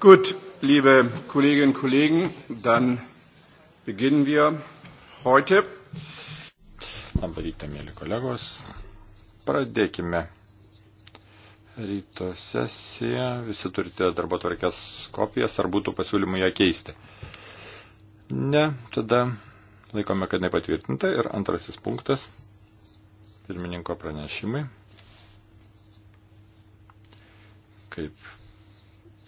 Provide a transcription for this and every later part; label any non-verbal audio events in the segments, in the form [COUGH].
Gut, liebe Kolleginnen und Kollegen, dann beginnen wir heute. Labą rytą, mėly kolegos. Pradėkime ryto sesiją. Visi turite darbo tvarkės kopijas, ar būtų pasiūlymų ją keisti. Ne, tada laikome, kad nepatvirtinta. Ir antrasis punktas - pirmininko pranešimai. Kaip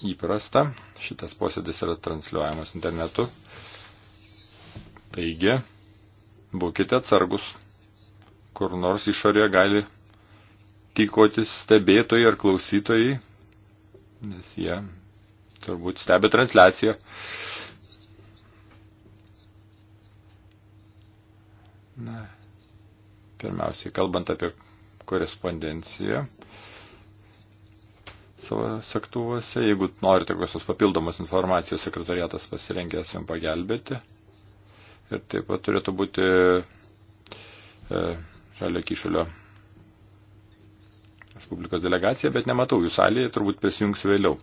įprasta, šitas posėdis yra transliuojamas internetu. Taigi, būkite atsargus, kur nors išorėje gali tikotis stebėtojai ar klausytojai, nes jie turbūt stebi transliaciją. Na, pirmiausiai, kalbant apie korespondenciją, savo sektuvose. Jeigu norite kokios papildomos informacijos, sekretariatas pasirengęs jums pagelbėti. Ir taip pat turėtų būti e, žalio kišulio Respublikos delegacija, bet nematau jų salėje, turbūt prisijungs vėliau.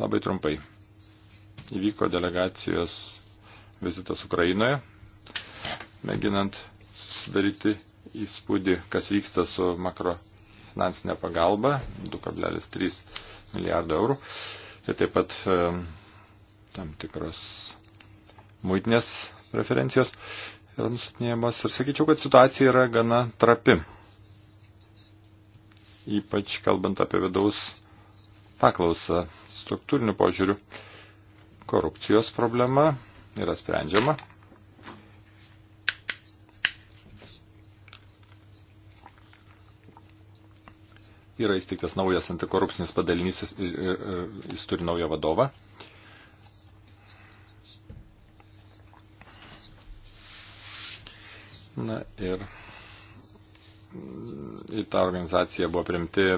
Labai trumpai. Įvyko delegacijos vizitas Ukrainoje, mėginant susidaryti įspūdį, kas vyksta su makro finansinę pagalbą 2,3 milijardo eurų ir taip pat e, tam tikros muitinės preferencijos yra nusutinėjamos. Ir sakyčiau, kad situacija yra gana trapi, ypač kalbant apie vidaus paklausą struktūrinių požiūrių. Korupcijos problema yra sprendžiama yra įsteigtas naujas antikorupcinis padalinys, jis e, e, turi naują vadovą. Na ir mm, į tą organizaciją buvo primti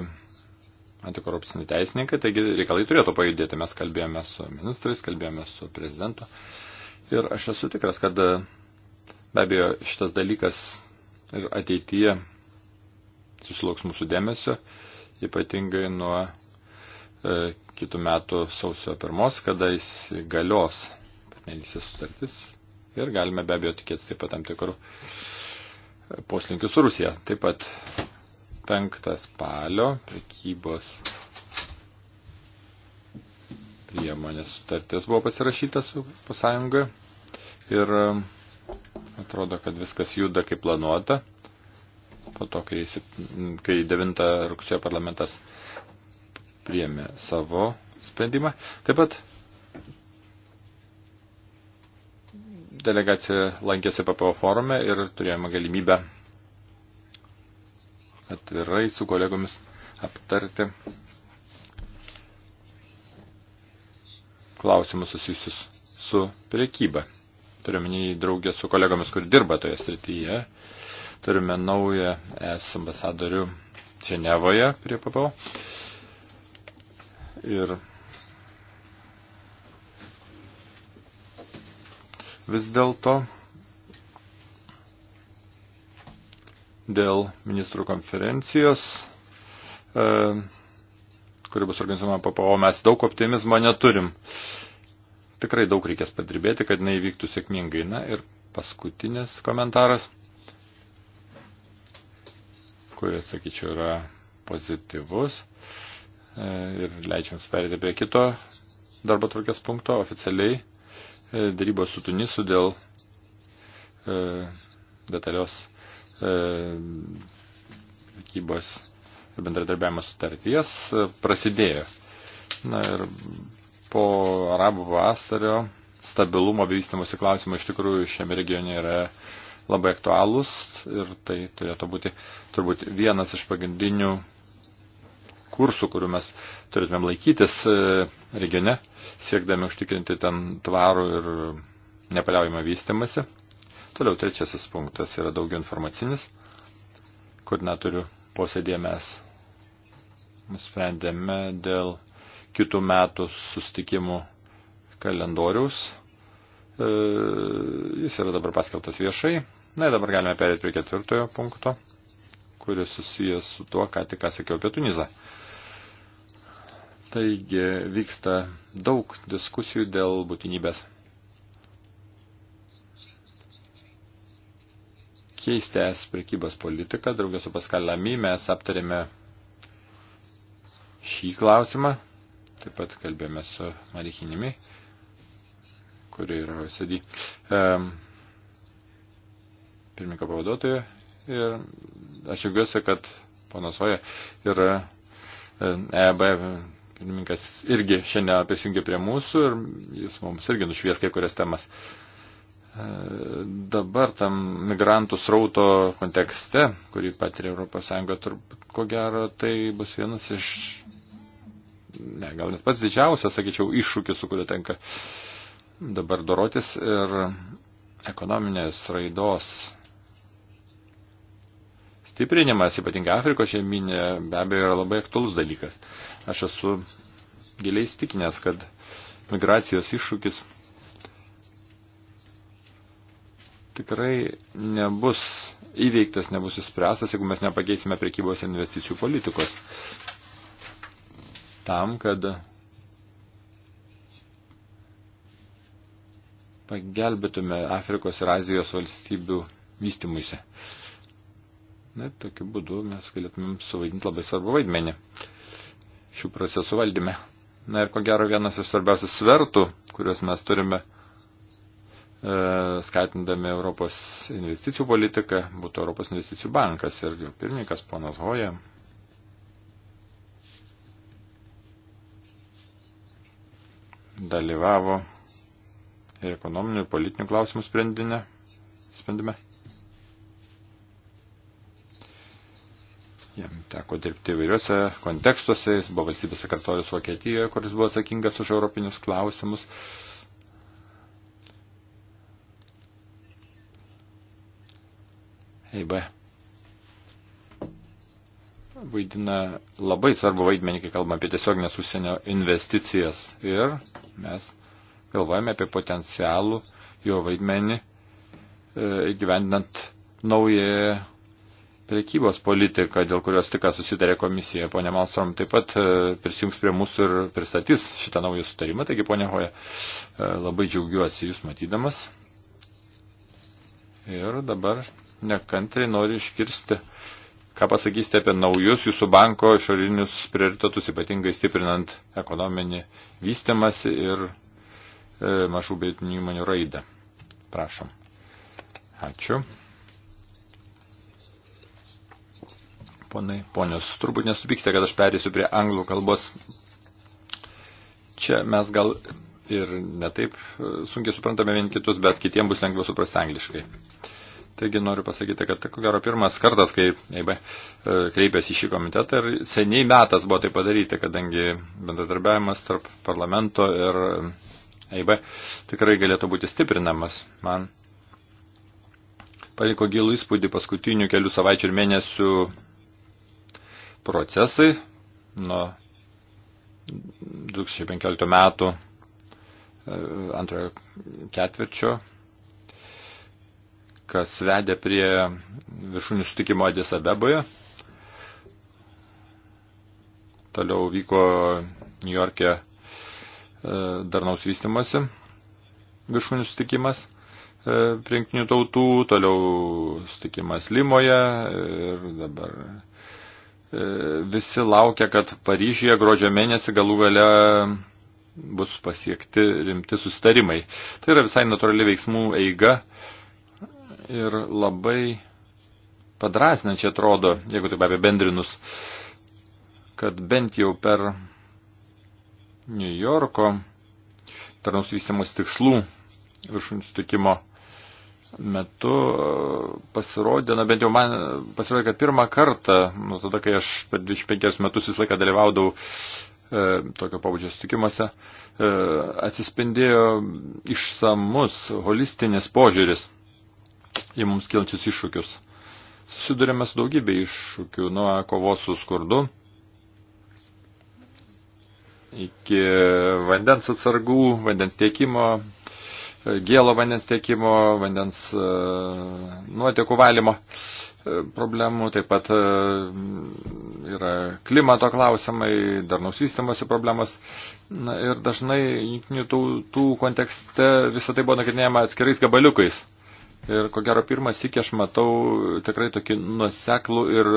antikorupciniai teisininkai, taigi reikalai turėtų pajudėti. Mes kalbėjome su ministrais, kalbėjome su prezidentu. Ir aš esu tikras, kad be abejo šitas dalykas ir ateityje susilauks mūsų dėmesio ypatingai nuo e, kitų metų sausio pirmos, kada įsigalios partnerystės sutartis ir galime be abejo tikėtis taip pat tam tikrų e, poslinkių su Rusija. Taip pat 5 spalio prekybos priemonės sutartis buvo pasirašyta su pasąjunga ir e, atrodo, kad viskas juda kaip planuota po to, kai, kai 9 rugsėjo parlamentas priėmė savo sprendimą. Taip pat delegacija lankėsi PPO forume ir turėjome galimybę atvirai su kolegomis aptarti klausimus susijusius su priekyba. Turiuomenį draugė su kolegomis, kur dirba toje srityje Turime naują es ambasadorių Ženevoje prie papau. Ir vis dėlto dėl ministrų konferencijos, e, kuri bus organizuojama PPO, mes daug optimizmo neturim. Tikrai daug reikės padirbėti, kad neįvyktų sėkmingai. Na ir paskutinis komentaras kuris, sakyčiau, yra pozityvus. E, ir leidžiam perėti prie kito darbo tvarkės punkto oficialiai e, darybos su Tunisu dėl e, detalios prekybos ir bendradarbiavimo sutarties prasidėjo. Na ir po arabų vasario stabilumo bei vystimosi klausimų iš tikrųjų šiame regione yra labai aktualūs ir tai turėtų būti turbūt vienas iš pagrindinių kursų, kurių mes turėtumėm laikytis e, regione, siekdami užtikrinti ten tvarų ir nepaliaujamą vystimasi. Toliau trečiasis punktas yra daugiau informacinis. Koordinatorių posėdėje mes sprendėme dėl kitų metų sustikimų kalendoriaus. E, jis yra dabar paskeltas viešai, Na ir dabar galime perėti prie ketvirtojo punkto, kuris susijęs su tuo, ką tik sakiau apie Tunizą. Taigi vyksta daug diskusijų dėl būtinybės keisti es prekybos politiką. Draugės su Paskalami mes aptarėme šį klausimą. Taip pat kalbėjome su Marikinimi, kuri yra OSD. Um, pirmininko pavaduotoju. Ir aš džiaugiuosi, kad ponas Oja ir EB e pirmininkas irgi šiandien prisijungė prie mūsų ir jis mums irgi nušvies kai kurias temas. E, dabar tam migrantų srauto kontekste, kurį patiria ES, turbūt ko gero tai bus vienas iš, ne, gal net pats didžiausias, sakyčiau, iššūkis, su kuriuo tenka dabar dorotis ir ekonominės raidos stiprinimas, ypatingai Afrikos žemynė, be abejo yra labai aktuolus dalykas. Aš esu giliai stikinęs, kad migracijos iššūkis tikrai nebus įveiktas, nebus įspręstas, jeigu mes nepakeisime prekybos ir investicijų politikos. Tam, kad pagelbėtume Afrikos ir Azijos valstybių vystimuise. Na, tokiu būdu mes galėtumėm suvaidinti labai svarbu vaidmenį šių procesų valdyme. Na ir ko gero vienas iš svarbiausių svertų, kuriuos mes turime e, skatindami Europos investicijų politiką, būtų Europos investicijų bankas ir jo pirmininkas ponas Hoja. dalyvavo ir ekonominių ir politinių klausimų sprendime. Jam teko dirbti įvairiuose kontekstuose, jis buvo valstybės sekretorius Vokietijoje, kuris buvo atsakingas už europinius klausimus. EIB vaidina labai svarbu vaidmenį, kai kalbame apie tiesioginės užsienio investicijas ir mes galvojame apie potencialų jo vaidmenį e, įgyvendinant naują prekybos politika, dėl kurios tik susidarė komisija. Pone Malstrom taip pat e, prisijungs prie mūsų ir pristatys šitą naują sutarimą. Taigi, ponė Hoja, e, labai džiaugiuosi Jūs matydamas. Ir dabar nekantriai noriu iškirsti, ką pasakysite apie naujus Jūsų banko išorinius prioritetus, ypatingai stiprinant ekonominį vystimąsi ir e, mažų beitinių įmonių raidą. Prašom. Ačiū. ponai, ponios, turbūt nesupykste, kad aš perėsiu prie anglų kalbos. Čia mes gal ir netaip e, sunkiai suprantame vieni kitus, bet kitiems bus lengviau suprasti angliškai. Taigi noriu pasakyti, kad ko gero pirmas kartas, kai EIB e, kreipėsi į šį komitetą ir seniai metas buvo tai padaryti, kadangi bendradarbiavimas tarp parlamento ir EIB tikrai galėtų būti stiprinamas. Man paliko gilų įspūdį paskutinių kelių savaičių ir mėnesių procesai nuo 2015 metų e, antrojo ketvirčio, kas vedė prie viršūnių sutikimo Adis Abeboje. Toliau vyko New York'e e, darnaus vystimasi viršūnių sutikimas e, prie jungtinių tautų, toliau sutikimas Limoje ir dabar E, visi laukia, kad Paryžyje gruodžio mėnesį galų gale bus pasiekti rimti sustarimai. Tai yra visai natūrali veiksmų eiga ir labai padrasinančiai atrodo, jeigu taip apie bendrinus, kad bent jau per New Yorko, per nusivystimus tikslų viršūnų sutikimo metu e, pasirodė, na bent jau man pasirodė, kad pirmą kartą, nuo tada, kai aš per 25 metus visą laiką dalyvaudavau e, tokio pabudžio sutikimuose, e, atsispindėjo išsamus, holistinis požiūris į mums kilčius iššūkius. Susidurėme su daugybė iššūkių, nuo kovos su skurdu iki vandens atsargų, vandens tiekimo, gėlo vandens tiekimo, vandens e, nuotekų valymo e, problemų, taip pat e, yra klimato klausimai, darnaus vystimosi problemos. Na, ir dažnai jungtinių tautų kontekste visą tai buvo nagrinėjama atskirais gabaliukais. Ir ko gero pirmas iki aš matau tikrai tokį nuseklų ir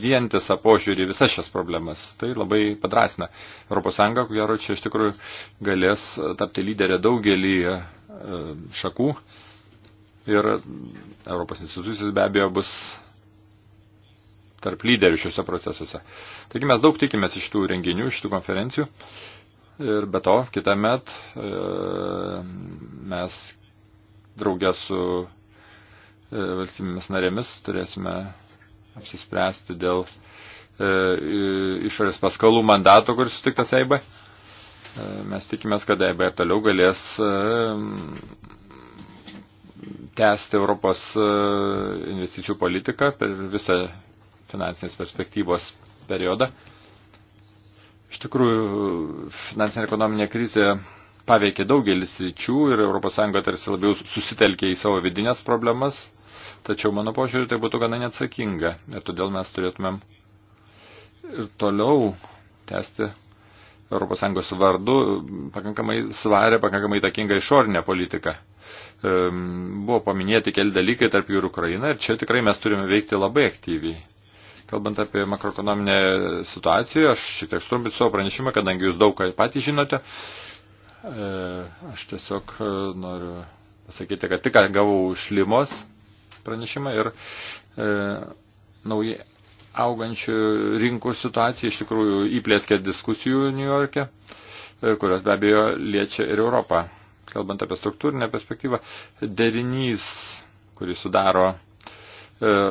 vientisą požiūrį visas šias problemas. Tai labai padrasina. ES, ko gero, čia iš tikrųjų galės tapti lyderę daugelį E, šakų ir Europos institucijos be abejo bus tarp lyderių šiuose procesuose. Taigi mes daug tikimės iš tų renginių, iš tų konferencijų ir be to kitą met e, mes draugę su e, valstybėmis narėmis turėsime apsispręsti dėl išorės paskalų mandato, kuris sutiktas EIB. Mes tikimės, kad EIB ir toliau galės e, tęsti Europos e, investicijų politiką per visą finansinės perspektyvos periodą. Iš tikrųjų, finansinė ekonominė krizė paveikė daugelis ryčių ir ES tarsi labiau susitelkė į savo vidinės problemas, tačiau mano požiūriu tai būtų gana neatsakinga ir todėl mes turėtumėm ir toliau tęsti ES vardu pakankamai svarę, pakankamai įtakingą išorinę politiką. Buvo paminėti keli dalykai tarp jų ir Ukraina ir čia tikrai mes turime veikti labai aktyviai. Kalbant apie makroekonominę situaciją, aš šiek tiek strumpit savo pranešimą, kadangi jūs daug ką patys žinote. E, aš tiesiog e, noriu pasakyti, kad tik gavau iš Limos pranešimą ir e, nauji augančių rinkų situacija iš tikrųjų įplėskė diskusijų New York'e, e, kurios be abejo liečia ir Europą. Kalbant apie struktūrinę perspektyvą, derinys, kurį sudaro e,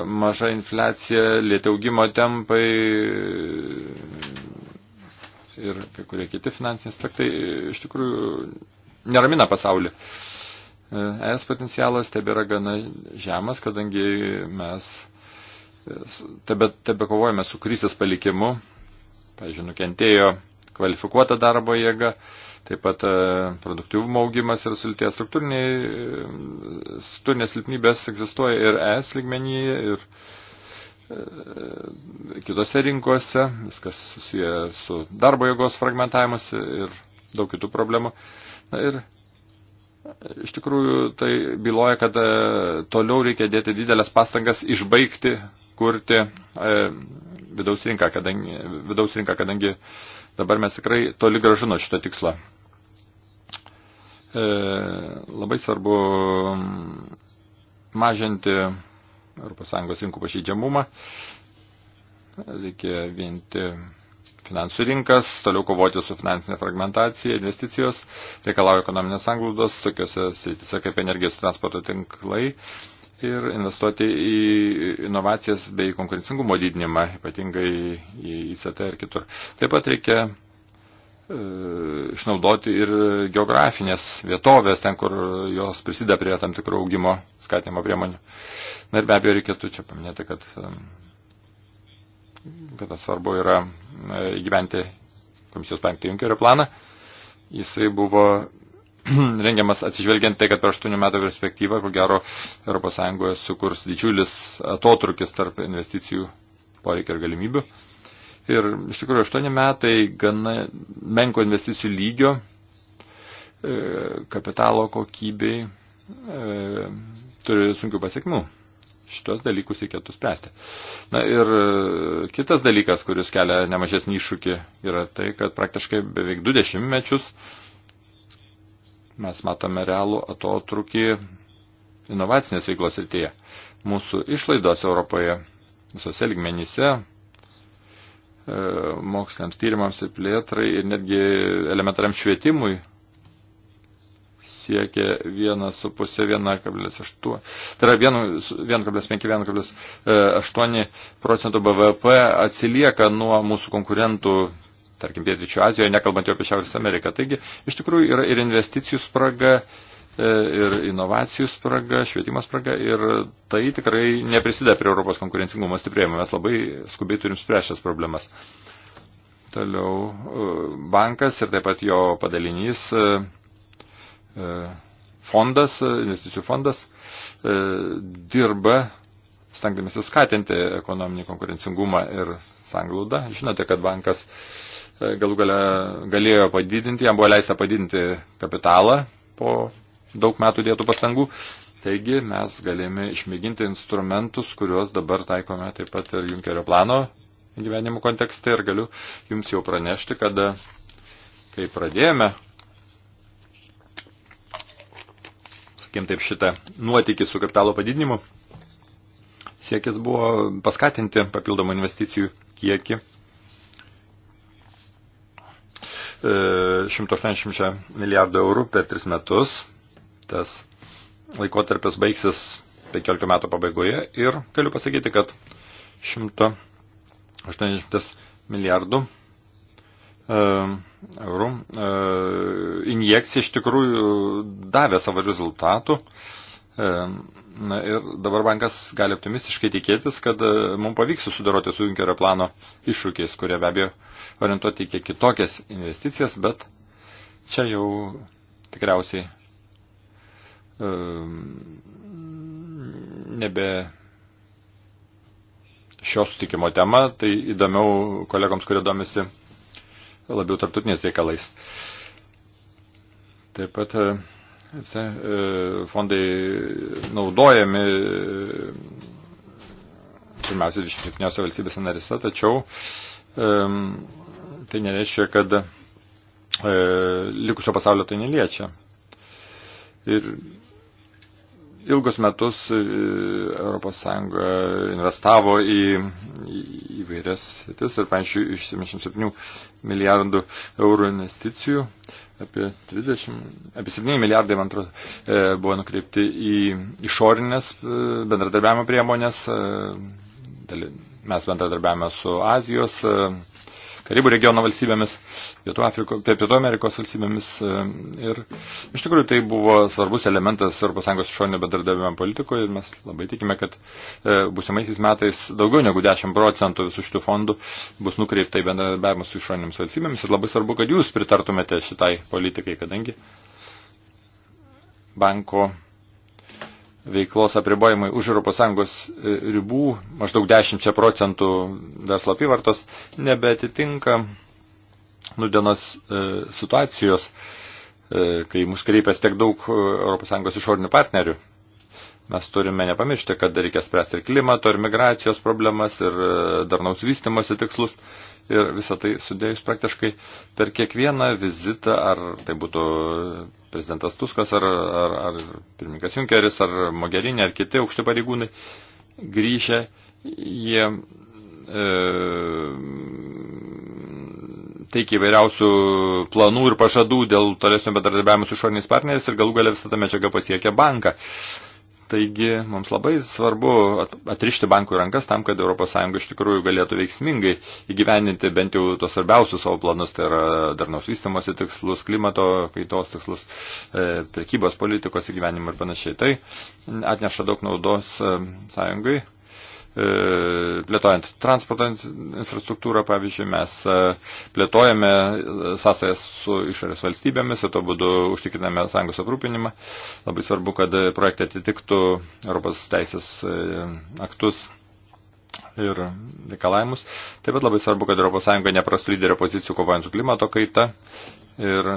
maža infliacija, lėtiaugimo tempai ir kai kurie kiti finansiniai aspektai, e, iš tikrųjų neramina pasaulį. ES potencialas tebėra gana žemas, kadangi mes tebe, tebe kovojame su krizės palikimu. Pavyzdžiui, nukentėjo kvalifikuota darbo jėga, taip pat e, produktyvumo augimas ir sulties struktūrinės silpnybės egzistuoja ir ES lygmenyje, ir e, kitose rinkose, viskas susiję su darbo jėgos fragmentavimas ir daug kitų problemų. Na ir e, iš tikrųjų tai byloja, kad toliau reikia dėti didelės pastangas išbaigti kurti e, vidaus, rinką, kadangi, vidaus rinką, kadangi dabar mes tikrai toli gražu nuo šito tikslo. E, labai svarbu mažinti ES rinkų pažeidžiamumą, reikia vieninti finansų rinkas, toliau kovoti su finansinė fragmentacija, investicijos, reikalauja ekonominės anglūdos, tokiuose srityse kaip energijos transporto tinklai, ir investuoti į inovacijas bei konkurencingumo didinimą, ypatingai į ICT ir kitur. Taip pat reikia e, išnaudoti ir geografinės vietovės, ten, kur jos prisideda prie tam tikrų augimo skatinimo priemonių. Na ir be abejo reikėtų čia paminėti, kad, e, kad svarbu yra e, įgyventi komisijos penktą junkerio planą. Jisai buvo [CLEARS THROAT] rengiamas atsižvelgiant tai, kad per 8 metų perspektyvą, ko gero, ES sukurs didžiulis atotrukis tarp investicijų poreikio ir galimybių. Ir iš tikrųjų 8 metai gana menko investicijų lygio, e, kapitalo kokybei e, turi sunkių pasiekmių. Šitos dalykus reikėtų spręsti. Na ir e, kitas dalykas, kuris kelia nemažesnį iššūkį, yra tai, kad praktiškai beveik du dešimtmečius uh, mes matome realų atotrukį inovacinės veiklos rytyje. Mūsų išlaidos Europoje visose ligmenyse e, moksliniams tyrimams ir plėtrai ir netgi elementariam švietimui siekia 1,5-1,8. Tai yra 1,5-1,8 procentų BVP atsilieka nuo mūsų konkurentų tarkim, Pietričio Azijoje, nekalbant jau apie Šiaurės Ameriką. Taigi, iš tikrųjų yra ir investicijų spraga, e, ir inovacijų spraga, švietimo spraga, ir tai tikrai neprisideda prie Europos konkurencingumo stiprėjimo. Mes labai skubiai turim spręsti šias problemas. Toliau e, bankas ir taip pat jo padalinys e, fondas, investicijų fondas dirba stengdamėsi skatinti ekonominį konkurencingumą ir sanglaudą. Žinote, kad bankas uh, galų gale galėjo padidinti, jam buvo leista padidinti kapitalą po daug metų dėtų pastangų. Taigi mes galime išmėginti instrumentus, kuriuos dabar taikome taip pat ir Junkerio plano gyvenimų kontekste ir galiu jums jau pranešti, kad kai pradėjome, sakim taip, šitą nuotykį su kapitalo padidinimu, siekis buvo paskatinti papildomą investicijų kiekį 180 milijardų eurų per 3 metus. Tas laikotarpis baigsis 15 metų pabaigoje ir galiu pasakyti, kad 180 milijardų e, eurų e, injekcija iš tikrųjų davė savo rezultatų. E, E, na, ir dabar bankas gali optimistiškai tikėtis, kad e, mums pavyks susidoroti su Junkerio plano iššūkiais, kurie be abejo orientuoti kiek kitokias investicijas, bet čia jau tikriausiai e, nebe šio sutikimo tema, tai įdomiau kolegoms, kurie domisi labiau tarptautiniais reikalais. Taip pat E, fondai naudojami e, pirmiausia 27 valstybėse narise, tačiau e, tai nereiškia, kad likusio pasaulio tai neliečia. Ir ilgus metus ES investavo į įvairias sritis ir, pavyzdžiui, iš 77 milijardų eurų investicijų apie 20, apie 7 milijardai, man atrodo, e, buvo nukreipti į išorinės e, bendradarbiavimo priemonės. E, mes bendradarbiavame su Azijos Karibų regiono valstybėmis, Pietų, Afriko, Pietų Amerikos valstybėmis. E, ir iš tikrųjų tai buvo svarbus elementas Europos Sąjungos išorinio bendradarbiavimo politikoje ir mes labai tikime, kad e, būsimaisiais metais daugiau negu 10 procentų visų šitų fondų bus nukreipta į bendradarbiavimą su išorinėms valstybėmis ir labai svarbu, kad jūs pritartumėte šitai politikai, kadangi banko veiklos apribojimai už ES e, ribų, maždaug 10 procentų verslo apyvartos, nebetitinka nudenos e, situacijos, e, kai mus kreipias tiek daug e, ES išorinių partnerių. Mes turime nepamiršti, kad reikia spręsti ir klimato, ir migracijos problemas, ir e, darnaus vystimosi tikslus. Ir visą tai sudėjus praktiškai per kiekvieną vizitą, ar tai būtų prezidentas Tuskas, ar, ar, ar pirmininkas Junkeris, ar Mogerinė, ar kiti aukšti pareigūnai grįžę, jie e, teikia įvairiausių planų ir pažadų dėl tolesnio bendradarbiavimo su išoriniais partneriais ir galų galia visą tą medžiagą pasiekia banką. E, Taigi mums labai svarbu atrišti bankų rankas tam, kad ES iš tikrųjų galėtų veiksmingai įgyvendinti bent jau tos svarbiausius savo planus, tai yra darnaus vystimosi tikslus, klimato kaitos tikslus, e, prekybos politikos įgyvenimą ir panašiai. Tai atneša daug naudos e, sąjungai E, plėtojant transporto infrastruktūrą, pavyzdžiui, mes e, plėtojame e, sąsajas su išorės valstybėmis ir to būdu užtikriname sąjungos aprūpinimą. Labai svarbu, kad projektai atitiktų Europos teisės aktus ir reikalavimus. Taip pat labai svarbu, kad ES neprastų lyderio pozicijų kovojant su klimato kaita ir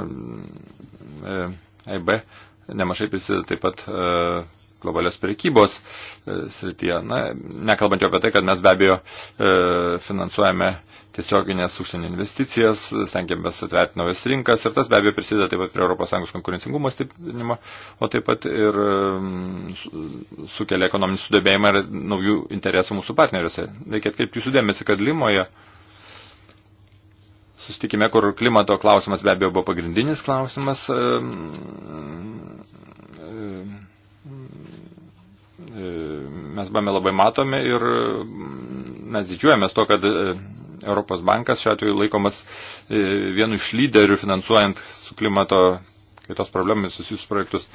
EIB nemažai prisideda taip pat globalios prekybos e, srityje. Na, nekalbant jau apie tai, kad mes be abejo e, finansuojame tiesioginės užsienio investicijas, stengiamės atverti naujas rinkas ir tas be abejo prisideda taip pat prie ES konkurencingumo stiprinimo, o taip pat ir sukelia ekonominį sudėbėjimą ir naujų interesų mūsų partneriuose. Reikia atkreipti jūsų dėmesį, kad Limoje susitikime, kur klimato klausimas be abejo buvo pagrindinis klausimas. E, e, mes buvome labai matomi ir mm, mes didžiuojamės to, kad e, Europos bankas šiuo atveju laikomas e, vienu iš lyderių finansuojant su klimato kaitos problemais susijusius projektus.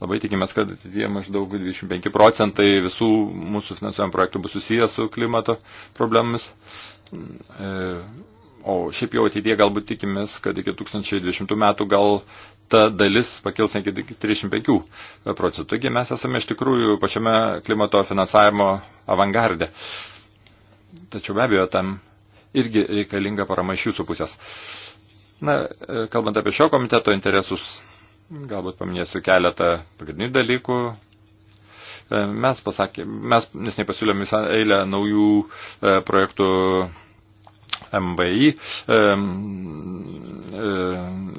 Labai tikimės, kad jie maždaug 25 procentai visų mūsų finansuojamų projektų bus susijęs su klimato problemomis. E, o šiaip jau ateitie galbūt tikimės, kad iki 2020 metų gal ta dalis pakils iki 35 procentų. Taigi mes esame iš tikrųjų pačiame klimato finansavimo avangardė. Tačiau be abejo, tam irgi reikalinga parama iš jūsų pusės. Na, e, kalbant apie šio komiteto interesus, galbūt paminėsiu keletą pagrindinių dalykų, e, mes pasakė, mes nesnei pasiūlėm visą eilę naujų e, projektų MVI, e, e,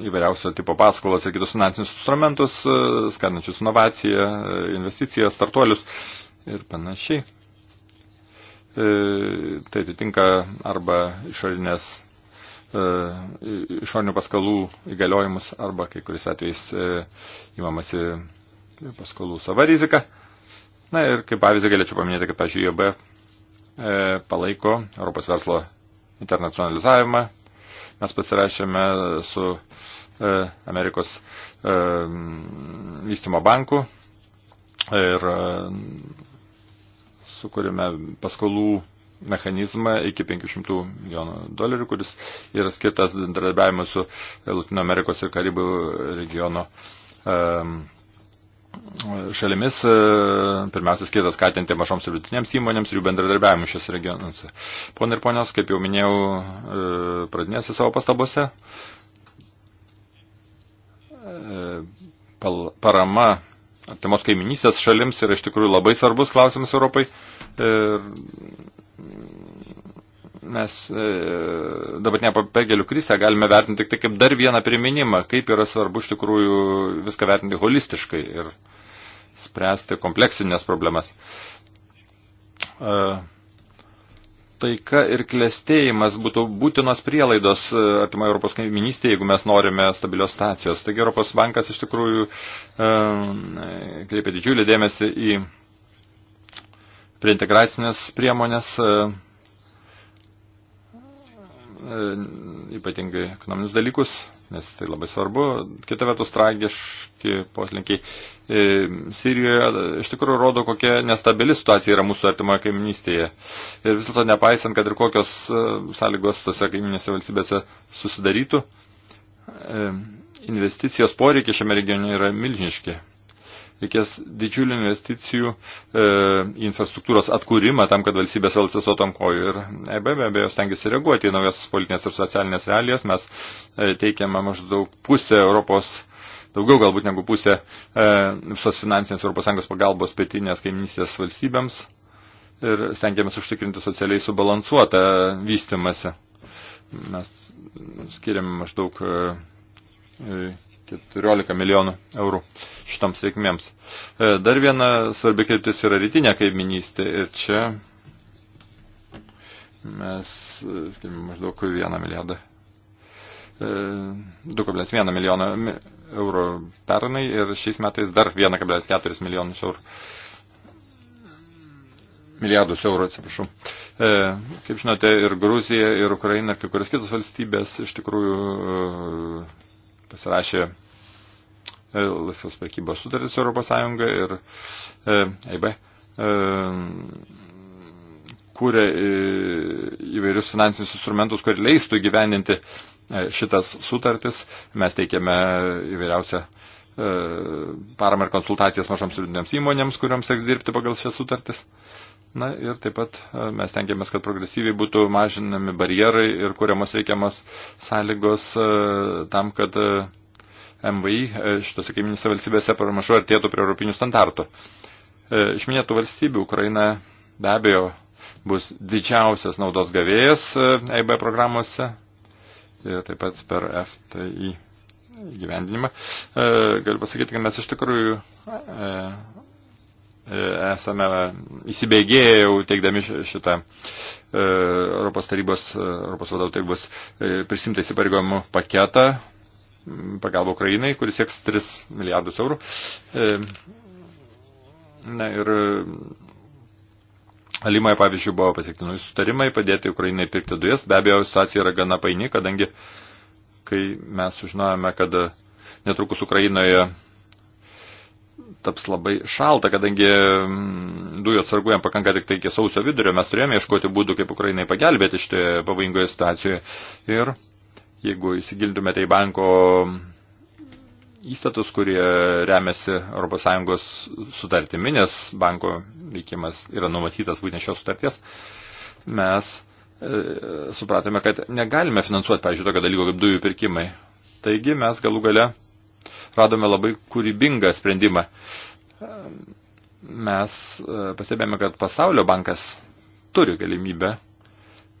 įvairiausio tipo paskolas ir kitus finansinius instrumentus, e, skatinančius inovaciją, e, investicijas, startuolius ir panašiai. E, tai atitinka arba išorinės e, išorinių paskalų įgaliojimus arba kai kuris atvejais e, įmamasi paskolų sava rizika. Na ir kaip pavyzdį galėčiau paminėti, kad, pažiūrėjau, JB e palaiko Europos verslo internacionalizavimą. Mes pasirašėme su e, Amerikos e, vystimo banku ir e, sukūrėme paskolų mechanizmą iki 500 milijonų dolerių, kuris yra skirtas bendradarbiavimui su Latino Amerikos ir Karibų regiono um, šalimis, e, pirmiausia, skirtas skatinti mažoms ir vidutinėms įmonėms ir jų bendradarbiavimui šios regionuose. Pone ir ponios, kaip jau minėjau, e, pradinėsi savo pastabose, e, parama artimos kaiminystės šalims yra iš tikrųjų labai svarbus klausimas Europai. Ir mes e, dabartinę pabėgėlių krizę galime vertinti tik tai kaip dar vieną priminimą, kaip yra svarbu iš tikrųjų viską vertinti holistiškai ir spręsti kompleksinės problemas. E, taika ir klėstėjimas būtų būtinos prielaidos e, apima Europos kaiminystė, jeigu mes norime stabilios stacijos. Taigi Europos bankas iš tikrųjų e, kreipia didžiulį dėmesį į prieintegracinės priemonės. E, E, ypatingai ekonominius dalykus, nes tai labai svarbu. Kita vertus, tragiški poslinkiai e, Sirijoje iš tikrųjų rodo, kokia nestabili situacija yra mūsų artimoje kaiminystėje. Ir vis dėlto nepaisant, kad ir kokios e, sąlygos tose kaiminėse valstybėse susidarytų, investicijos poreikiai šiame regione yra milžiniški reikės didžiulių investicijų e, į infrastruktūros atkūrimą tam, kad valstybės valsisotų ant kojų. Ir EB be abejo stengiasi reaguoti į naujas politinės ir socialinės realijas. Mes e, teikiame maždaug pusę Europos daugiau galbūt negu pusė e, visos finansinės ES pagalbos pietinės kaiminystės valstybėms ir stengiamės užtikrinti socialiai subalansuotą vystimąsi. Mes skiriam maždaug e, e 14 milijonų eurų šitoms reikmėms. E, dar viena svarbi kryptis yra rytinė kaiminystė ir čia mes e, skirime maždaug 1 milijardą. 2,1 e, milijono eurų pernai ir šiais metais dar 1,4 milijonus eurų. Milijardus eurų, atsiprašau. Kaip žinote, ir Gruzija, ir Ukraina, ir kai kurios kitos valstybės iš tikrųjų pasirašė e, laisvos prekybos sutartis Europos Sąjunga ir EIB e, kūrė e, įvairius finansinius instrumentus, kurie leistų gyveninti šitas sutartis. Mes teikėme įvairiausią paramą ir konsultacijas mažoms ir įmonėms, kuriuoms teks dirbti pagal šias sutartis. E, Na ir taip pat e, mes tengiamės, kad progresyviai būtų mažinami barjerai ir kuriamos reikiamas sąlygos e, tam, kad e, MVI šitose kaiminėse valstybėse paramažu artėtų prie europinių standartų. Iš minėtų valstybių Ukraina be abejo bus didžiausias naudos gavėjas EIB programuose ir taip pat per FTI gyvendinimą. Galiu pasakyti, kad mes iš tikrųjų E, esame įsibėgėję jau teikdami šitą e, Europos tarybos, e, Europos vadovų tarybos prisimtą įsipareigojimų paketą pagalba Ukrainai, kuris sieks 3 milijardus eurų. Na ir Limoje, pavyzdžiui, buvo pasiektinų sutarimai padėti Ukrainai pirkti dujas. Be abejo, situacija yra gana paini, kadangi kai mes sužinojame, kad netrukus Ukrainoje taps labai šalta, kadangi mm, dujų atsargų jam pakanka tik tai iki sausio vidurio. Mes turėjome ieškoti būdų, kaip Ukrainai pagelbėti šitoje pavojingoje situacijoje. Ir jeigu įsigiltumėte į banko įstatus, kurie remiasi ES sutartimi, nes banko veikimas yra numatytas būtent šios sutarties, mes e, supratome, kad negalime finansuoti, pavyzdžiui, tokio dalyko kaip dujų pirkimai. Taigi mes galų gale radome labai kūrybingą sprendimą. Mes e, pastebėjome, kad pasaulio bankas turi galimybę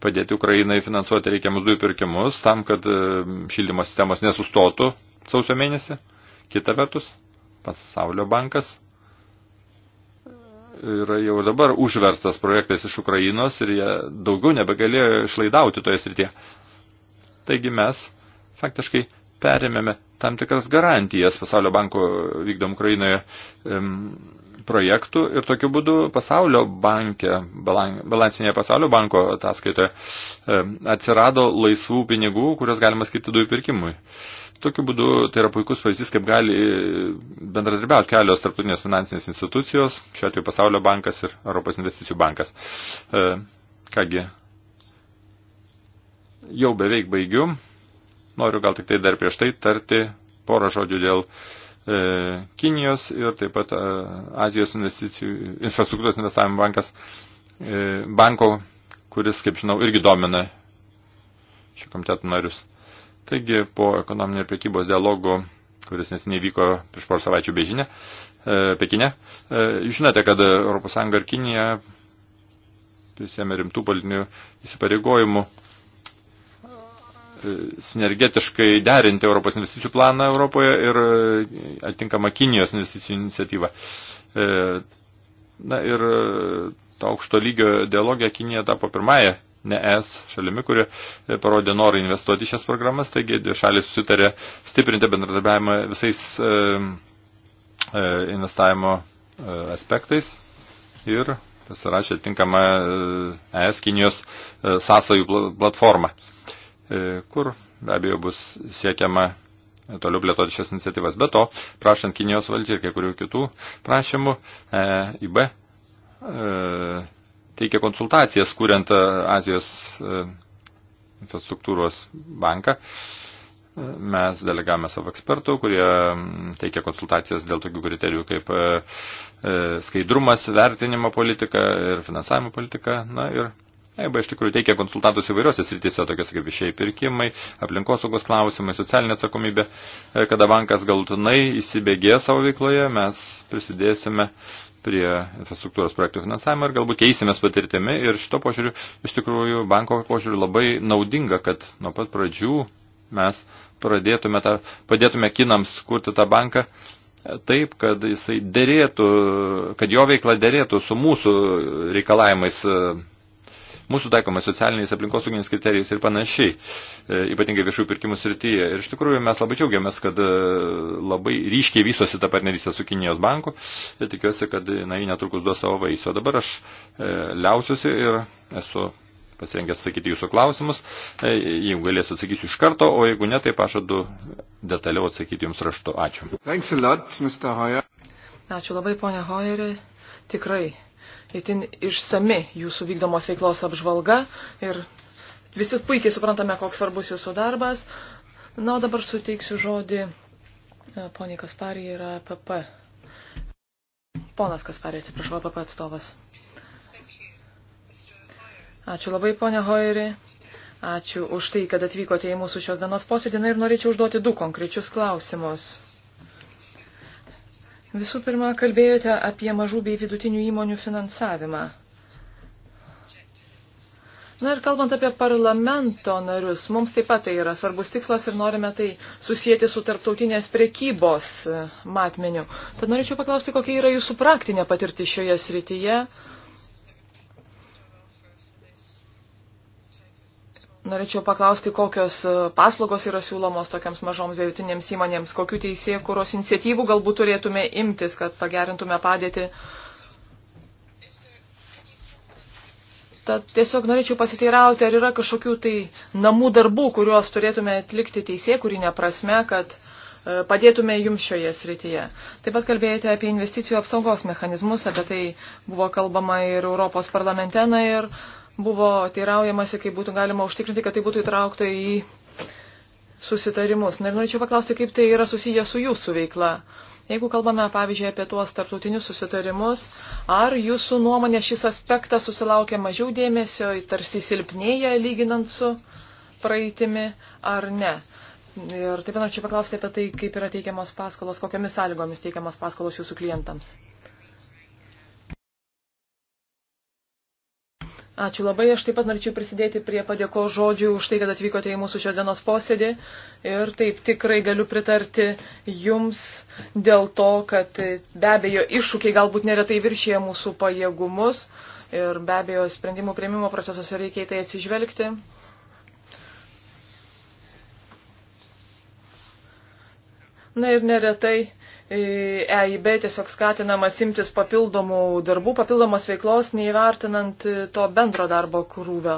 padėti Ukrainai finansuoti reikiamus dujų pirkimus tam, kad e, šildymo sistemos nesustotų sausio mėnesį. Kita vertus, pasaulio bankas yra jau dabar užverstas projektais iš Ukrainos ir jie daugiau nebegalėjo išlaidauti toje srityje. Taigi mes faktiškai perėmėme tam tikras garantijas Pasaulio banko vykdom Ukrainoje projektų ir tokiu būdu Pasaulio banke, balansinėje Pasaulio banko ataskaitoje atsirado laisvų pinigų, kurios galima skirti dujų pirkimui. Tokiu būdu tai yra puikus pavyzdys, kaip gali e, bendradarbiauti kelios tarptautinės finansinės institucijos, šiuo atveju Pasaulio bankas ir Europos investicijų bankas. E, kągi, jau beveik baigiu. Noriu gal tik tai dar prieš tai tarti porą žodžių dėl e, Kinijos ir taip pat e, Azijos investicijų, infrastruktūros investavimo bankas, e, banko, kuris, kaip žinau, irgi domina šį komitetų narius. Taigi, po ekonominio ir prekybos dialogo kuris nesiniai vyko prieš porą savaičių Bežinė, e, Pekinė. E, žinote, kad ES ir Kinija prisėmė rimtų politinių įsipareigojimų sinergetiškai derinti Europos investicijų planą Europoje ir e, atitinkamą Kinijos investicijų iniciatyvą. E, na ir e, to aukšto lygio dialogija Kinija tapo pirmąją ne es šalimi, kuri parodė norą investuoti šias programas, taigi šalis susitarė stiprinti bendradarbiavimą visais investavimo aspektais ir pasirašė tinkamą ES Kinijos sąsajų platformą. E, kur be abejo bus siekiama toliau plėtoti šias iniciatyvas. Be to, prašant Kinijos valdžiai ir kai kurių kitų prašymų, e, IB e, teikia konsultacijas, kuriant Azijos infrastruktūros banką. Mes delegavome savo ekspertų, kurie teikia konsultacijas dėl tokių kriterijų kaip skaidrumas, vertinimo politika ir finansavimo politika. Na ir EIB iš tikrųjų teikia konsultantus įvairiose srityse, tokios kaip viešiai pirkimai, aplinkosaugos klausimai, socialinė atsakomybė. Ir e, kada bankas galutinai įsibėgė savo veikloje, mes prisidėsime prie infrastruktūros projektų finansavimo ir galbūt keisimės patirtimi. Ir šito požiūriu, iš tikrųjų, banko požiūriu labai naudinga, kad nuo pat pradžių mes pradėtume tą, padėtume kinams kurti tą banką taip, kad jisai derėtų, kad jo veikla derėtų su mūsų reikalavimais e, mūsų taikomais socialiniais aplinkosauginiais kriterijais ir panašiai, e, ypatingai viešųjų pirkimų srityje. Ir iš tikrųjų mes labai džiaugiamės, kad e, labai ryškiai vystosi ta partnerystė su Kinijos banku ir tikiuosi, kad e, jinai netrukus duos savo vaisių. O dabar aš liausiuosi ir esu pasirengęs atsakyti jūsų klausimus. Jeigu galėsiu, atsakysiu iš karto, o jeigu ne, tai pažadu detaliau atsakyti jums raštu. Ačiū. Lot, Ačiū labai, ponia Hoyeri. Tikrai itin išsami jūsų vykdomos veiklos apžvalga ir visi puikiai suprantame, koks svarbus jūsų darbas. Na, o dabar suteiksiu žodį e, poniai Kasparį ir APP. Ponas Kasparį, atsiprašau, APP atstovas. Ačiū labai, ponia Hoiri. Ačiū už tai, kad atvykote į mūsų šios dienos posėdį ir norėčiau užduoti du konkrečius klausimus. Visų pirma, kalbėjote apie mažų bei vidutinių įmonių finansavimą. Na ir kalbant apie parlamento narius, mums taip pat tai yra svarbus tikslas ir norime tai susijęti su tarptautinės prekybos e, matmeniu. Tad norėčiau paklausti, kokia yra jūsų praktinė patirtis šioje srityje. Uh, Norėčiau paklausti, kokios e, paslaugos yra siūlomos tokiams mažoms vietinėms įmonėms, kokiu teisėjų kuros iniciatyvų galbūt turėtume imtis, kad pagerintume padėtį. Tad tiesiog norėčiau pasiteirauti, ar yra kažkokių tai namų darbų, kuriuos turėtume atlikti teisėjų kūrinę prasme, kad e, padėtume jums šioje srityje. Taip pat kalbėjote apie investicijų apsaugos mechanizmus, apie tai buvo kalbama ir Europos parlamente. Na, ir buvo teiraujamasi, kaip būtų galima užtikrinti, kad tai būtų įtraukta į susitarimus. Na ir norėčiau paklausti, kaip tai yra susiję su jūsų veikla. Jeigu kalbame, pavyzdžiui, apie tuos tartutinius susitarimus, ar jūsų nuomonė šis aspektas susilaukia mažiau dėmesio, tarsi silpnėja lyginant su praeitimi, ar ne? Ir taip norėčiau paklausti apie tai, kaip yra teikiamos paskolos, kokiamis sąlygomis teikiamos paskolos jūsų klientams. Ačiū labai, aš taip pat norėčiau prisidėti prie padėko žodžių už tai, kad atvykote į mūsų šios dienos posėdį. Ir taip tikrai galiu pritarti jums dėl to, kad be abejo iššūkiai galbūt neretai viršyje mūsų pajėgumus ir be abejo sprendimų prieimimo procesuose reikia į tai atsižvelgti. Na ir neretai EIB tiesiog skatinamas imtis papildomų darbų, papildomos veiklos, neįvertinant e, to bendro darbo krūvio.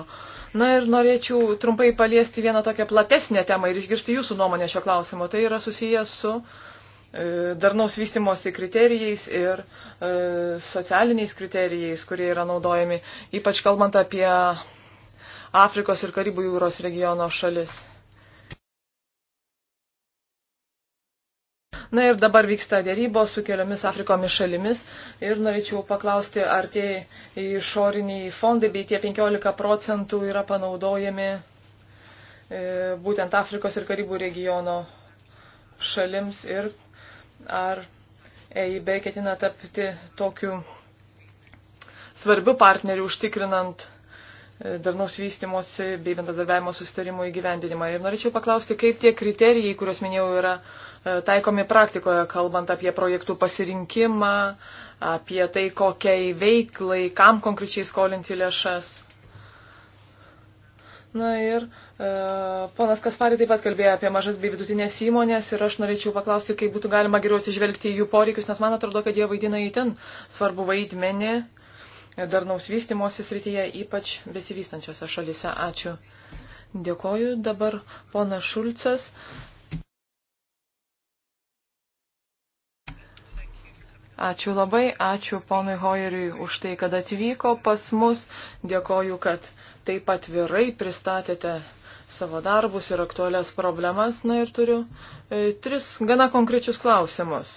Na ir norėčiau trumpai paliesti vieną tokią platesnę temą ir išgirsti jūsų nuomonę šio klausimo. Tai yra susijęs su e, darnaus vystimosi kriterijais ir e, socialiniais kriterijais, kurie yra naudojami, ypač kalbant apie Afrikos ir Karibų jūros regiono šalis. Na ir dabar vyksta dėrybos su keliomis Afrikomis šalimis ir norėčiau paklausti, ar tie išoriniai fondai bei tie 15 procentų yra panaudojami e, būtent Afrikos ir Karibų regiono šalims ir ar EIB ketina tapti tokiu svarbiu partneriu užtikrinant e, darnaus vystimosi bei bendradarbiavimo sustarimo įgyvendinimą. Ir norėčiau paklausti, kaip tie kriterijai, kuriuos minėjau, yra E, taikomi praktikoje, kalbant apie projektų pasirinkimą, apie tai, kokiai veiklai, kam konkrečiai skolinti lėšas. Na ir e, ponas Kasparį taip pat kalbėjo apie mažas bei vidutinės įmonės ir aš norėčiau paklausti, kaip būtų galima geriau atsižvelgti į jų poreikius, nes man atrodo, kad jie vaidina įtin svarbu vaidmenį darnaus vystimosi srityje, ypač besivystančiose šalise. Ačiū. Dėkoju dabar pona Šulcas, Ačiū labai, ačiū ponui Hoyeriui už tai, kad atvyko pas mus. Dėkoju, kad taip atvirai pristatėte savo darbus ir aktualias problemas. Na ir turiu e, tris gana konkrečius klausimus.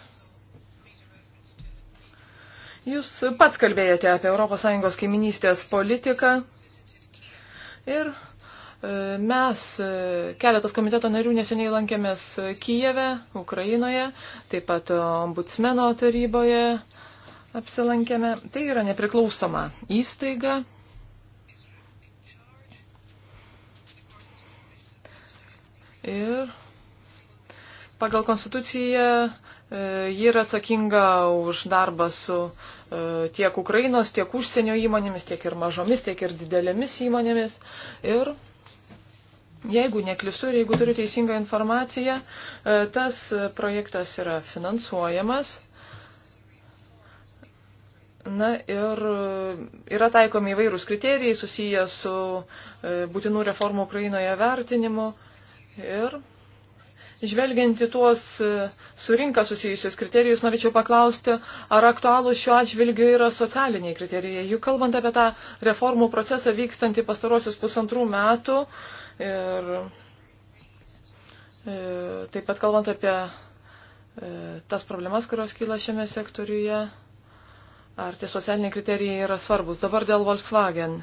Jūs pats kalbėjote apie ES kaiminystės politiką ir E, mes, e, keletas komiteto narių, neseniai lankėmės Kijeve, Ukrainoje, taip pat ombudsmeno taryboje apsilankėme. Tai yra nepriklausoma įstaiga. Ir pagal konstituciją e, ji yra atsakinga už darbą su tiek Ukrainos, tiek užsienio įmonėmis, tiek ir mažomis, tiek ir didelėmis įmonėmis. Ir Jeigu neklistu ir jeigu turiu teisingą informaciją, e, tas projektas yra finansuojamas. Na ir e, yra taikomi įvairūs kriterijai susiję su e, būtinų reformų Ukrainoje vertinimu. Ir Žvelgiant į tuos su rinka susijusius kriterijus, norėčiau paklausti, ar aktualų šiuo atžvilgiu yra socialiniai kriterijai. Juk kalbant apie tą reformų procesą vykstantį pastarosius pusantrų metų, Ir e, taip pat kalbant apie e, tas problemas, kurios kyla šiame sektoriuje, ar tie socialiniai kriterijai yra svarbus. Dabar dėl Volkswagen.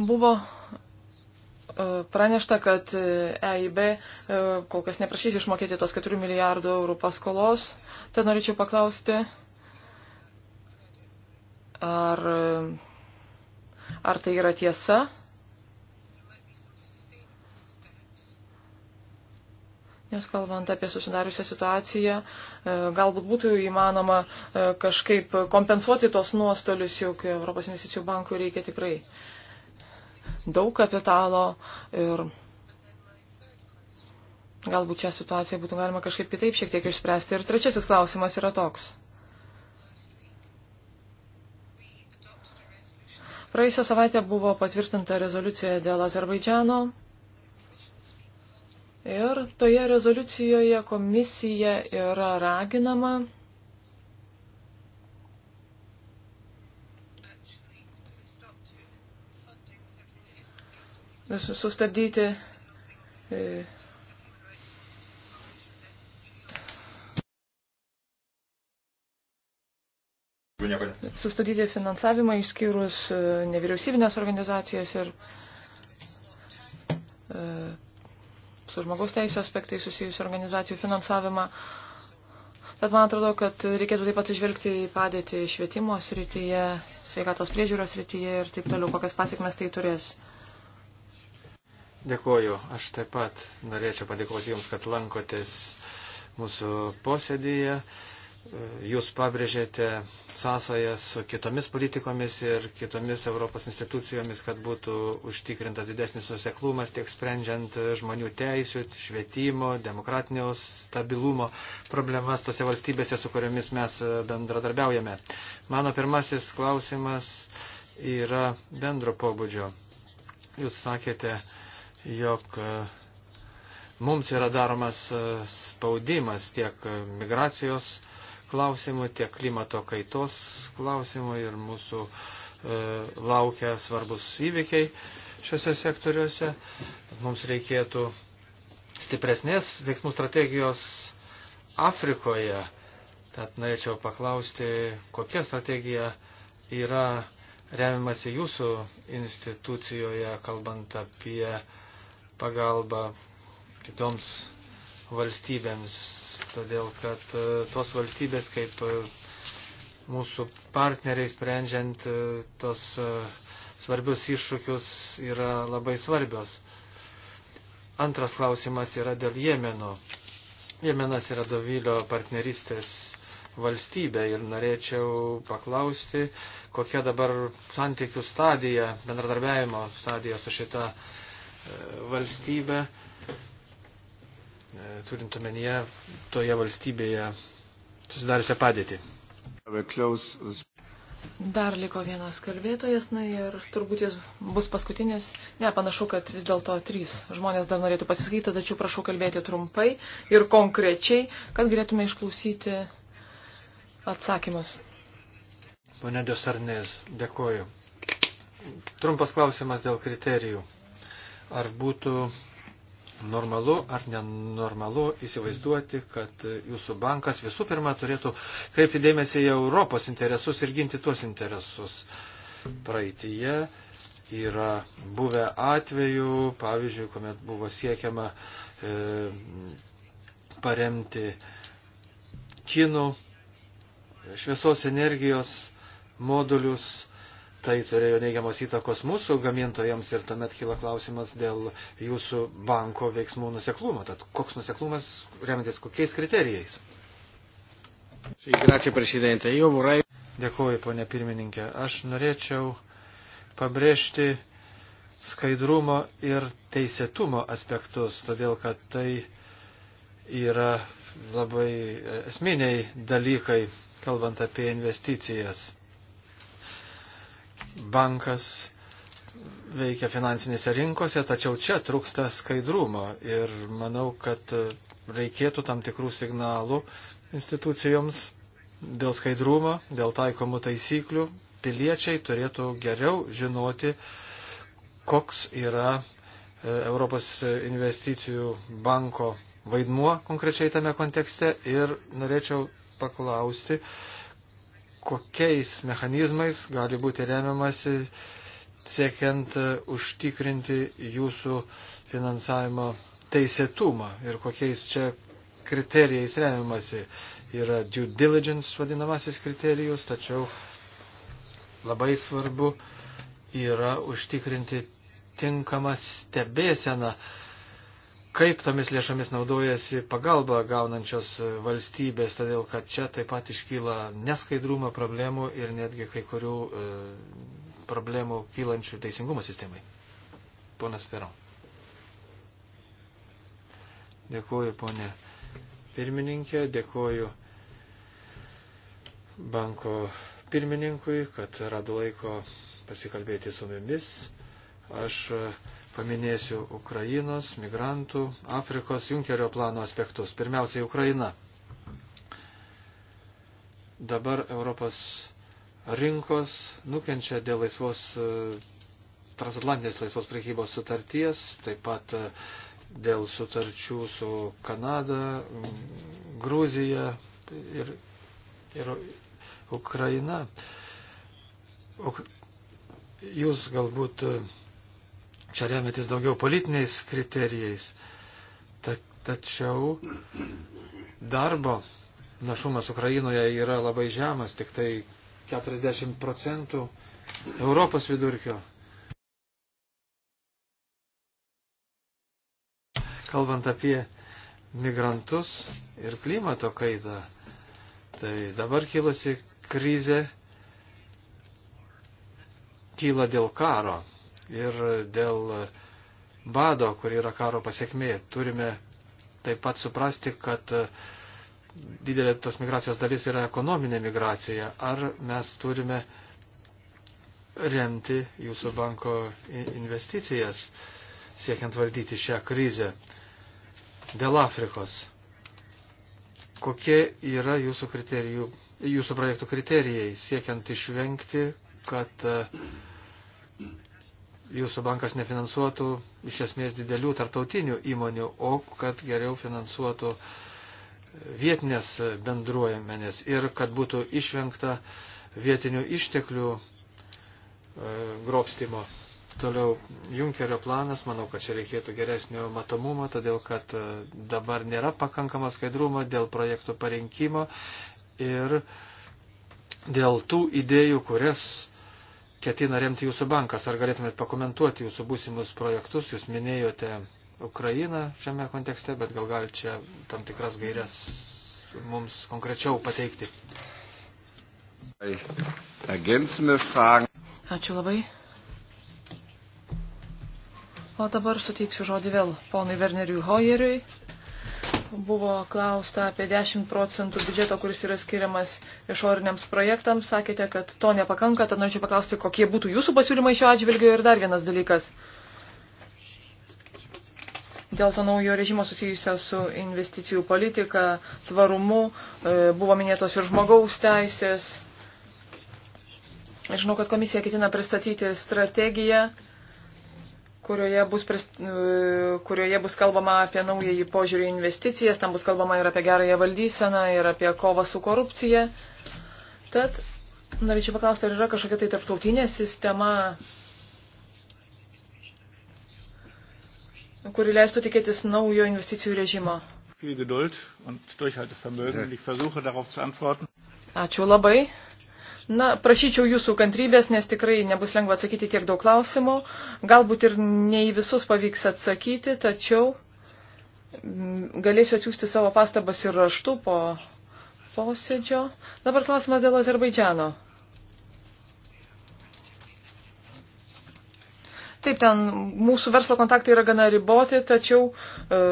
Buvo e, pranešta, kad EIB kol kas neprašys išmokėti tos 4 milijardų eurų paskolos. Tad norėčiau paklausti, Ar, ar tai yra tiesa? Nes kalbant apie susidariusią situaciją, e, galbūt būtų įmanoma e, kažkaip kompensuoti tos nuostolius, juk Europos investicijų bankų reikia tikrai daug kapitalo ir galbūt šią situaciją būtų galima kažkaip kitaip šiek tiek išspręsti. Ir trečiasis klausimas yra toks. Praėjusią savaitę buvo patvirtinta rezoliucija dėl Azerbaidžiano ir toje rezoliucijoje komisija yra raginama sustabdyti e, sustabdyti finansavimą išskyrus e, nevyriausybinės organizacijas ir e, su žmogaus teisų aspektai susijusių organizacijų finansavimą. Bet man atrodo, kad reikėtų taip pat išvelgti į padėtį švietimo srityje, sveikatos priežiūros srityje ir taip toliau, kokias pasiekmes tai turės. Dėkuoju. Aš taip pat norėčiau padėkoti Jums, kad lankotės mūsų posėdėje. Jūs pabrėžėte sąsajas su kitomis politikomis ir kitomis Europos institucijomis, kad būtų užtikrintas didesnis suseklumas tiek sprendžiant žmonių teisų, švietimo, demokratinio stabilumo problemas tose valstybėse, su kuriomis mes bendradarbiaujame. Mano pirmasis klausimas yra bendro pobūdžio. Jūs sakėte, jog mums yra daromas spaudimas tiek migracijos, klausimų, tiek klimato kaitos klausimų ir mūsų e, laukia svarbus įvykiai šiuose sektoriuose. Mums reikėtų stipresnės veiksmų strategijos Afrikoje. Tad norėčiau paklausti, kokia strategija yra remiamasi jūsų institucijoje, kalbant apie pagalbą kitoms valstybėms, todėl kad e, tos valstybės kaip e, mūsų partneriai sprendžiant e, tos svarbius iššūkius yra labai svarbios. Antras klausimas yra dėl Jemeno. Jemenas yra Dovilio partneristės valstybė ir norėčiau paklausti, kokia dabar santykių stadija, bendradarbiavimo stadija su šita valstybė. E, turint omenyje toje valstybėje susidariusią padėtį. Dar liko vienas kalbėtojas, na ir turbūt jis bus paskutinis. Ne, panašu, kad vis dėlto trys žmonės dar norėtų pasiskaityti, tačiau prašau kalbėti trumpai ir konkrečiai, kad galėtume išklausyti atsakymus. Pone Diosarnės, dėkoju. Trumpas klausimas dėl kriterijų. Ar būtų normalu ar nenormalu įsivaizduoti, kad jūsų bankas visų pirma turėtų kreipti dėmesį į Europos interesus ir ginti tuos interesus. Praeitie yra buvę atvejų, pavyzdžiui, kuomet buvo siekiama e, paremti kinų šviesos energijos modulius tai turėjo neigiamas įtakos mūsų gamintojams ir tuomet kyla klausimas dėl jūsų banko veiksmų nuseklumo. Tad koks nuseklumas, remiantis kokiais kriterijais? Dėkuoju, ponė pirmininkė. Aš norėčiau pabrėžti skaidrumo ir teisėtumo aspektus, todėl kad tai yra labai esminiai dalykai, kalbant apie investicijas bankas veikia finansinėse rinkose, tačiau čia trūksta skaidrumo ir manau, kad reikėtų tam tikrų signalų institucijoms dėl skaidrumo, dėl taikomų taisyklių. Piliečiai turėtų geriau žinoti, koks yra e, Europos investicijų banko vaidmuo konkrečiai tame kontekste ir norėčiau paklausti, kokiais mechanizmais gali būti remiamasi siekiant e, užtikrinti jūsų finansavimo teisėtumą ir kokiais čia kriterijais remiamasi. Yra due diligence vadinamasis kriterijus, tačiau labai svarbu yra užtikrinti tinkamą stebėseną kaip tomis lėšomis naudojasi pagalba gaunančios valstybės, todėl kad čia taip pat iškyla neskaidrumo problemų ir netgi kai kurių e, problemų kylančių teisingumo sistemai. Ponas Pero. Dėkuoju, ponė pirmininkė, dėkuoju banko pirmininkui, kad rado laiko pasikalbėti su mumis. Aš e, paminėsiu Ukrainos, migrantų, Afrikos, Junkerio plano aspektus. Pirmiausiai Ukraina. Dabar Europos rinkos nukenčia dėl laisvos, transatlantinės laisvos prekybos sutarties, taip pat e, dėl sutarčių su Kanada, mm, Gruzija ir, ir Ukraina. Uk, jūs galbūt e, čia remiantis daugiau politiniais kriterijais. Ta, tačiau darbo našumas Ukrainoje yra labai žemas, tik tai 40 procentų Europos vidurkio. Kalbant apie migrantus ir klimato kaitą, tai dabar kilusi krizė kyla dėl karo ir dėl bado, kur yra karo pasiekmė. Turime taip pat suprasti, kad didelė tos migracijos dalis yra ekonominė migracija. Ar mes turime remti jūsų banko investicijas, siekiant valdyti šią krizę? Dėl Afrikos. Kokie yra jūsų, kriterijų, jūsų projektų kriterijai, siekiant išvengti, kad jūsų bankas nefinansuotų iš esmės didelių tarptautinių įmonių, o kad geriau finansuotų vietinės bendruomenės ir kad būtų išvengta vietinių išteklių e, grobstimo. Toliau Junkerio planas, manau, kad čia reikėtų geresnio matomumo, todėl kad e, dabar nėra pakankama skaidrumo dėl projektų parinkimo ir dėl tų idėjų, kurias ketina remti jūsų bankas. Ar galėtumėt pakomentuoti jūsų būsimus projektus? Jūs minėjote Ukrainą šiame kontekste, bet gal gal čia tam tikras gairias mums konkrečiau pateikti. Ačiū labai. O dabar suteiksiu žodį vėl ponui Werneriui Hoyeriui. Buvo klausta apie 10 procentų biudžeto, kuris yra skiriamas išoriniams projektams. Sakėte, kad to nepakanka, tad norėčiau paklausti, kokie būtų jūsų pasiūlymai šio atžvilgiu. Ir dar vienas dalykas. Dėl to naujo režimo susijusio su investicijų politika, tvarumu, e, buvo minėtos ir žmogaus teisės. Žinau, kad komisija ketina pristatyti strategiją kurioje bus, prist, e, kurioje bus kalbama apie naująjį požiūrį investicijas, tam bus kalbama ir apie gerąją valdyseną, ir apie kovą su korupcija. Tad norėčiau paklausti, ar yra kažkokia tai tarptautinė sistema, kuri leistų tikėtis naujo investicijų režimo. Ačiū labai. Na, prašyčiau jūsų kantrybės, nes tikrai nebus lengva atsakyti tiek daug klausimų. Galbūt ir ne į visus pavyks atsakyti, tačiau mm, galėsiu atsiųsti savo pastabas ir raštu po posėdžio. Dabar klausimas dėl Azerbaidžiano. Taip, ten mūsų verslo kontaktai yra gana riboti, tačiau e,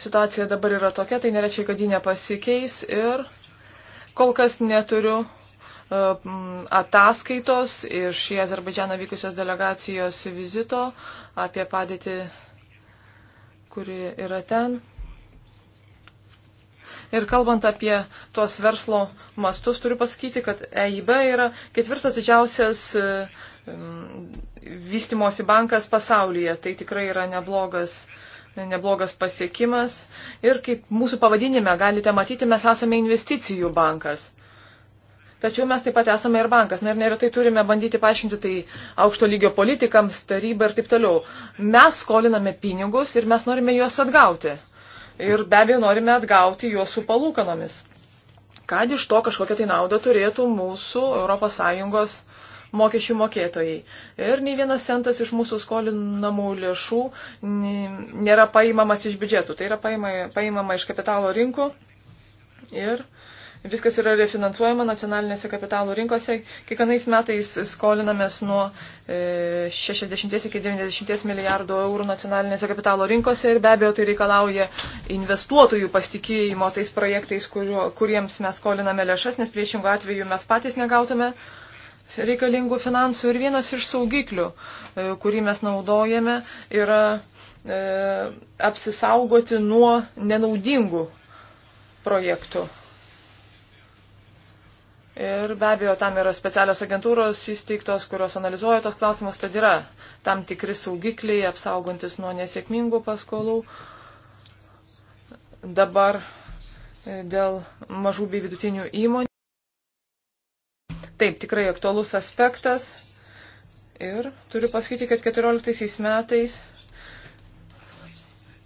situacija dabar yra tokia, tai nereiškia, kad ji nepasikeis ir Kol kas neturiu e, ataskaitos iš į Azerbaidžianą vykusios delegacijos vizito apie padėtį, kuri yra ten. Ir kalbant apie tuos verslo mastus, turiu pasakyti, kad EIB yra ketvirtas didžiausias e, vystimosi bankas pasaulyje. Tai tikrai yra neblogas uh, neblogas pasiekimas. Ir kaip mūsų pavadinime galite matyti, mes esame investicijų bankas. Tačiau mes taip pat esame ir bankas. Na ir neretai turime bandyti paaiškinti tai aukšto lygio politikams, tarybai ir taip toliau. Mes skoliname pinigus ir mes norime juos atgauti. Ir be abejo norime atgauti juos su palūkanomis. Kad iš to kažkokią tai naudą turėtų mūsų ES mokesčių mokėtojai. Ir nei vienas centas iš mūsų skolinamų lėšų nėra paimamas iš biudžetų, tai yra paima, paimama iš kapitalo rinkų ir viskas yra refinansuojama nacionalinėse kapitalų rinkose. Kiekvienais metais skolinamės nuo 60 e, iki 90 milijardų eurų nacionalinėse kapitalo rinkose ir be abejo tai reikalauja investuotojų pasitikėjimo tais projektais, kuriuo, kuriems mes skoliname lėšas, nes priešingų atveju mes patys negautume reikalingų finansų ir vienas iš saugiklių, e, kurį mes naudojame, yra e, apsisaugoti nuo nenaudingų projektų. Ir be abejo, tam yra specialios agentūros įsteigtos, kurios analizuoja tos klausimus, tad yra tam tikri saugikliai apsaugantis nuo nesėkmingų paskolų. Dabar e, dėl mažų bei vidutinių įmonių. Taip, tikrai aktualus aspektas. Ir turiu pasakyti, kad 14 metais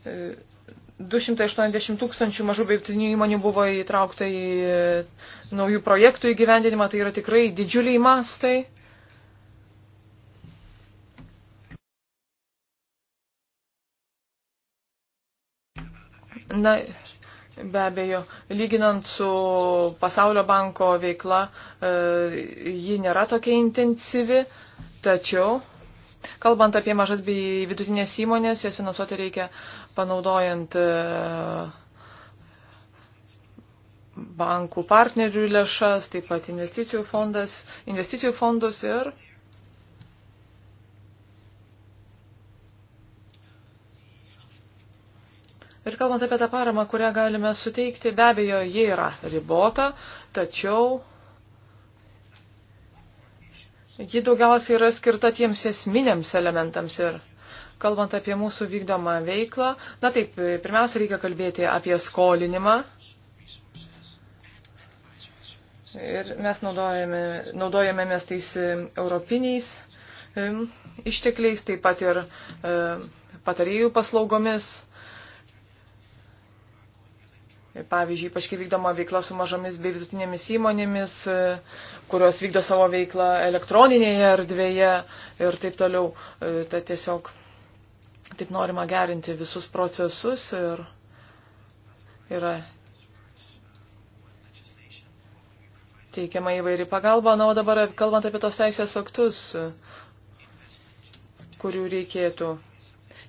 280 e, tūkstančių mažų beigtinių įmonių buvo įtraukta į e, naujų projektų įgyvendinimą. Tai yra tikrai didžiuliai mastai. Na, Be abejo, lyginant su Pasaulio banko veikla, e, ji nėra tokia intensyvi, tačiau, kalbant apie mažas bei vidutinės įmonės, jas finansuoti reikia panaudojant e, bankų partnerių lėšas, taip pat investicijų, fondas, investicijų fondus ir Ir kalbant apie tą paramą, kurią galime suteikti, be abejo, ji yra ribota, tačiau ji daugiausiai yra skirta tiems esminiams elementams ir kalbant apie mūsų vykdomą veiklą. Na taip, pirmiausia, reikia kalbėti apie skolinimą. Ir mes naudojame, naudojame mes tais e, europiniais e, ištekliais, taip pat ir e, patarėjų paslaugomis Pavyzdžiui, ypač kai vykdoma veikla su mažomis bei vidutinėmis įmonėmis, e, kurios vykdo savo veiklą elektroninėje erdvėje ir taip toliau. Tai tiesiog taip norima gerinti visus procesus ir yra teikiama įvairi pagalba. Na, o dabar kalbant apie tos teisės aktus, kurių reikėtų.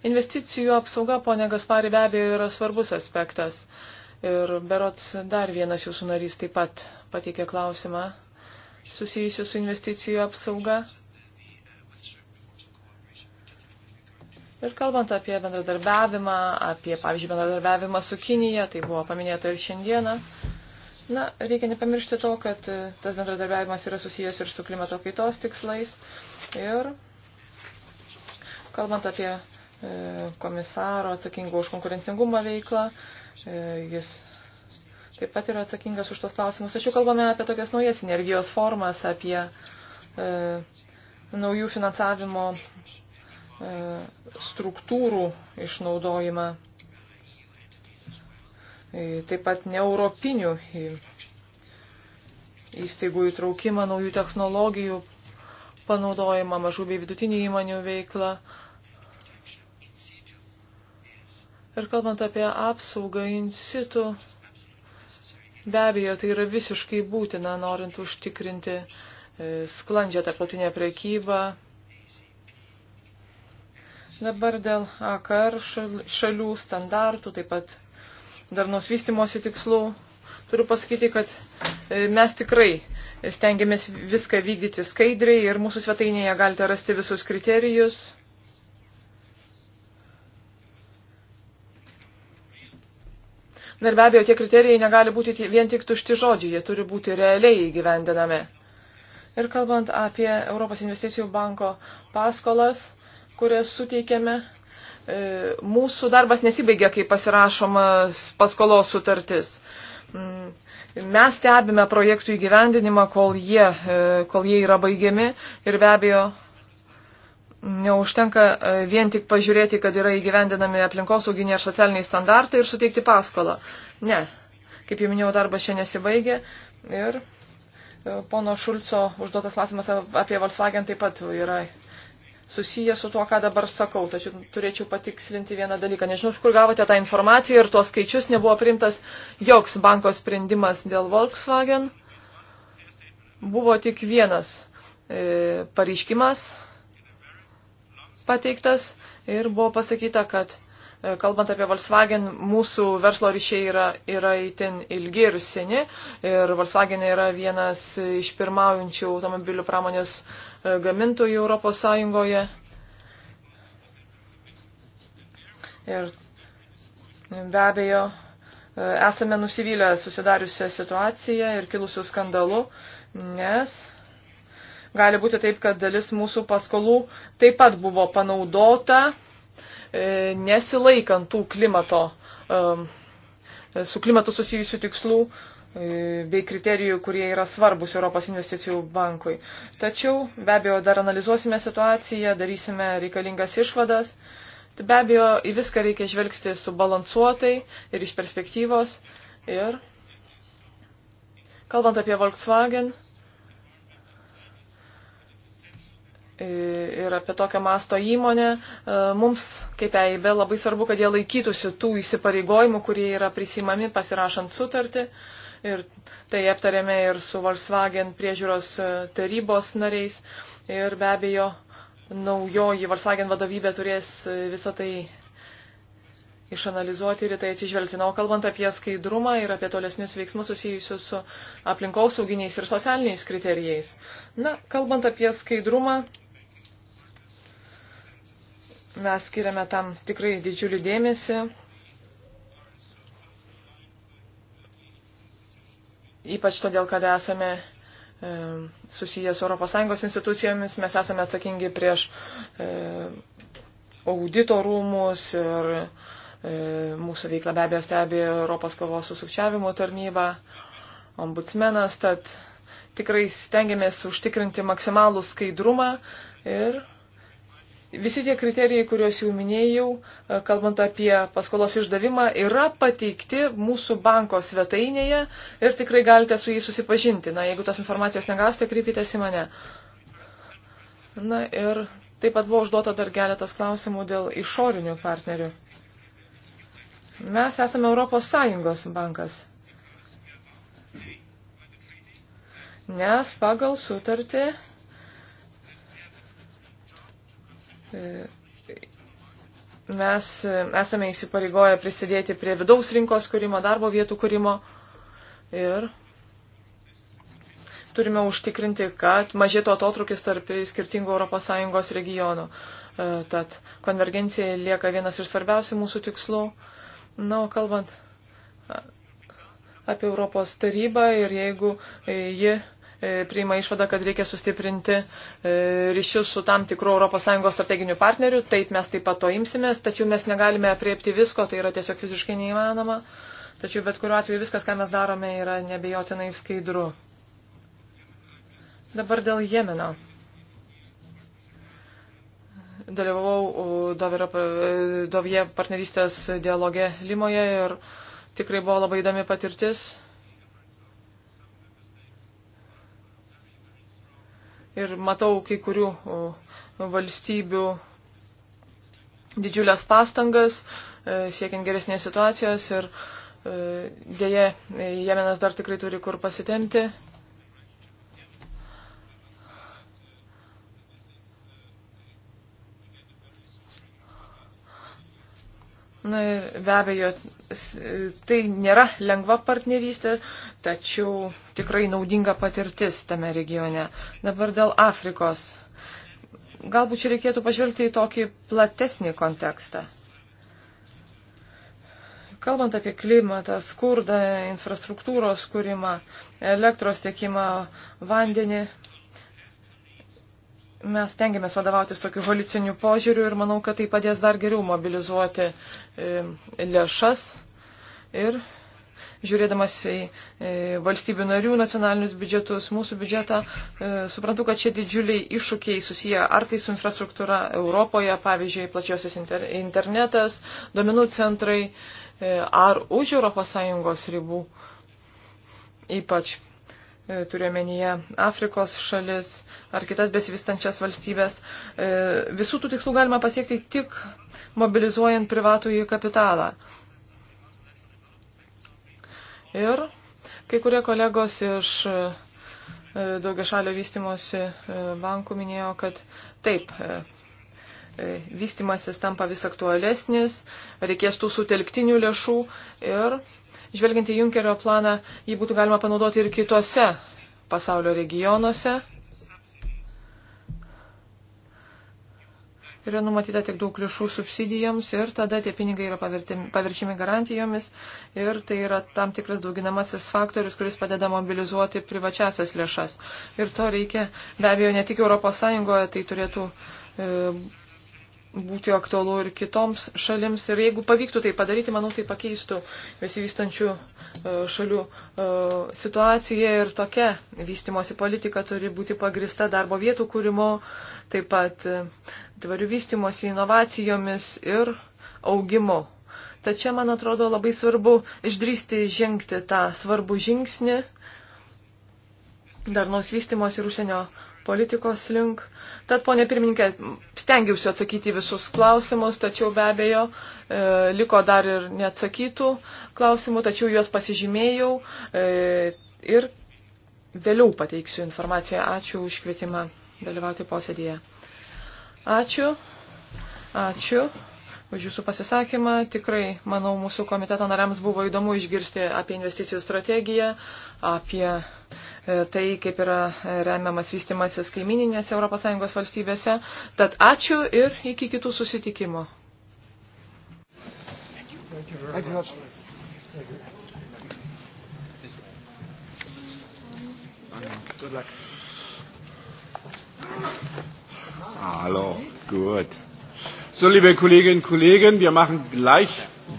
Investicijų apsauga, ponė Gaspari, be abejo yra svarbus aspektas. Ir berots dar vienas jūsų narys taip pat pateikė klausimą susijusiu su investicijų apsauga. Ir kalbant apie bendradarbiavimą, apie, pavyzdžiui, bendradarbiavimą su Kinija, tai buvo paminėta ir šiandieną. Na, reikia nepamiršti to, kad e, tas bendradarbiavimas yra susijęs ir su klimato kaitos tikslais. Ir kalbant apie E, komisaro atsakingo už konkurencingumą veiklą. E, jis taip pat yra atsakingas už tos klausimus. Tačiau kalbame apie tokias naujas energijos formas, apie e, naujų finansavimo e, struktūrų išnaudojimą, e, taip pat neeuropinių įstaigų įtraukimą, naujų technologijų panaudojimą, mažų bei vidutinių įmonių veiklą. E, Ir kalbant apie apsaugą insitų, be abejo, tai yra visiškai būtina, norint užtikrinti e, sklandžią tarptautinę prekybą. Dabar dėl AKR šalių standartų, taip pat darnos vystimosi tikslų, turiu pasakyti, kad e, mes tikrai stengiamės viską vykdyti skaidriai ir mūsų svetainėje galite rasti visus kriterijus. Na ir be abejo, tie kriterijai negali būti vien tik tušti žodžiai, jie turi būti realiai įgyvendinami. Ir kalbant apie Europos investicijų banko paskolas, kurias suteikėme, e, mūsų darbas nesibaigia, kai pasirašomas paskolos sutartis. Mm, mes stebime projektų įgyvendinimą, kol jie, e, kol jie yra baigiami ir be abejo Neužtenka e, vien tik pažiūrėti, kad yra įgyvendinami aplinkosauginiai ir socialiniai standartai ir suteikti paskolą. Ne. Kaip jau minėjau, darbas čia nesibaigė ir e, pono Šulco užduotas klausimas apie Volkswagen taip pat yra susijęs su tuo, ką dabar sakau. Tačiau turėčiau patikslinti vieną dalyką. Nežinau, iš kur gavote tą informaciją ir tuos skaičius nebuvo priimtas joks banko sprendimas dėl Volkswagen. Buvo tik vienas e, pareiškimas pateiktas ir buvo pasakyta, kad e, kalbant apie Volkswagen, mūsų verslo ryšiai yra, yra įtin ilgi ir seni. Ir Volkswagen yra vienas iš pirmaujančių automobilių pramonės e, gamintojų Europos Sąjungoje. Ir be abejo, e, esame nusivylę susidariusią situaciją ir kilusių skandalų, nes Gali būti taip, kad dalis mūsų paskolų taip pat buvo panaudota e, nesilaikant tų klimato, e, su klimatu susijusių tikslų e, bei kriterijų, kurie yra svarbus Europos investicijų bankui. Tačiau be abejo dar analizuosime situaciją, darysime reikalingas išvadas. Tai be abejo į viską reikia žvelgti subalansuotai ir iš perspektyvos. Ir kalbant apie Volkswagen, E, ir apie tokią masto įmonę. E, mums, kaip EIB, labai svarbu, kad jie laikytųsi tų įsipareigojimų, kurie yra prisimami pasirašant sutartį. Ir tai aptarėme ir su Volkswagen priežiūros e, tarybos nariais. Ir be abejo, naujoji Volkswagen vadovybė turės visą tai išanalizuoti ir į tai atsižvelgti. Na, o kalbant apie skaidrumą ir apie tolesnius veiksmus susijusius su aplinkosauginiais ir socialiniais kriterijais. Na, kalbant apie skaidrumą, Mes skiriame tam tikrai didžiulį dėmesį. Ypač todėl, kad esame e, susijęs ES institucijomis, mes esame atsakingi prieš e, audito rūmus ir e, mūsų veikla be abejo stebi Europos kovos su sukčiavimu tarnyba, ombudsmenas, tad tikrai stengiamės užtikrinti maksimalų skaidrumą ir Visi tie kriterijai, kuriuos jau minėjau, e, kalbant apie paskolos išdavimą, yra pateikti mūsų banko svetainėje ir tikrai galite su jais susipažinti. Na, jeigu tos informacijos negasite, kreipitės į mane. Na ir taip pat buvo užduota dar keletas klausimų dėl išorinių partnerių. Mes esame Europos Sąjungos bankas. Nes pagal sutartį Mes esame įsipareigoję prisidėti prie vidaus rinkos kūrimo, darbo vietų kūrimo ir turime užtikrinti, kad mažėtų atotrukis tarp skirtingų ES regionų. E, tad konvergencija lieka vienas ir svarbiausių mūsų tikslų. Na, o kalbant apie Europos tarybą ir jeigu e, ji E, priima išvadą, kad reikia sustiprinti e, ryšius su tam tikru ES strateginiu partneriu. Taip mes taip pat to imsimės, tačiau mes negalime apriepti visko, tai yra tiesiog fiziškai neįmanoma. Tačiau bet kuriuo atveju viskas, ką mes darome, yra nebejotinai skaidru. Dabar dėl Jemeno. Dalyvavau Dovje partnerystės dialoge Limoje ir tikrai buvo labai įdomi patirtis. ir matau kai kurių valstybių didžiulės pastangas, e, siekiant geresnės situacijos ir e, dėje Jemenas dar tikrai turi kur pasitemti. Na ir be abejo, tai nėra lengva partnerystė, tačiau tikrai naudinga patirtis tame regione. Dabar dėl Afrikos. Galbūt čia reikėtų pažvelgti į tokį platesnį kontekstą. Kalbant apie klimatą, skurdą, infrastruktūros kūrimą, elektros tiekimą, vandenį, Mes tengiamės vadovautis tokiu holiciniu požiūriu ir manau, kad tai padės dar geriau mobilizuoti e, lėšas ir žiūrėdamas į e, valstybių narių nacionalinius biudžetus, mūsų biudžetą, e, suprantu, kad čia didžiuliai iššūkiai susiję ar tai su infrastruktūra Europoje, pavyzdžiui, plačiosios internetas, domenų centrai, ar už ES ribų ypač E, turiuomenyje Afrikos šalis ar kitas besivystančias valstybės. E, visų tų tikslų galima pasiekti tik mobilizuojant privatų į kapitalą. Ir kai kurie kolegos iš e, daugiašalio vystimosi bankų minėjo, kad taip, vystimasis tampa vis aktualesnis, reikės tų sutelktinių lėšų ir žvelgiant į Junkerio planą, jį būtų galima panaudoti ir kitose pasaulio regionuose. Yra numatyta tiek daug lėšų subsidijoms ir tada tie pinigai yra paverčiami garantijomis ir tai yra tam tikras dauginamasis faktorius, kuris padeda mobilizuoti privačiasias lėšas. Ir to reikia be abejo ne tik ES, tai turėtų e, būti aktualu ir kitoms šalims. Ir jeigu pavyktų tai padaryti, manau, tai pakeistų besivystančių e, šalių e, situaciją ir tokia vystimosi politika turi būti pagrista darbo vietų kūrimo, taip pat e, tvarių vystimosi inovacijomis ir augimu. Tačiau, man atrodo, labai svarbu išdrysti žengti tą svarbų žingsnį darnaus vystimos ir užsienio politikos link. Tad, ponė pirmininkė, stengiausi atsakyti visus klausimus, tačiau be abejo e, liko dar ir neatsakytų klausimų, tačiau juos pasižymėjau e, ir vėliau pateiksiu informaciją. Ačiū už kvietimą dalyvauti posėdėje. Ačiū. Ačiū už Jūsų pasisakymą. Tikrai, manau, mūsų komiteto nariams buvo įdomu išgirsti apie investicijų strategiją, apie E, tai, kaip yra remiamas vystimasis kaimininėse ES valstybėse. Tad ačiū ir iki kitų susitikimų. Thank you very much. Thank you. Good luck. Hallo, gut. So, liebe Kolleginnen und Kollegen, wir machen gleich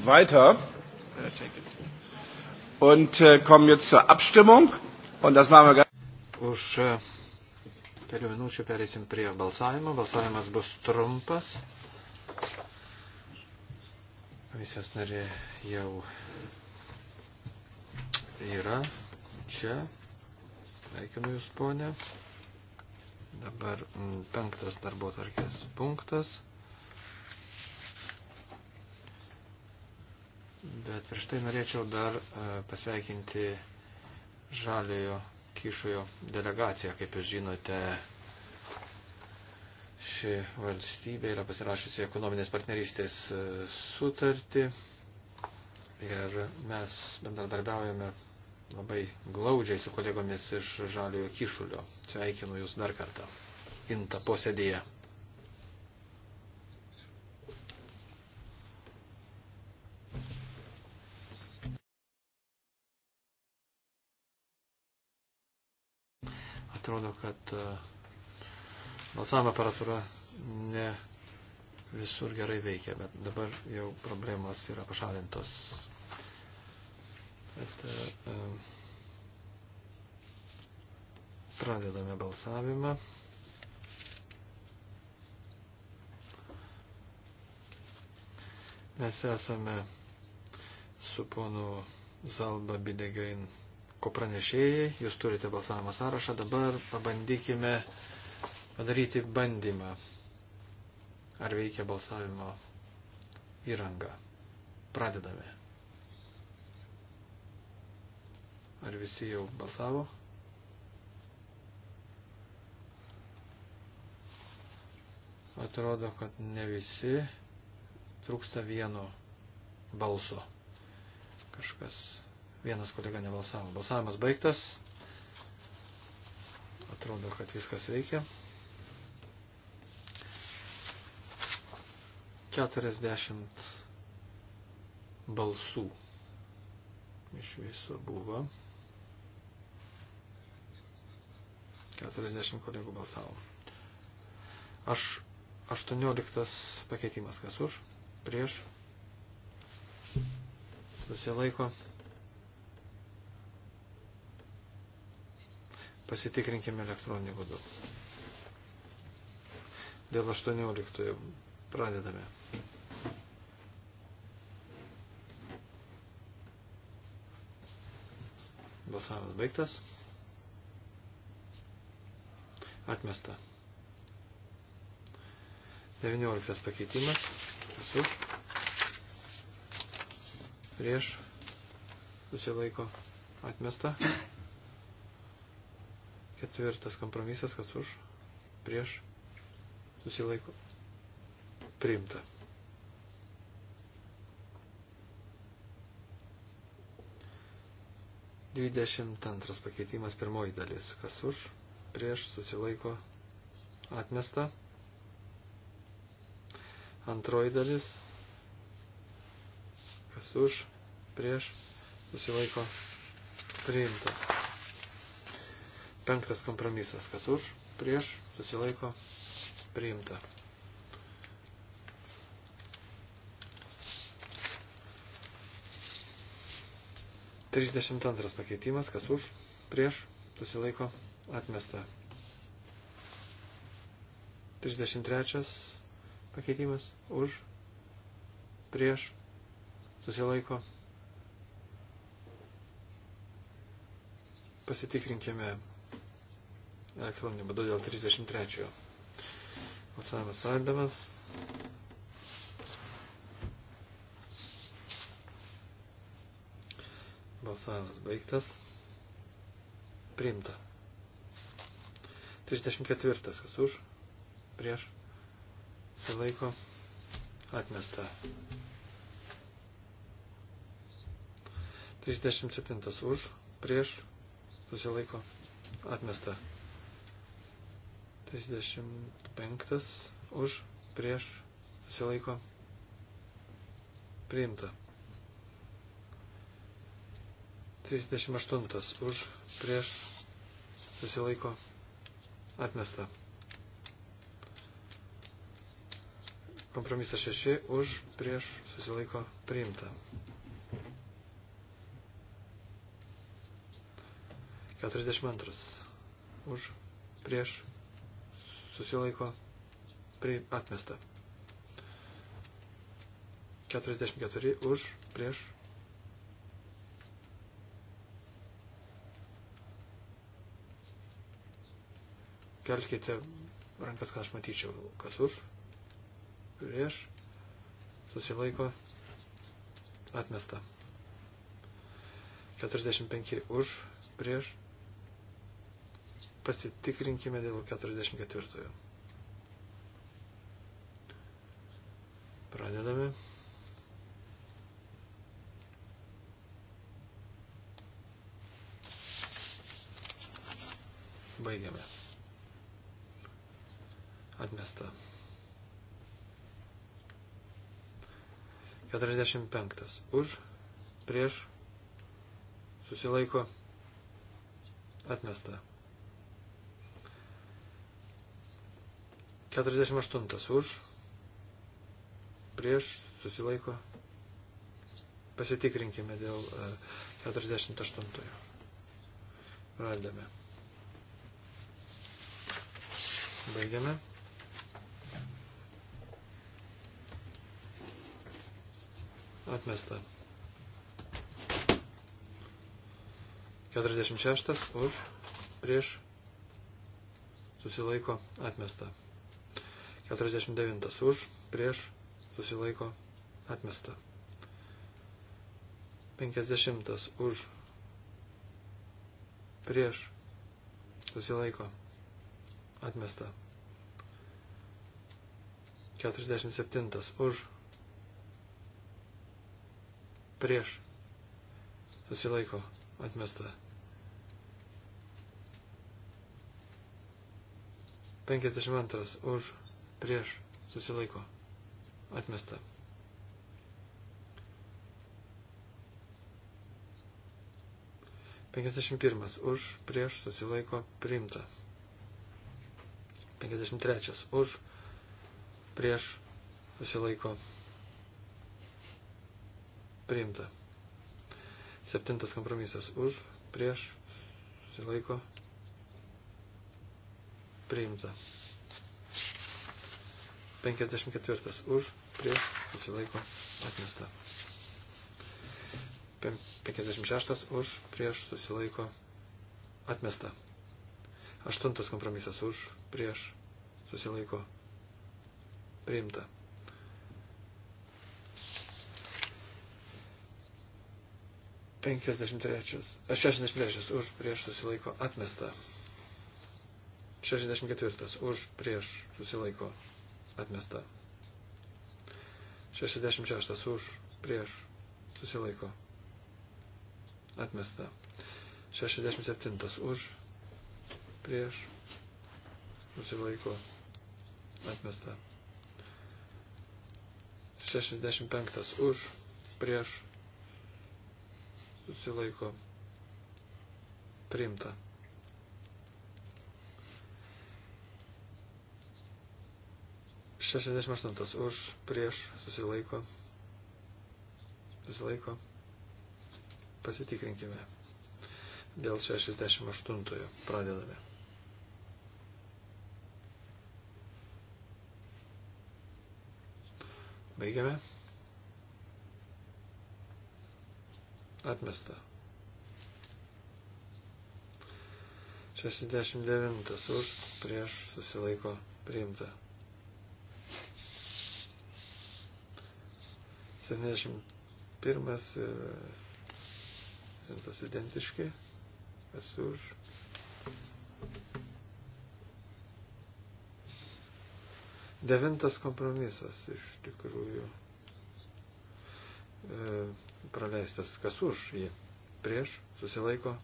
weiter und äh, kommen jetzt zur Abstimmung. Už e, kelių minučių pereisim prie balsavimo. Balsavimas bus trumpas. Visas narė jau yra čia. Sveikinu Jūs, ponė. Dabar penktas darbo tarkės punktas. Bet prieš tai norėčiau dar e, pasveikinti žaliojo kyšojo delegacija. Kaip jūs žinote, ši valstybė yra pasirašusi ekonominės partnerystės e, sutartį ir mes bendradarbiaujame labai glaudžiai su kolegomis iš žaliojo kyšulio. Sveikinu jūs dar kartą. Inta posėdėje. Atrodo, kad e, balsavimo aparatūra ne visur gerai veikia, bet dabar jau problemos yra pašalintos. Bet, e, e, pradedame balsavimą. Mes esame su ponu Zalba Bidegain ko pranešėjai, jūs turite balsavimo sąrašą, dabar pabandykime padaryti bandymą, ar veikia balsavimo įranga. Pradedame. Ar visi jau balsavo? Atrodo, kad ne visi trūksta vieno balso. Kažkas Vienas kolega nebalsavo. Balsavimas baigtas. Atrodo, kad viskas veikia. 40 balsų iš viso buvo. 40 kolegų balsavo. Aš 18 pakeitimas kas už, prieš, susilaiko, Pasitikrinkime elektroninį būdų. Dėl 18 pradedame. Balsavimas baigtas. Atmesta. 19 pakeitimas. Esu. Prieš. Susilaiko. Atmesta. Atmesta. Ketvirtas kompromisas, kas už, prieš, susilaiko, priimta. Dvidešimt antras pakeitimas, pirmoji dalis, kas už, prieš, susilaiko, atmesta. Antroji dalis, kas už, prieš, susilaiko, priimta. Penktas kompromisas. Kas už, prieš, susilaiko, priimta. Trisdešimt antras pakeitimas. Kas už, prieš, susilaiko, atmesta. Trisdešimt trečias pakeitimas. Už, prieš, susilaiko, atmesta. pasitikrinkime elektroniniu būdu dėl 33. Balsavimas pradedamas. Balsavimas baigtas. Priimta. 34. Kas už? Prieš. Silaiko. Atmesta. 37. Už. Prieš. Susilaiko. Atmesta. 35 už prieš susilaiko priimta. 38 už prieš susilaiko atmesta. Kompromisas 6 už prieš susilaiko priimta. 42 už prieš susilaiko prie atmesta. 44 už prieš. Kelkite rankas, kad aš matyčiau, kas už, prieš, susilaiko, atmesta. 45 už, prieš, Pasitikrinkime dėl 44. Pradedame. Baigiame. Atmesta. 45. Už, prieš, susilaiko, atmesta. 48 už, prieš, susilaiko. Pasitikrinkime dėl 48. E, Radėme. Baigiame. Atmesta. 46 už, prieš, susilaiko, atmesta. 49 už, prieš, susilaiko, atmesta. 50 už, prieš, susilaiko, atmesta. 47 už, prieš, susilaiko, atmesta. 52 už, prieš susilaiko atmesta. Penkiasdešimt pirmas už prieš susilaiko priimta. Penkiasdešimt trečias už prieš susilaiko priimta. Septintas kompromisas už prieš susilaiko priimta. 54 už, prieš, susilaiko, atmesta. 56 už, prieš, susilaiko, atmesta. 8 kompromisas už, prieš, susilaiko, priimta. Penkiasdešimt trečias, šešiasdešimt trečias už prieš susilaiko atmesta. Šešiasdešimt ketvirtas už prieš susilaiko atmesta. 66 už, prieš, susilaiko, atmesta. 67 už, prieš, susilaiko, atmesta. 65 už, prieš, susilaiko, priimta. 68 už, prieš, susilaiko, susilaiko, pasitikrinkime. Dėl 68 pradedame. Baigiame. Atmesta. 69 už, prieš, susilaiko, priimta. 71 ir 100 e, identiški. Kas už? Devintas kompromisas iš tikrųjų e, praleistas. Kas už jį? Prieš susilaiko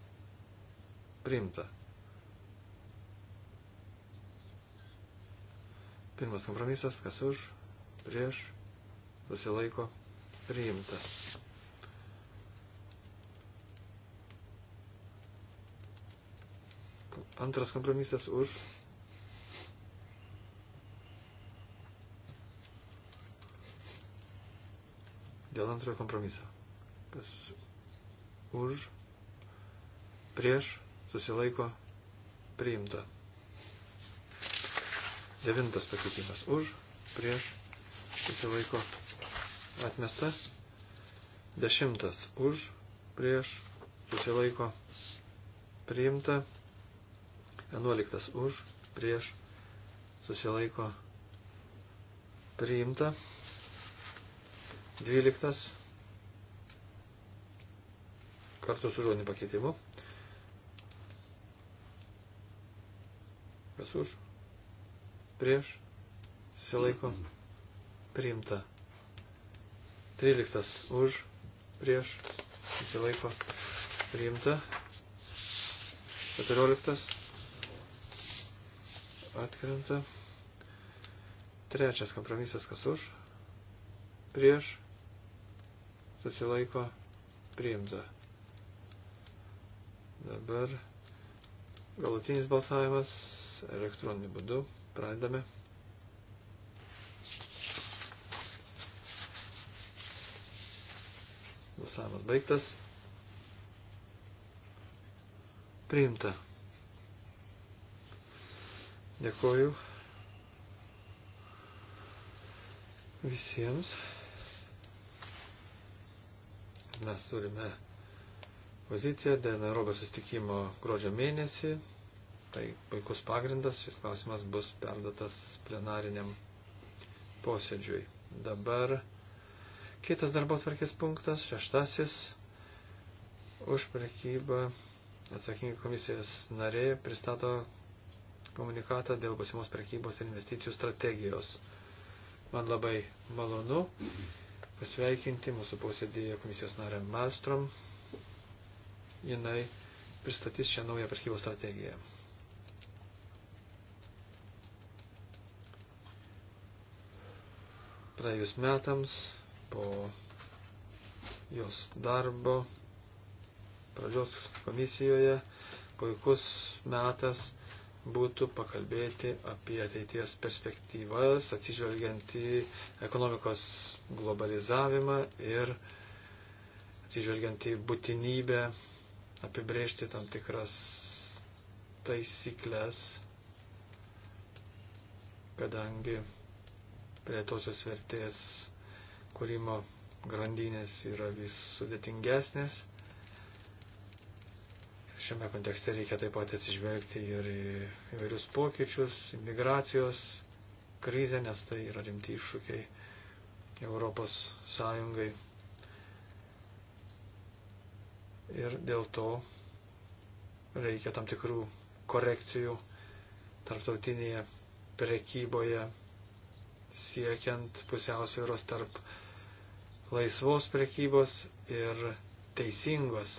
priimta. Pirmas kompromisas, kas už, prieš, susilaiko, priimta. Antras kompromisas už. Dėl antrojo kompromiso. Kas už, prieš, susilaiko, priimta. Devintas pakeitimas. Už, prieš, susilaiko, priimta atmesta. Dešimtas už, prieš, susilaiko, priimta. Vienuoliktas už, prieš, susilaiko, priimta. Dvyliktas kartu su žodiniu pakeitimu. Kas už, prieš, susilaiko, priimta. 13 už, prieš, susilaiko, priimta. 14 atkrenta. Trečias kompromisas, kas už, prieš, susilaiko, priimta. Dabar galutinis balsavimas elektroniniu būdu. Pradedame. Balsavimas baigtas. Priimta. Dėkoju visiems. Mes turime poziciją DNROGO sustikimo gruodžio mėnesį. Tai puikus pagrindas, šis klausimas bus perdotas plenariniam posėdžiui. Dabar Kitas darbo tvarkės punktas, šeštasis, už prekybą atsakingi komisijos narė pristato komunikatą dėl būsimos prekybos ir investicijų strategijos. Man labai malonu pasveikinti mūsų posėdėje komisijos narę Malstrom. Jinai pristatys šią naują prekybos strategiją. Praėjus metams po jos darbo pradžios komisijoje puikus metas būtų pakalbėti apie ateities perspektyvas, atsižvelgiant į ekonomikos globalizavimą ir atsižvelgiant į būtinybę apibrėžti tam tikras taisyklės, kadangi prie tosios vertės kūrimo grandinės yra vis sudėtingesnės. Šiame kontekste reikia taip pat atsižvelgti ir į įvairius pokyčius, imigracijos krizę, nes tai yra rimti iššūkiai Europos Sąjungai. Ir dėl to reikia tam tikrų korekcijų tarptautinėje prekyboje siekiant pusiausvėros tarp laisvos prekybos ir teisingos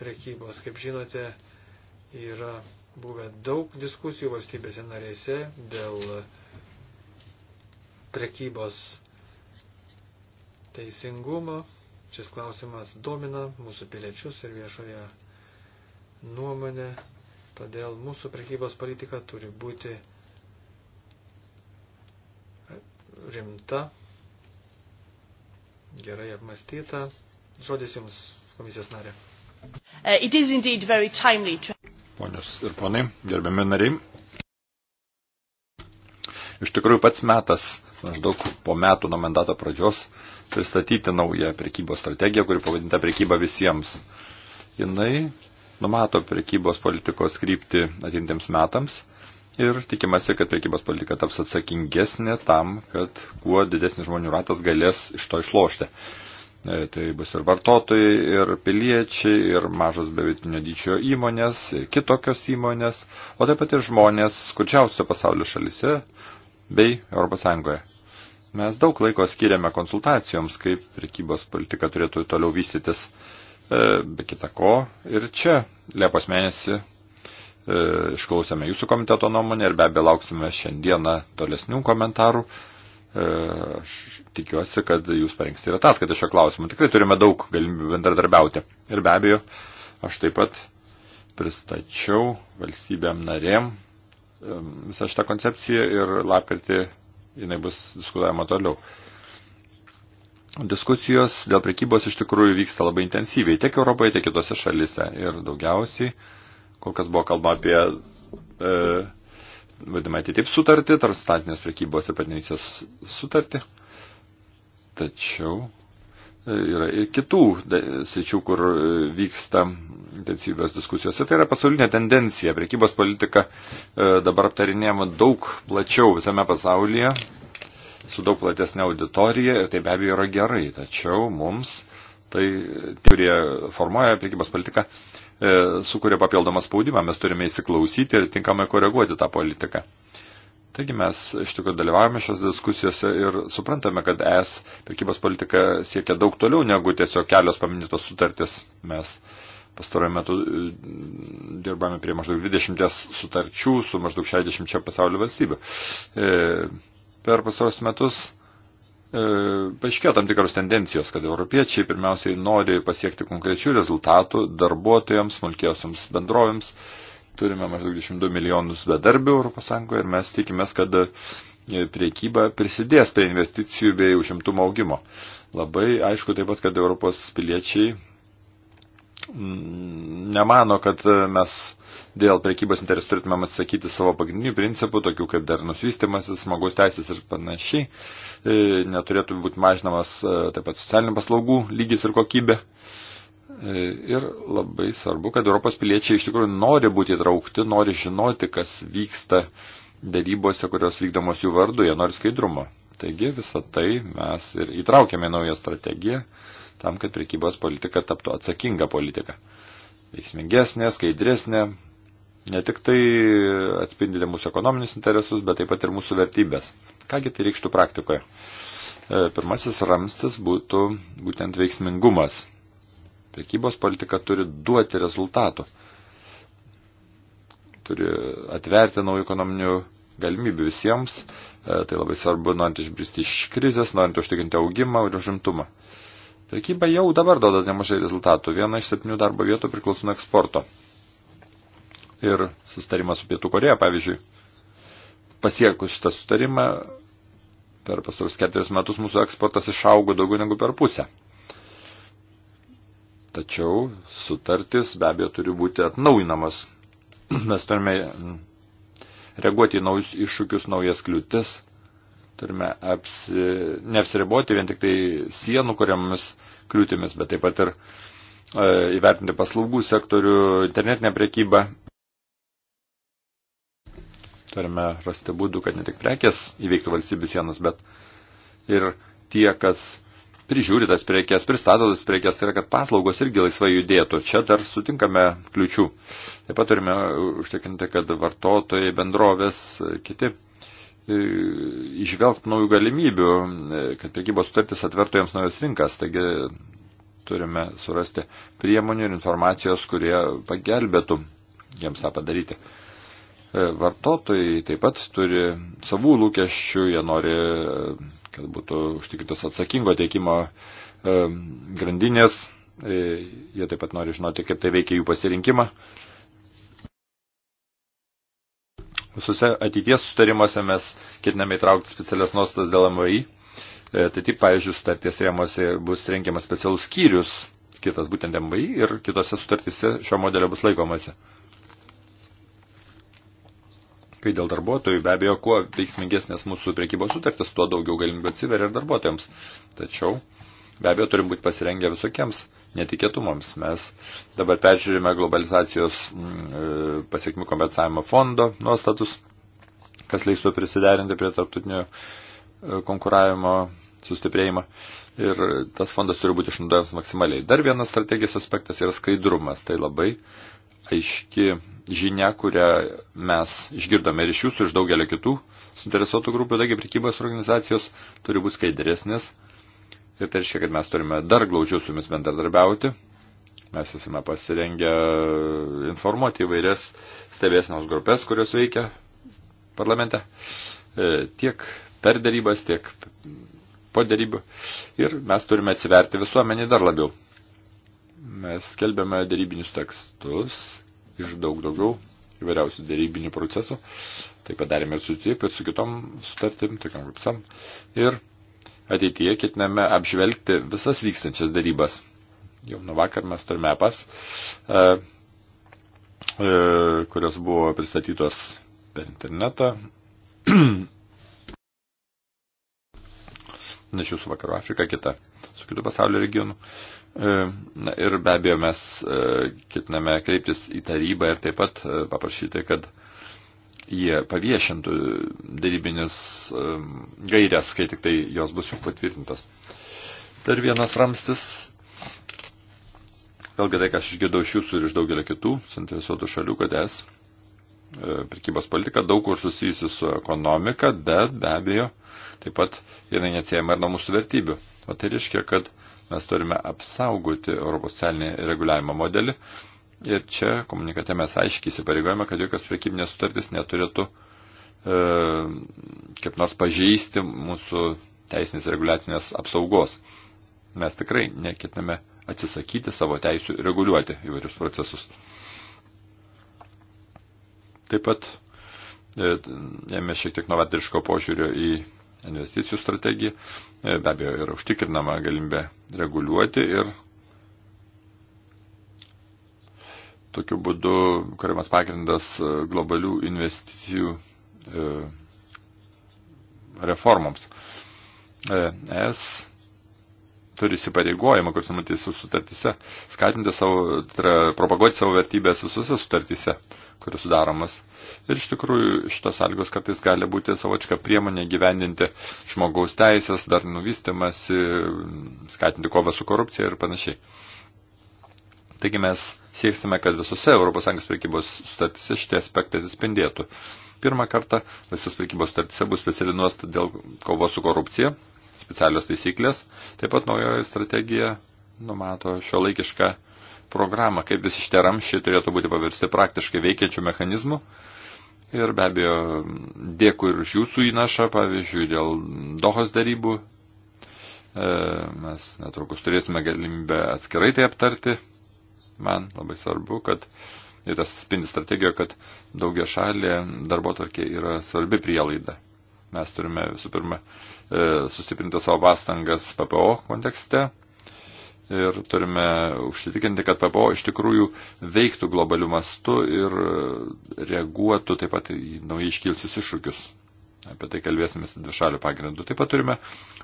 prekybos. Kaip žinote, yra buvę daug diskusijų valstybėse narėse dėl prekybos teisingumo. Šis klausimas domina mūsų piliečius ir viešoje nuomonė. Todėl mūsų prekybos politika turi būti rimta gerai apmastyta. Žodis Jums, komisijos narė. Uh, Ponios ir ponai, gerbiami nariai. Iš tikrųjų pats metas, maždaug po metų nuo mandato pradžios, pristatyti naują prekybos strategiją, kuri pavadinta prekyba visiems. Jinai numato prekybos politikos krypti atintiems metams ir tikimasi, kad prekybos politika taps atsakingesnė tam, kad kuo didesnis žmonių ratas galės iš to išlošti. E, tai bus ir vartotojai, ir piliečiai, ir mažos bevitinio dydžio įmonės, ir kitokios įmonės, o taip pat ir žmonės skurčiausio pasaulio šalise bei ES. Mes daug laiko skiriame konsultacijoms, kaip prekybos politika turėtų toliau vystytis, e, be kita ko. Ir čia Liepos mėnesį E, išklausėme jūsų komiteto nuomonę ir be abejo lauksime šiandieną tolesnių komentarų. E, aš tikiuosi, kad jūs parengsite ir ataskaitą šio klausimu. Tikrai turime daug galimybių bendradarbiauti. Ir be abejo, aš taip pat pristačiau valstybėm narėm visą šitą koncepciją ir lapkritį jinai bus diskutuojama toliau. Diskusijos dėl prekybos iš tikrųjų vyksta labai intensyviai tiek Europoje, tiek kitose šalise ir daugiausiai uh, Kol kas buvo kalba apie e, vadimą atitip sutartį, tarp statinės prekybos ir partnerystės sutartį. Tačiau e, yra ir kitų sričių, kur e, vyksta intensyvios diskusijos. Ir tai yra pasaulinė tendencija. Prekybos politika e, dabar aptarinėjama daug plačiau visame pasaulyje, su daug platesnė auditorija ir tai be abejo yra gerai. Tačiau mums, tai, kurie formuoja prekybos politiką, E, sukuria papildomą spaudimą, mes turime įsiklausyti ir tinkamai koreguoti tą politiką. Taigi mes iš tikrųjų dalyvavome šios diskusijose ir suprantame, kad es prekybos politika siekia daug toliau negu tiesiog kelios paminėtos sutartis. Mes pastaruoju metu e, dirbame prie maždaug 20 sutarčių su maždaug 60 pasaulio valstybių. E, per pasaros metus E, paaiškėjo tam tikros tendencijos, kad europiečiai pirmiausiai nori pasiekti konkrečių rezultatų darbuotojams, smulkiausiams bendrovėms. Turime maždaug 22 milijonus bedarbių ES ir mes tikimės, kad e, priekyba prisidės prie investicijų bei užimtumo augimo. Labai aišku taip pat, kad Europos piliečiai nemano, kad e, mes Dėl prekybos interesų turėtumėm atsakyti savo pagrindinių principų, tokių kaip dar nusvystimasis, smagus teisės ir panašiai. E, neturėtų būti mažinamas e, taip pat socialinių paslaugų lygis ir kokybė. E, ir labai svarbu, kad Europos piliečiai iš tikrųjų nori būti įtraukti, nori žinoti, kas vyksta dėrybose, kurios vykdomos jų vardu, jie nori skaidrumo. Taigi visą tai mes ir įtraukėme naują strategiją tam, kad prekybos politika taptų atsakinga politika. Veiksmingesnė, skaidresnė, ne tik tai atspindite mūsų ekonominius interesus, bet taip pat ir mūsų vertybės. Kągi tai reikštų praktikoje? E, pirmasis ramstis būtų būtent veiksmingumas. Prekybos politika turi duoti rezultatų, turi atverti naujų ekonominių galimybių visiems, e, tai labai svarbu, norint išbristi iš krizės, norint užtikrinti augimą ir užimtumą. Prekyba jau dabar duoda nemažai rezultatų, viena iš septynių darbo vietų priklauso nuo eksporto ir sustarimas su Pietų Koreja, pavyzdžiui. Pasiekus šitą sustarimą, per pastarus keturis metus mūsų eksportas išaugo daugiau negu per pusę. Tačiau sutartis be abejo turi būti atnaujinamas. [CLEARS THROAT] Mes turime reaguoti į naujus iššūkius, naujas kliūtis. Turime apsi, neapsiriboti vien tik tai sienų, kuriamis kliūtimis, bet taip pat ir e, įvertinti paslaugų sektorių, internetinę priekybą turime rasti būdų, kad ne tik prekės įveiktų valstybių sienas, bet ir tie, kas prižiūri tas prekes, pristato tas prekes, tai yra, kad paslaugos irgi laisvai judėtų. Čia dar sutinkame kliučių. Taip pat turime užtikrinti, kad vartotojai, bendrovės, kiti e, išvelgtų naujų galimybių, e, kad prekybos sutartis atvertų jiems naujas rinkas. Taigi turime surasti priemonių ir informacijos, kurie pagelbėtų jiems tą padaryti. E, vartotojai taip pat turi savų lūkesčių, jie nori, e, kad būtų užtikrintos atsakingo tiekimo e, grandinės, jie taip pat nori žinoti, kaip tai veikia jų pasirinkimą. Visose ateities sustarimuose mes ketiname įtraukti specialias nuostas dėl MVI. Tai taip, pavyzdžiui, sutarties rėmose bus rengiamas specialus skyrius, skirtas būtent MVI ir kitose sutartyse šio modelio bus laikomasi. Kai dėl darbuotojų, be abejo, kuo veiksmingesnės mūsų priekybos sutartis, tuo daugiau galimybių atsiveria ir darbuotojams. Tačiau, be abejo, turim būti pasirengę visokiems netikėtumams. Mes dabar peržiūrime globalizacijos mm, e, pasiekmių kompensavimo fondo nuostatus, kas leistų prisiderinti prie tarptautinio e, konkuravimo sustiprėjimą. Ir tas fondas turi būti išnaudojamas maksimaliai. Dar vienas strategijos aspektas yra skaidrumas. Tai labai aiški žinia, kurią mes išgirdome ir iš jūsų, iš daugelio kitų suinteresuotų grupių, taigi prekybos organizacijos turi būti skaidresnės. Ir tai reiškia, kad mes turime dar glaudžiau su jumis bendradarbiauti. Mes esame pasirengę informuoti įvairias stebėsnos grupės, kurios veikia parlamente. E, tiek per darybas, tiek po darybų. Ir mes turime atsiverti visuomenį dar labiau. Mes skelbėme dėrybinius tekstus iš daug daugiau įvairiausių dėrybinių procesų. Tai padarėme su TIP ir su kitom sutartim, tokiam tai kaip SAM. Ir ateityje ketiname apžvelgti visas vykstančias dėrybas. Jau nuo vakar mes turime pas, e, e, kurios buvo pristatytos per internetą. [CLEARS THROAT] Nešiu su vakarų Afrika, kita su kitų pasaulio regionu. E, na, ir be abejo mes e, ketiname kreiptis į tarybą ir taip pat e, paprašyti, kad jie paviešintų darybinis gairias, kai tik tai jos bus jau patvirtintas. Dar vienas ramstis, vėlgi tai, ką aš išgirdau iš jūsų ir iš daugelio kitų suinteresuotų šalių, kad es prekybos politika daug kur susijusi su ekonomika, bet be abejo taip pat jinai neatsiejama ir nuo mūsų vertybių. O tai reiškia, kad uh, Mes turime apsaugoti Europos socialinį reguliavimo modelį. Ir čia komunikate mes aiškiai įsipareigojame, kad jokios prekybinės sutartys neturėtų e, kaip nors pažeisti mūsų teisinės reguliacinės apsaugos. Mes tikrai neketiname atsisakyti savo teisų reguliuoti įvairius procesus. Taip pat e, ėmė šiek tiek novatoriško požiūrio į investicijų strategija. E, be abejo, yra užtikrinama galimybė reguliuoti ir tokiu būdu kuriamas pagrindas e, globalių investicijų e, reformoms. Es turi įsipareigojimą, kuris numatys sutartyse, skatinti savo, tai yra, propaguoti savo vertybės visose sutartyse, kurios sudaromas. Ir iš tikrųjų šitos sąlygos kartais gali būti savočka priemonė gyvendinti žmogaus teisės, dar nuvystimas, skatinti kovą su korupcija ir panašiai. Taigi mes sieksime, kad visose ES prekybos sutartise šitie aspektai atsispindėtų. Pirmą kartą visos prekybos sutartise bus speciali nuostata dėl kovos su korupcija, specialios taisyklės, taip pat naujoji strategija numato šio laikišką programą, kaip visi šitie ramšiai turėtų būti paversti praktiškai veikiančių mechanizmų, Ir be abejo, dėkui ir už jūsų įnašą, pavyzdžiui, dėl Dohos darybų. E, mes netrukus turėsime galimybę atskirai tai aptarti. Man labai svarbu, kad ir tas spindi strategijoje, kad daugia šalė darbo tarkė yra svarbi prielaida. Mes turime visų pirma e, sustiprinti savo pastangas PPO kontekste, ir turime užsitikinti, kad PPO iš tikrųjų veiktų globalių mastų ir e, reaguotų taip pat į naujai iškilsius iššūkius. Apie tai kalbėsime dvišalių pagrindų. Taip pat turime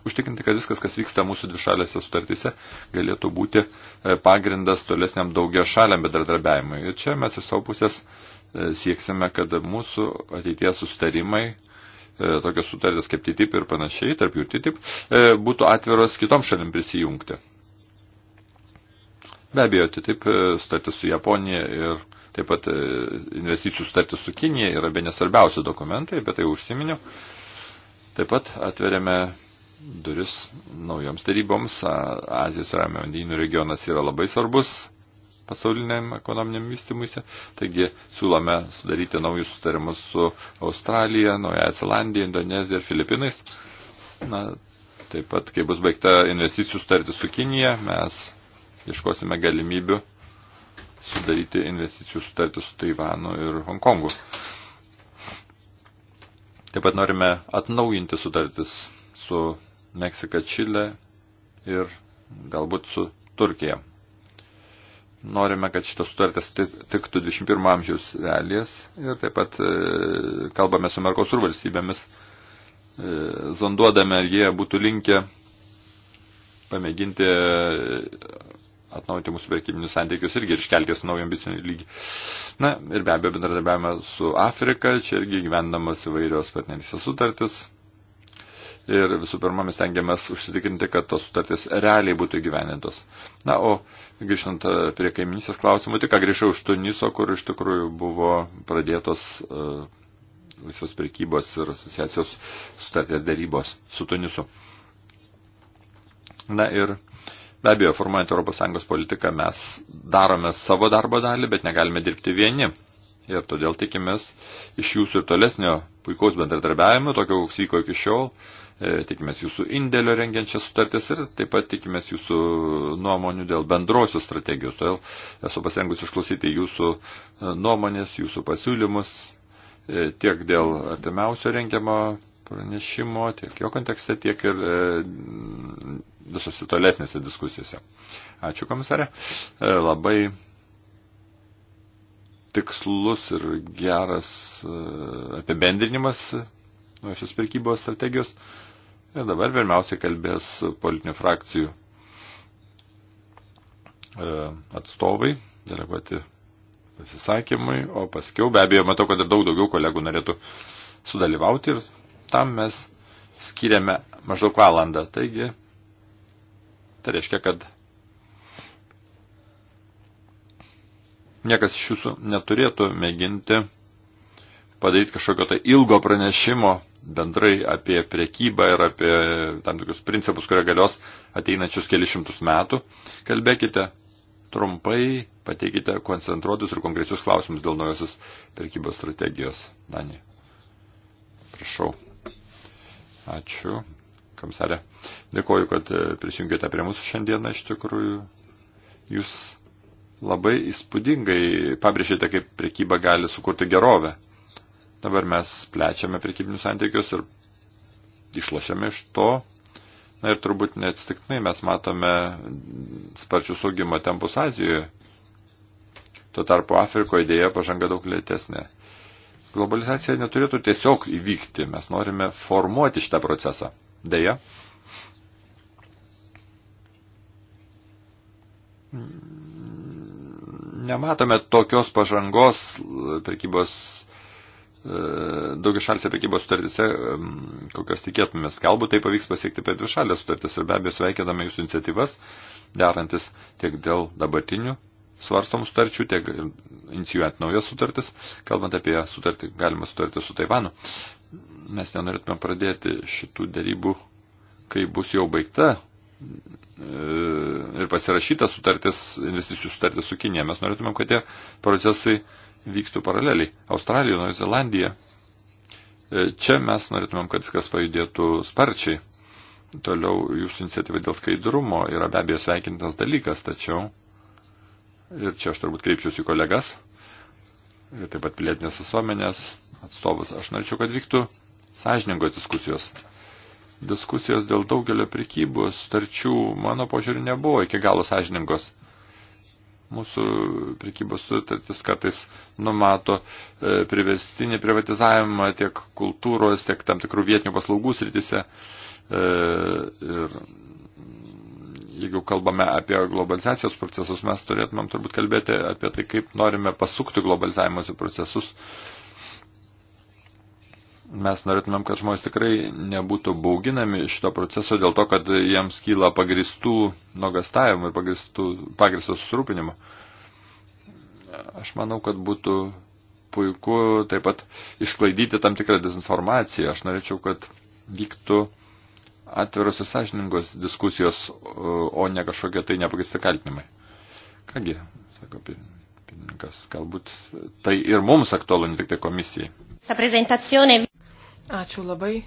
užtikrinti, kad viskas, kas vyksta mūsų dvišalėse sutartyse, galėtų būti e, pagrindas tolesniam daugia šaliam bedradarbiavimui. Ir čia mes iš savo pusės e, sieksime, kad mūsų ateities sustarimai tokios sutartys kaip TTIP ir panašiai, tarp jų TTIP, būtų atviros kitom šalim prisijungti. Be abejo, tai taip e, startis su Japonija ir taip pat e, investicijų startis su Kinija yra be nesvarbiausių dokumentai, bet tai užsiminiau. Taip pat atveriame duris naujoms daryboms. Azijos ramio vandenynų regionas yra labai svarbus pasauliniam ekonominiam vystimuisi. Taigi siūlome sudaryti naujus sutarimus su Australija, Naujaja Zelandija, Indonezija ir Filipinais. Na, taip pat, kai bus baigta investicijų sutartis su Kinija, mes ieškosime galimybių sudaryti investicijų sutartį su Taivanu ir Hongkongu. Taip pat norime atnaujinti sutartis su Meksika, Čilė ir galbūt su Turkija. Norime, kad šitos sutartės tiktų 21 amžiaus realijas ir taip pat e, kalbame su Merkosur valstybėmis, e, zonduodame, ar jie būtų linkę pamėginti atnaujinti mūsų prekybinius santykius irgi ir iškeltis naują ambicinį lygį. Na ir be abejo bendradarbiavime su Afrika, čia irgi gyvendamas įvairios partnerystės sutartis. Ir visų pirma, mes tengiamės užsitikrinti, kad tos sutartys realiai būtų gyvenintos. Na, o grįžtant e, prie kaiminysės klausimų, tik ką grįžau iš Tuniso, kur iš tikrųjų buvo pradėtos uh, visos prekybos ir asociacijos sutartės darybos su Tunisu. Na ir Be abejo, formuojant ES politiką mes darome savo darbo dalį, bet negalime dirbti vieni. Ir todėl tikimės iš jūsų ir tolesnio puikaus bendradarbiavimo, tokio koks vyko iki šiol, e, tikimės jūsų indėlio rengiančias sutartis ir taip pat tikimės jūsų nuomonių dėl bendrosios strategijos. Todėl esu pasirengusi išklausyti jūsų e, nuomonės, jūsų pasiūlymus e, tiek dėl artimiausio rengiamo pranešimo, tiek jo kontekste, tiek ir e, visose tolesnėse diskusijose. Ačiū komisarė. E, labai tikslus ir geras e, apibendrinimas nuo šios pirkybos strategijos. Ir dabar pirmiausiai kalbės politinių frakcijų atstovai, deleguoti pasisakymui, o paskiau be abejo matau, kad ir daug daugiau kolegų norėtų sudalyvauti ir Tam mes skiriame maždaug valandą. Taigi, tai reiškia, kad niekas iš jūsų neturėtų mėginti padaryti kažkokio tai ilgo pranešimo bendrai apie priekybą ir apie tam tikrus principus, kurie galios ateinančius kelišimtus metų. Kalbėkite trumpai, pateikite koncentruotus ir konkrečius klausimus dėl naujosios priekybos strategijos. Dani, prašau. Ačiū, komisarė. Dėkoju, kad e, prisijungėte prie mūsų šiandieną iš tikrųjų. Jūs labai įspūdingai pabrėžėte, kaip prekyba gali sukurti gerovę. Dabar mes plečiame prekybinius santykius ir išlošiame iš to. Na ir turbūt neatsitiktinai mes matome sparčius augimo tempus Azijoje. Tuo tarpu Afrikoje dėja pažanga daug lėtesnė globalizacija neturėtų tiesiog įvykti. Mes norime formuoti šitą procesą. Deja, nematome tokios pažangos prekybos e, daugišalėse prekybos sutartise, kokios tikėtumės. Galbūt tai pavyks pasiekti per dvišalės sutartis ir be abejo sveikiname jūsų iniciatyvas, derantis tiek dėl dabartinių svarstamų sutarčių, tiek inicijuojant naujas sutartis, kalbant apie sutartį, galima sutartį su Taivanu. Mes nenorėtume pradėti šitų dėrybų, kai bus jau baigta e, ir pasirašyta sutartis, investicijų sutartis su Kinė. Mes norėtumėm, kad tie procesai vyktų paraleliai. Australija, Nauja Zelandija. E, čia mes norėtumėm, kad viskas pajudėtų sparčiai. Toliau jūsų iniciatyva dėl skaidrumo yra be abejo sveikintas dalykas, tačiau ir čia aš turbūt kreipčiausi į kolegas, ir taip pat pilietinės visuomenės atstovus, aš norėčiau, kad vyktų sąžiningos diskusijos. Diskusijos dėl daugelio prekybos starčių, mano požiūriu, nebuvo iki galo sąžiningos mūsų prekybos sutartis kartais numato e, privestinį privatizavimą tiek kultūros, tiek tam tikrų vietinių paslaugų srityse. E, ir jeigu kalbame apie globalizacijos procesus, mes turėtumėm turbūt kalbėti apie tai, kaip norime pasukti globalizavimuose procesus. Mes norėtumėm, kad žmonės tikrai nebūtų bauginami šito proceso dėl to, kad jiems kyla pagristų nuogastavimų ir pagristo susirūpinimo. Aš manau, kad būtų puiku taip pat išklaidyti tam tikrą dezinformaciją. Aš norėčiau, kad vyktų atviros ir sąžiningos diskusijos, o ne kažkokie tai nepagristi kaltinimai. Kągi, sako pirmininkas, galbūt tai ir mums aktualu, ne tik tai komisijai. Ačiū labai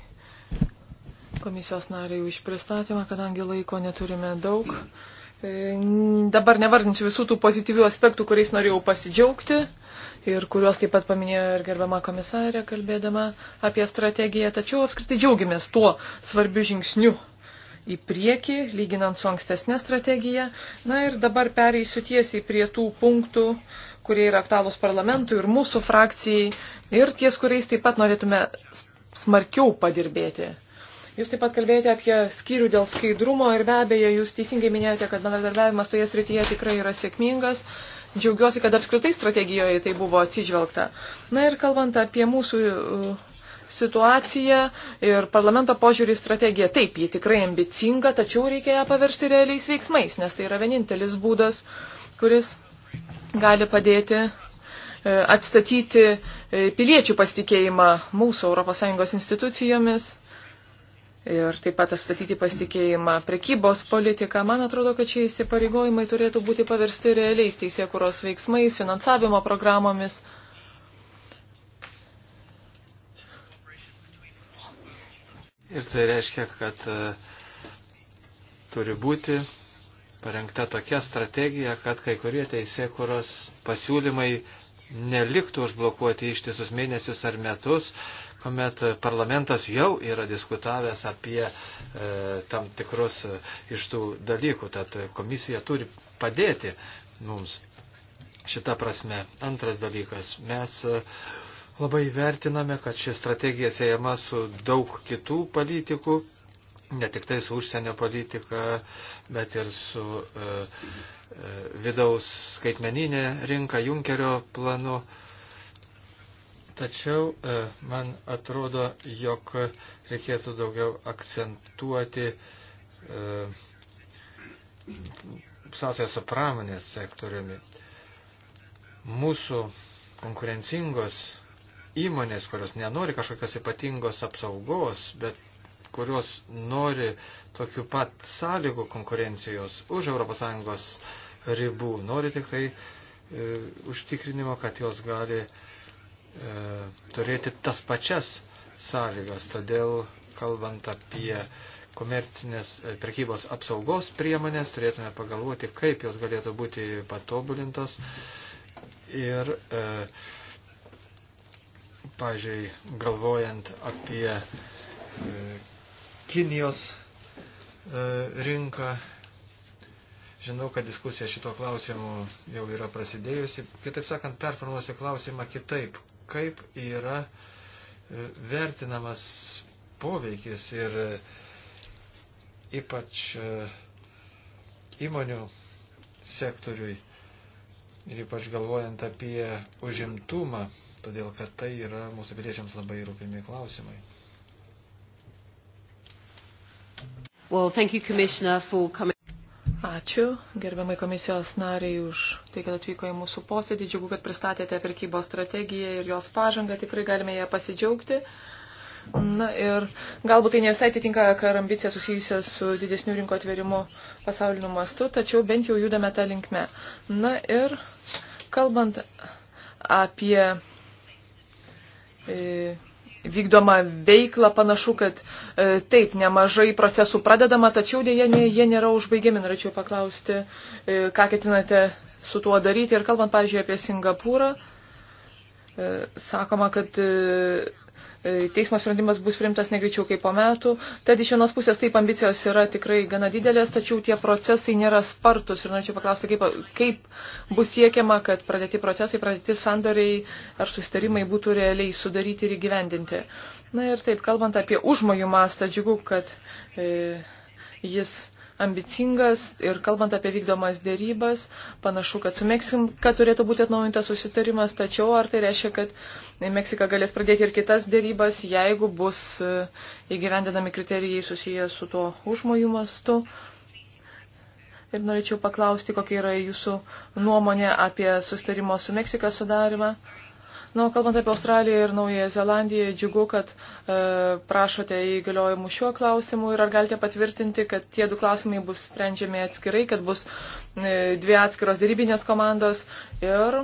komisijos nariai už pristatymą, kadangi laiko neturime daug. E, dabar nevardinsiu visų tų pozityvių aspektų, kuriais norėjau pasidžiaugti ir kuriuos taip pat paminėjo ir gerbiama komisarė, kalbėdama apie strategiją, tačiau apskritai džiaugiamės tuo svarbiu žingsniu į priekį, lyginant su ankstesnė strategija. Na ir dabar pereisiu tiesiai prie tų punktų, kurie yra aktualūs parlamentui ir mūsų frakcijai, ir ties kuriais taip pat norėtume smarkiau padirbėti. Jūs taip pat kalbėjote apie skyrių dėl skaidrumo ir be abejo, jūs teisingai minėjote, kad bendradarbiavimas toje srityje tikrai yra sėkmingas. Džiaugiuosi, kad apskritai strategijoje tai buvo atsižvelgta. Na ir kalbant apie mūsų uh, situaciją ir parlamento požiūrį į strategiją. Taip, ji tikrai ambicinga, tačiau reikia ją paversti realiais veiksmais, nes tai yra vienintelis būdas, kuris gali padėti uh, atstatyti uh, piliečių pasitikėjimą mūsų ES institucijomis ir taip pat atstatyti pasitikėjimą prekybos politiką. Man atrodo, kad šie įsipareigojimai turėtų būti paversti realiais teisėkuros veiksmais, finansavimo programomis. Ir tai reiškia, kad e, turi būti parengta tokia strategija, kad kai kurie teisėkuros pasiūlymai neliktų užblokuoti ištisus mėnesius ar metus, kuomet parlamentas jau yra diskutavęs apie e, tam tikrus e, iš tų dalykų, tad komisija turi padėti mums šitą prasme. Antras dalykas, mes e, labai vertiname, kad ši strategija siejama su daug kitų politikų, ne tik tai su užsienio politika, bet ir su e, e, vidaus skaitmeninė rinka Junkerio planu. E, Tačiau e, man atrodo, jog reikėtų daugiau akcentuoti e, sąsąją su pramonės sektoriumi. Mūsų konkurencingos įmonės, kurios nenori kažkokios ypatingos apsaugos, bet kurios nori tokių pat sąlygų konkurencijos už ES ribų, nori tik tai e, užtikrinimo, kad jos gali e, E, turėti tas pačias sąlygas. Todėl, kalbant apie komercinės e, prekybos apsaugos priemonės, turėtume pagalvoti, kaip jos galėtų būti patobulintos. Ir, e, pažiūrėjau, galvojant apie e, Kinijos e, rinką, žinau, kad diskusija šito klausimu jau yra prasidėjusi. Kitaip sakant, performuosiu klausimą kitaip kaip yra e, vertinamas poveikis ir e, ypač e, įmonių sektoriui ir ypač galvojant apie užimtumą, todėl kad tai yra mūsų piliečiams labai rūpimi klausimai. Well, thank you, Commissioner, for coming. Ačiū, gerbiamai komisijos nariai, už tai, kad atvyko į mūsų posėdį. Džiugu, kad pristatėte pirkybos strategiją ir jos pažangą. Tikrai galime ją pasidžiaugti. Na ir galbūt tai ne visai atitinka kar ambicija susijusia su didesniu rinko atverimu pasauliniu mastu, tačiau bent jau judame tą linkme. Na ir kalbant apie e, vykdomą veiklą, panašu, kad e, taip, nemažai procesų pradedama, tačiau dėje ne, jie nėra užbaigiami. Norėčiau paklausti, e, ką ketinate su tuo daryti. Ir kalbant, pavyzdžiui, apie Singapūrą, e, sakoma, kad e, teismo sprendimas bus primtas negreičiau kaip po metų. Tad iš vienos pusės taip ambicijos yra tikrai gana didelės, tačiau tie procesai nėra spartus. Ir norėčiau paklausti, kaip, kaip bus siekiama, kad pradėti procesai, pradėti sandoriai ar sustarimai būtų realiai sudaryti ir įgyvendinti. Na ir taip, kalbant apie užmojų mastą, džiugu, kad e, jis ambicingas ir kalbant apie vykdomas dėrybas, panašu, kad su Meksika turėtų būti atnaujintas susitarimas, tačiau ar tai reiškia, kad Meksika galės pradėti ir kitas dėrybas, jeigu bus e, įgyvendinami kriterijai susiję su tuo užmojų mastu. Ir norėčiau paklausti, kokia yra jūsų nuomonė apie susitarimo su Meksika sudarimą. Na, o kalbant apie Australiją ir Naująją Zelandiją, džiugu, kad e, prašote įgaliojimų šiuo klausimu ir ar galite patvirtinti, kad tie du klausimai bus sprendžiami atskirai, kad bus e, dvi atskiros dėrybinės komandos ir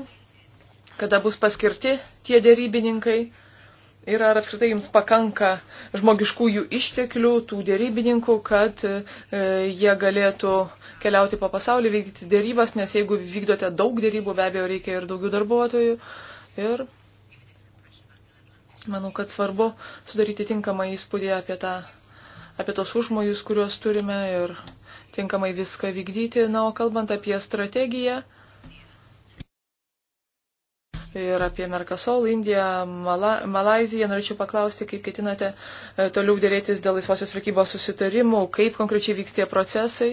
kada bus paskirti tie dėrybininkai. Ir ar apskritai jums pakanka žmogiškųjų išteklių, tų dėrybininkų, kad e, jie galėtų keliauti po pasaulį, vykdyti dėrybas, nes jeigu vykdote daug dėrybų, be abejo, reikia ir daugiau darbuotojų. Ir Manau, kad svarbu sudaryti tinkamą įspūdį apie, tą, apie tos užmojus, kuriuos turime ir tinkamai viską vykdyti. Na, o kalbant apie strategiją ir apie Merkasol, Indiją, Mala, Malaziją, norėčiau paklausti, kaip ketinate e, toliau dėrėtis dėl laisvosios prekybos susitarimų, kaip konkrečiai vyks tie procesai,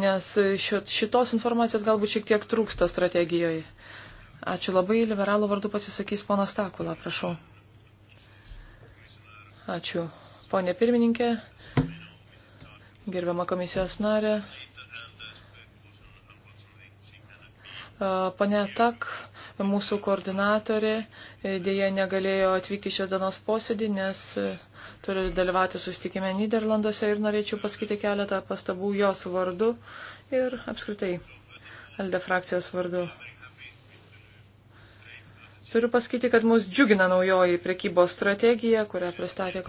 nes šitos informacijos galbūt šiek tiek trūksta strategijoje. Ačiū labai, liberalų vardu pasisakys ponas Takula, prašau. Ačiū, ponė pirmininkė, gerbiama komisijos narė. Pane Tak, mūsų koordinatorė, dėja negalėjo atvykti šios dienos posėdį, nes turi dalyvauti susitikime Niderlanduose ir norėčiau pasakyti keletą pastabų jos vardu ir apskritai Alde frakcijos vardu. Turiu pasakyti, kad mus džiugina naujoji prekybos strategija, kurią pristatė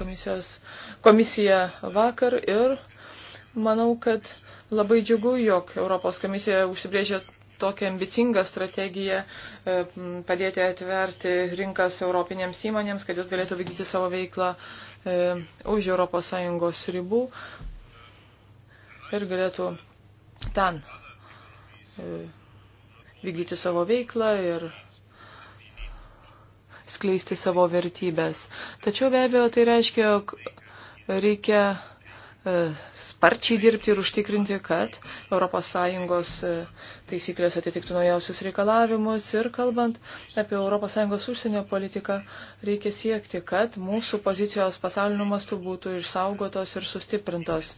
komisija vakar ir manau, kad labai džiugu, jog Europos komisija užsibrėžė tokią ambicingą strategiją e, padėti atverti rinkas europinėms įmonėms, kad jos galėtų vykdyti savo veiklą e, už ES ribų ir galėtų ten e, vykdyti savo veiklą ir skleisti savo vertybės. Tačiau be abejo tai reiškia, jog reikia e, sparčiai dirbti ir užtikrinti, kad ES e, taisyklės atitiktų naujausius reikalavimus ir kalbant apie ES užsienio politiką, reikia siekti, kad mūsų pozicijos pasauliniu mastu būtų išsaugotos ir sustiprintos.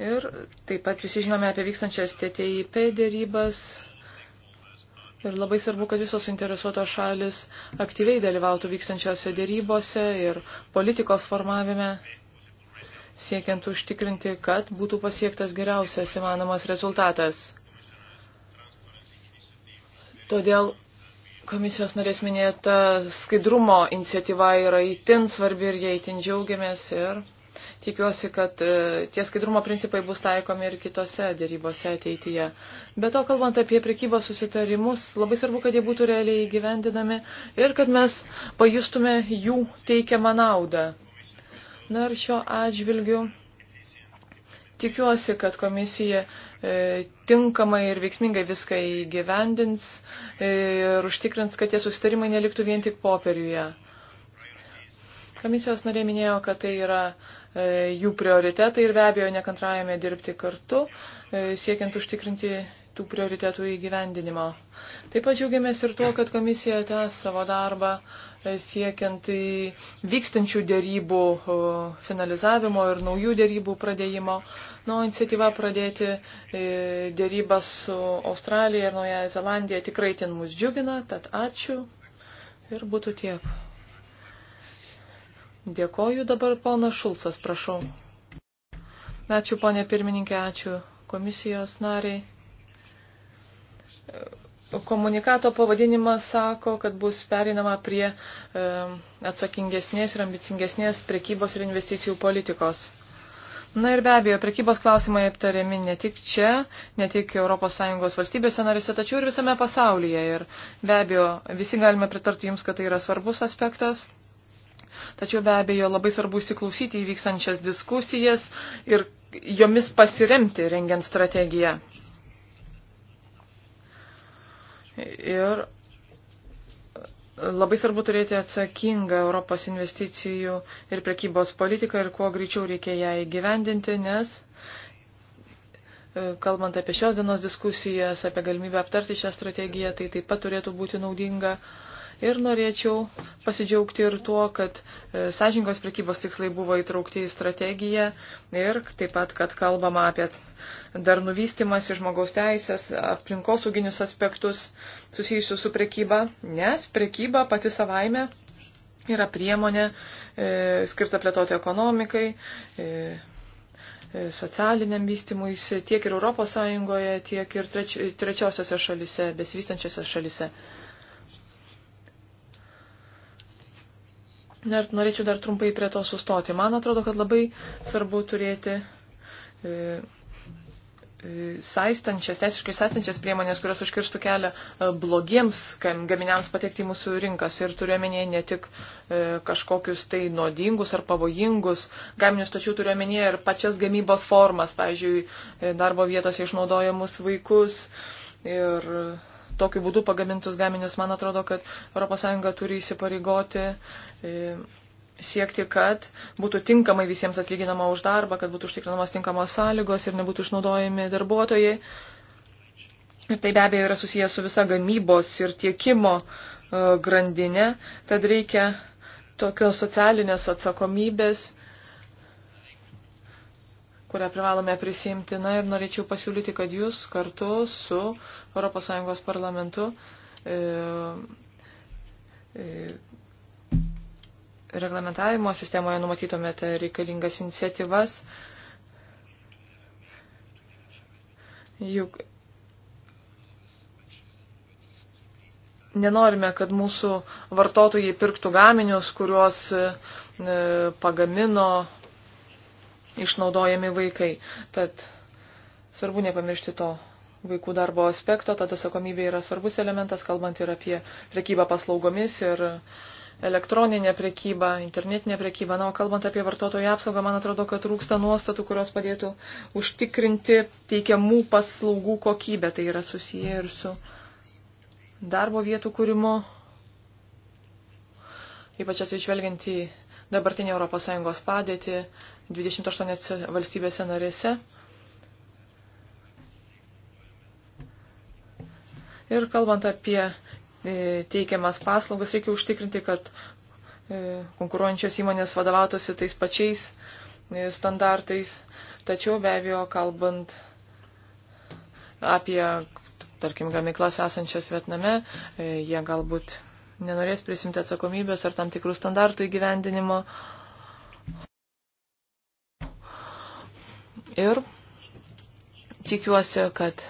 Ir taip pat visi žinome apie vykstančias TTIP dėrybas Ir labai svarbu, kad visos suinteresuotos šalis aktyviai dalyvautų vykstančiose dėrybose ir politikos formavime, siekiant užtikrinti, kad būtų pasiektas geriausias įmanomas rezultatas. Todėl komisijos narės minėta skaidrumo iniciatyva yra įtin svarbi ir jie įtin džiaugiamės ir tikiuosi, kad e, tie skaidrumo principai bus taikomi ir kitose dėrybose ateityje. Be to, kalbant apie prekybos susitarimus, labai svarbu, kad jie būtų realiai gyvendinami ir kad mes pajustume jų teikiamą naudą. Na ir šiuo atžvilgiu tikiuosi, kad komisija e, tinkamai ir veiksmingai viską įgyvendins e, ir užtikrins, kad tie susitarimai neliktų vien tik popieriuje. Komisijos narė minėjo, kad tai yra E, jų prioritetai ir be abejo nekantraujame dirbti kartu, e, siekiant užtikrinti tų prioritetų įgyvendinimo. Taip pat džiaugiamės ir tuo, kad komisija tęs savo darbą e, siekiant vykstančių dėrybų finalizavimo ir naujų dėrybų pradėjimo. Nu, iniciatyva pradėti dėrybas su Australija ir Naujaja Zelandija tikrai ten mus džiugina, tad ačiū ir būtų tiek. Dėkoju dabar ponas Šulcas, prašau. Ačiū ponė pirmininkė, ačiū komisijos nariai. Komunikato pavadinimas sako, kad bus perinama prie e, atsakingesnės ir ambicingesnės prekybos ir investicijų politikos. Na ir be abejo, prekybos klausimai aptariami ne tik čia, ne tik ES valstybėse narise, tačiau ir visame pasaulyje. Ir be abejo, visi galime pritarti jums, kad tai yra svarbus aspektas. Tačiau be abejo labai svarbu įsiklausyti įvykstančias diskusijas ir jomis pasiremti rengiant strategiją. Ir labai svarbu turėti atsakingą Europos investicijų ir prekybos politiką ir kuo greičiau reikia ją įgyvendinti, nes e, kalbant apie šios dienos diskusijas, apie galimybę aptarti šią strategiją, tai taip pat turėtų būti naudinga uh, Ir norėčiau pasidžiaugti ir tuo, kad e, sąžingos prekybos tikslai buvo įtraukti į strategiją ir taip pat, kad kalbama apie dar nuvystimas į žmogaus teisės, aplinkosauginius aspektus susijusius su prekyba, nes prekyba pati savaime yra priemonė e, skirta plėtoti ekonomikai. E, e socialiniam vystimuisi tiek ir ES, tiek ir treč, trečiosiose šalise, besivystančiose šalise. Ir norėčiau dar trumpai prie to sustoti. Man atrodo, kad labai svarbu turėti e, e saistančias, teisiškai saistančias priemonės, kurios užkirstų kelią e, blogiems gaminiams patekti į mūsų rinkas. Ir turiuomenėje ne tik e, kažkokius tai nuodingus ar pavojingus gaminius, tačiau turiuomenėje ir pačias gamybos formas, pavyzdžiui, darbo vietose išnaudojamus vaikus ir tokiu būdu pagamintus gaminius. Man atrodo, kad ES turi įsipareigoti e, siekti, kad būtų tinkamai visiems atlyginama už darbą, kad būtų užtikrinamos tinkamos sąlygos ir nebūtų išnaudojami darbuotojai. Ir tai be abejo yra susijęs su visa gamybos ir tiekimo e, grandinė, tad reikia tokios socialinės atsakomybės kurią privalome prisimti. Na ir norėčiau pasiūlyti, kad jūs kartu su ES parlamentu e, e, reglamentavimo sistemoje numatytumėte reikalingas iniciatyvas. Juk nenorime, kad mūsų vartotojai pirktų gaminius, kuriuos e, pagamino išnaudojami vaikai. Tad svarbu nepamiršti to vaikų darbo aspekto, tada atsakomybė yra svarbus elementas, kalbant ir apie prekybą paslaugomis ir elektroninę prekybą, internetinę prekybą. Na, o kalbant apie vartotojų apsaugą, man atrodo, kad trūksta nuostatų, kurios padėtų užtikrinti teikiamų paslaugų kokybę. Tai yra susiję ir su darbo vietų kūrimu, ypač atsižvelgiant į dabartinę ES padėtį 28 valstybėse narėse. Ir kalbant apie e, teikiamas paslaugas, reikia užtikrinti, kad e, konkuruojančios įmonės vadovautųsi tais pačiais e, standartais. Tačiau be abejo, kalbant apie, tarkim, gamiklas esančias Vietname, jie galbūt nenorės prisimti atsakomybės ar tam tikrų standartų įgyvendinimo. Ir tikiuosi, kad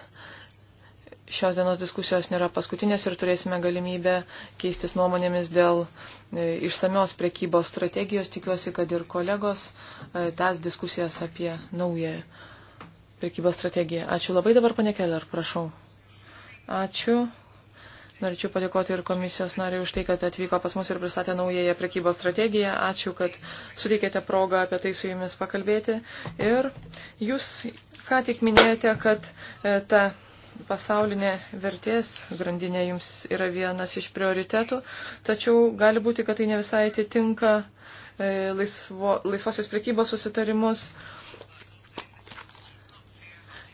šios dienos diskusijos nėra paskutinės ir turėsime galimybę keistis nuomonėmis dėl e, išsamios prekybos strategijos. Tikiuosi, kad ir kolegos e, tęs diskusijas apie naują prekybos strategiją. Ačiū labai dabar, pane Keller, prašau. Ačiū. Norėčiau padėkoti ir komisijos nariai už tai, kad atvyko pas mus ir pristatė naująją prekybos strategiją. Ačiū, kad suteikėte progą apie tai su jumis pakalbėti. Ir jūs ką tik minėjote, kad e, ta pasaulinė vertės grandinė jums yra vienas iš prioritetų, tačiau gali būti, kad tai ne visai atitinka e, laisvo, laisvosios prekybos susitarimus.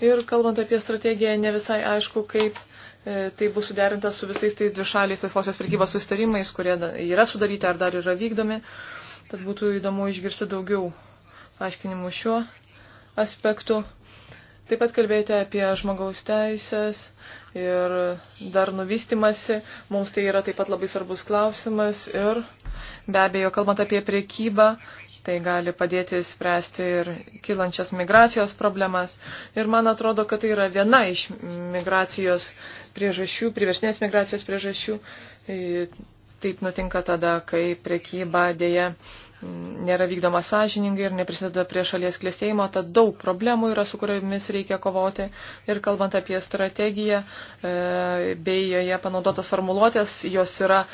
Ir kalbant apie strategiją, ne visai aišku, kaip E, tai bus suderinta su visais tais dvišaliais laisvosios prekybos sustarimais, kurie yra sudaryti ar dar yra vykdomi. Tad būtų įdomu išgirsti daugiau aiškinimų šiuo aspektu. Taip pat kalbėjote apie žmogaus teisės ir dar nuvystimasi. Mums tai yra taip pat labai svarbus klausimas ir be abejo, kalbant apie priekybą, Tai gali padėti spręsti ir kilančias migracijos problemas. Ir man atrodo, kad tai yra viena iš migracijos priežasčių, priversnės migracijos priežasčių. E, taip nutinka tada, kai prekyba dėja nėra vykdoma sąžiningai ir neprisideda prie šalies klėstėjimo, tad daug problemų yra, su kuriomis reikia kovoti. Ir kalbant apie strategiją, e, bei joje panaudotas formuluotės, jos yra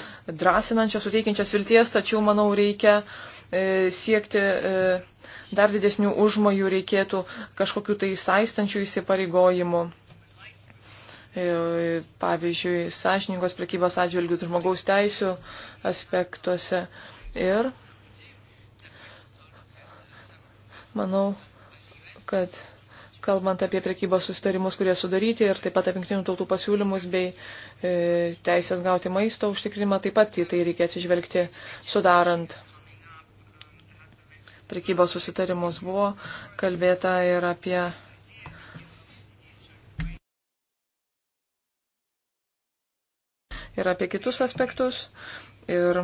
drąsinančios, suteikiančios vilties, tačiau, manau, reikia E, siekti e, dar didesnių užmojų, reikėtų kažkokiu tai saistančių įsipareigojimų. E, pavyzdžiui, sąžiningos prekybos atžvilgių žmogaus teisų aspektuose. Ir manau, kad kalbant apie prekybos sustarimus, kurie sudaryti ir taip pat apie jungtinių tautų pasiūlymus bei e, teisės gauti maisto užtikrinimą, taip pat į tai reikia atsižvelgti sudarant prekybos susitarimus. Buvo kalbėta ir apie. Ir apie kitus aspektus. Ir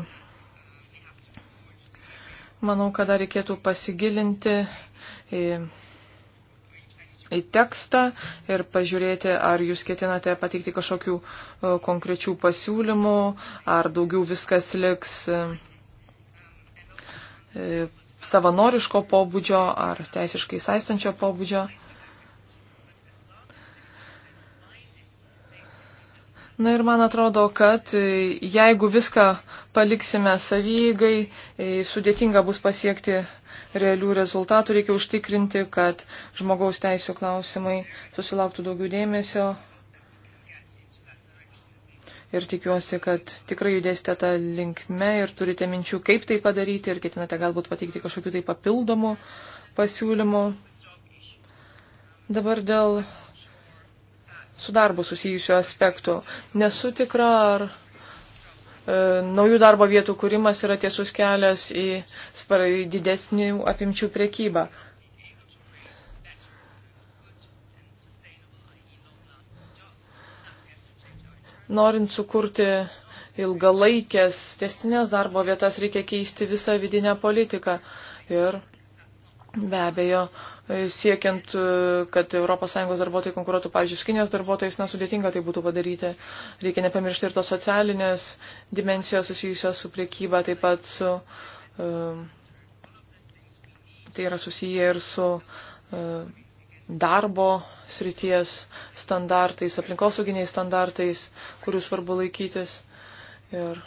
manau, kad dar reikėtų pasigilinti į į tekstą ir pažiūrėti, ar jūs ketinate pateikti kažkokių e, konkrečių pasiūlymų, ar daugiau viskas liks e, savanoriško pobūdžio ar teisiškai saistančio pobūdžio. Na ir man atrodo, kad jeigu viską paliksime savygai, sudėtinga bus pasiekti realių rezultatų, reikia užtikrinti, kad žmogaus teisų klausimai susilauktų daugiau dėmesio, ir tikiuosi, kad tikrai judėsite tą linkme ir turite minčių, kaip tai padaryti ir ketinate galbūt pateikti kažkokiu tai papildomu pasiūlymu. Dabar dėl su darbu susijusių aspektų. Nesu tikra, ar e, naujų darbo vietų kūrimas yra tiesus kelias į sparai didesnių apimčių priekybą. norint sukurti ilgalaikės testinės darbo vietas, reikia keisti visą vidinę politiką. Ir be abejo, siekiant, kad ES darbuotojai konkuruotų, pavyzdžiui, su Kinijos darbuotojais, na, sudėtinga tai būtų padaryti. Reikia nepamiršti ir tos socialinės dimensijos susijusios su priekyba, taip pat su. Uh, tai yra susiję ir su uh, darbo srities standartais, aplinkosauginiais standartais, kurių svarbu laikytis. Ir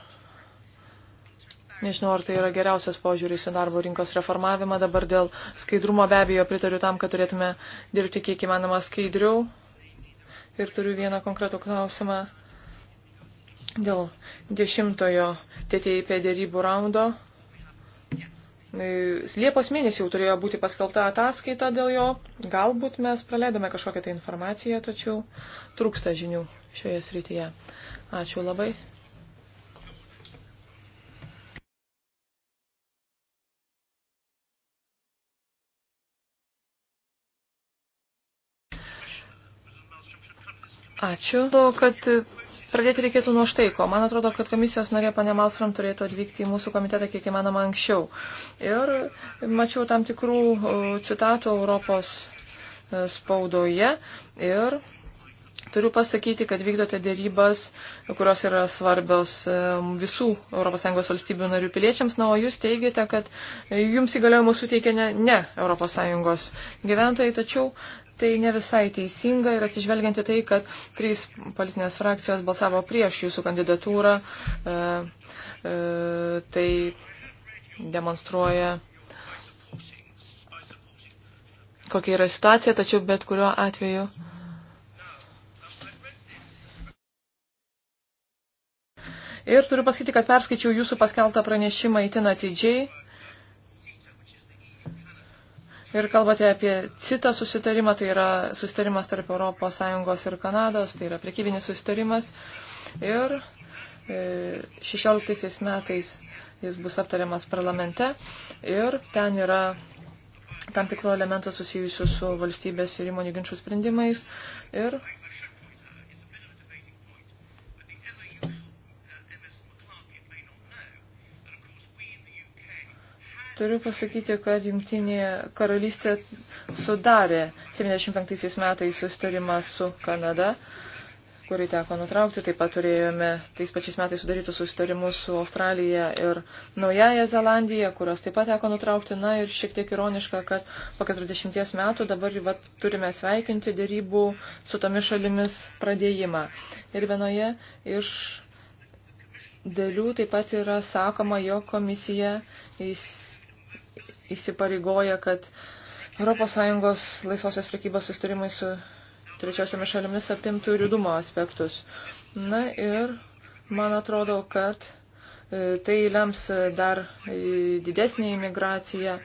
Nežinau, ar tai yra geriausias požiūris į darbo rinkos reformavimą. Dabar dėl skaidrumo be abejo pritariu tam, kad turėtume dirbti kiek įmanoma skaidriau. Ir turiu vieną konkretų klausimą dėl dešimtojo TTIP dėrybų raundo. E, Liepos mėnesį jau turėjo būti paskelta ataskaita dėl jo. Galbūt mes praleidome kažkokią tą tai informaciją, tačiau trūksta žinių šioje srityje. Ačiū labai. Ačiū, kad Pradėti reikėtų nuo štai ko. Man atrodo, kad komisijos narė pane Malstrom turėtų atvykti į mūsų komitetą kiek įmanoma anksčiau. Ir mačiau tam tikrų uh, citatų Europos uh, spaudoje ir Turiu pasakyti, kad vykdote dėrybas, kurios yra svarbios e, visų ES valstybių narių piliečiams, na, o jūs teigiate, kad jums įgaliojimus suteikia ne, ne ES gyventojai, tačiau tai ne visai teisinga ir atsižvelgianti tai, kad trys politinės frakcijos balsavo prieš jūsų kandidatūrą, e, e, tai demonstruoja kokia yra situacija, tačiau bet kuriuo atveju. Mhm Ir turiu pasakyti, kad perskaičiau jūsų paskeltą pranešimą įtin atidžiai. Ir kalbate apie CITA susitarimą, tai yra susitarimas tarp ES ir Kanados, tai yra prekybinis susitarimas. Ir 16 e, metais jis bus aptariamas parlamente ir ten yra tam tikrų elementų susijusių su valstybės ir įmonių ginčių sprendimais. Ir Turiu pasakyti, kad Jungtinė karalystė sudarė 75 metais sustarimą su Kanada, kurį teko nutraukti. Taip pat turėjome tais pačiais metais sudarytus sustarimus su Australija ir Naujaja Zelandija, kurios taip pat teko nutraukti. Na ir šiek tiek ironiška, kad po 40 metų dabar va, turime sveikinti dėrybų su tomis šalimis pradėjimą. Ir vienoje iš dalių taip pat yra sakoma, jo komisija įsitikė įsipareigoja, kad ES laisvosios prekybos sustarimai su trečiosiomis šalimis apimtų ir judumo aspektus. Na ir man atrodo, kad e, tai lems dar didesnį imigraciją.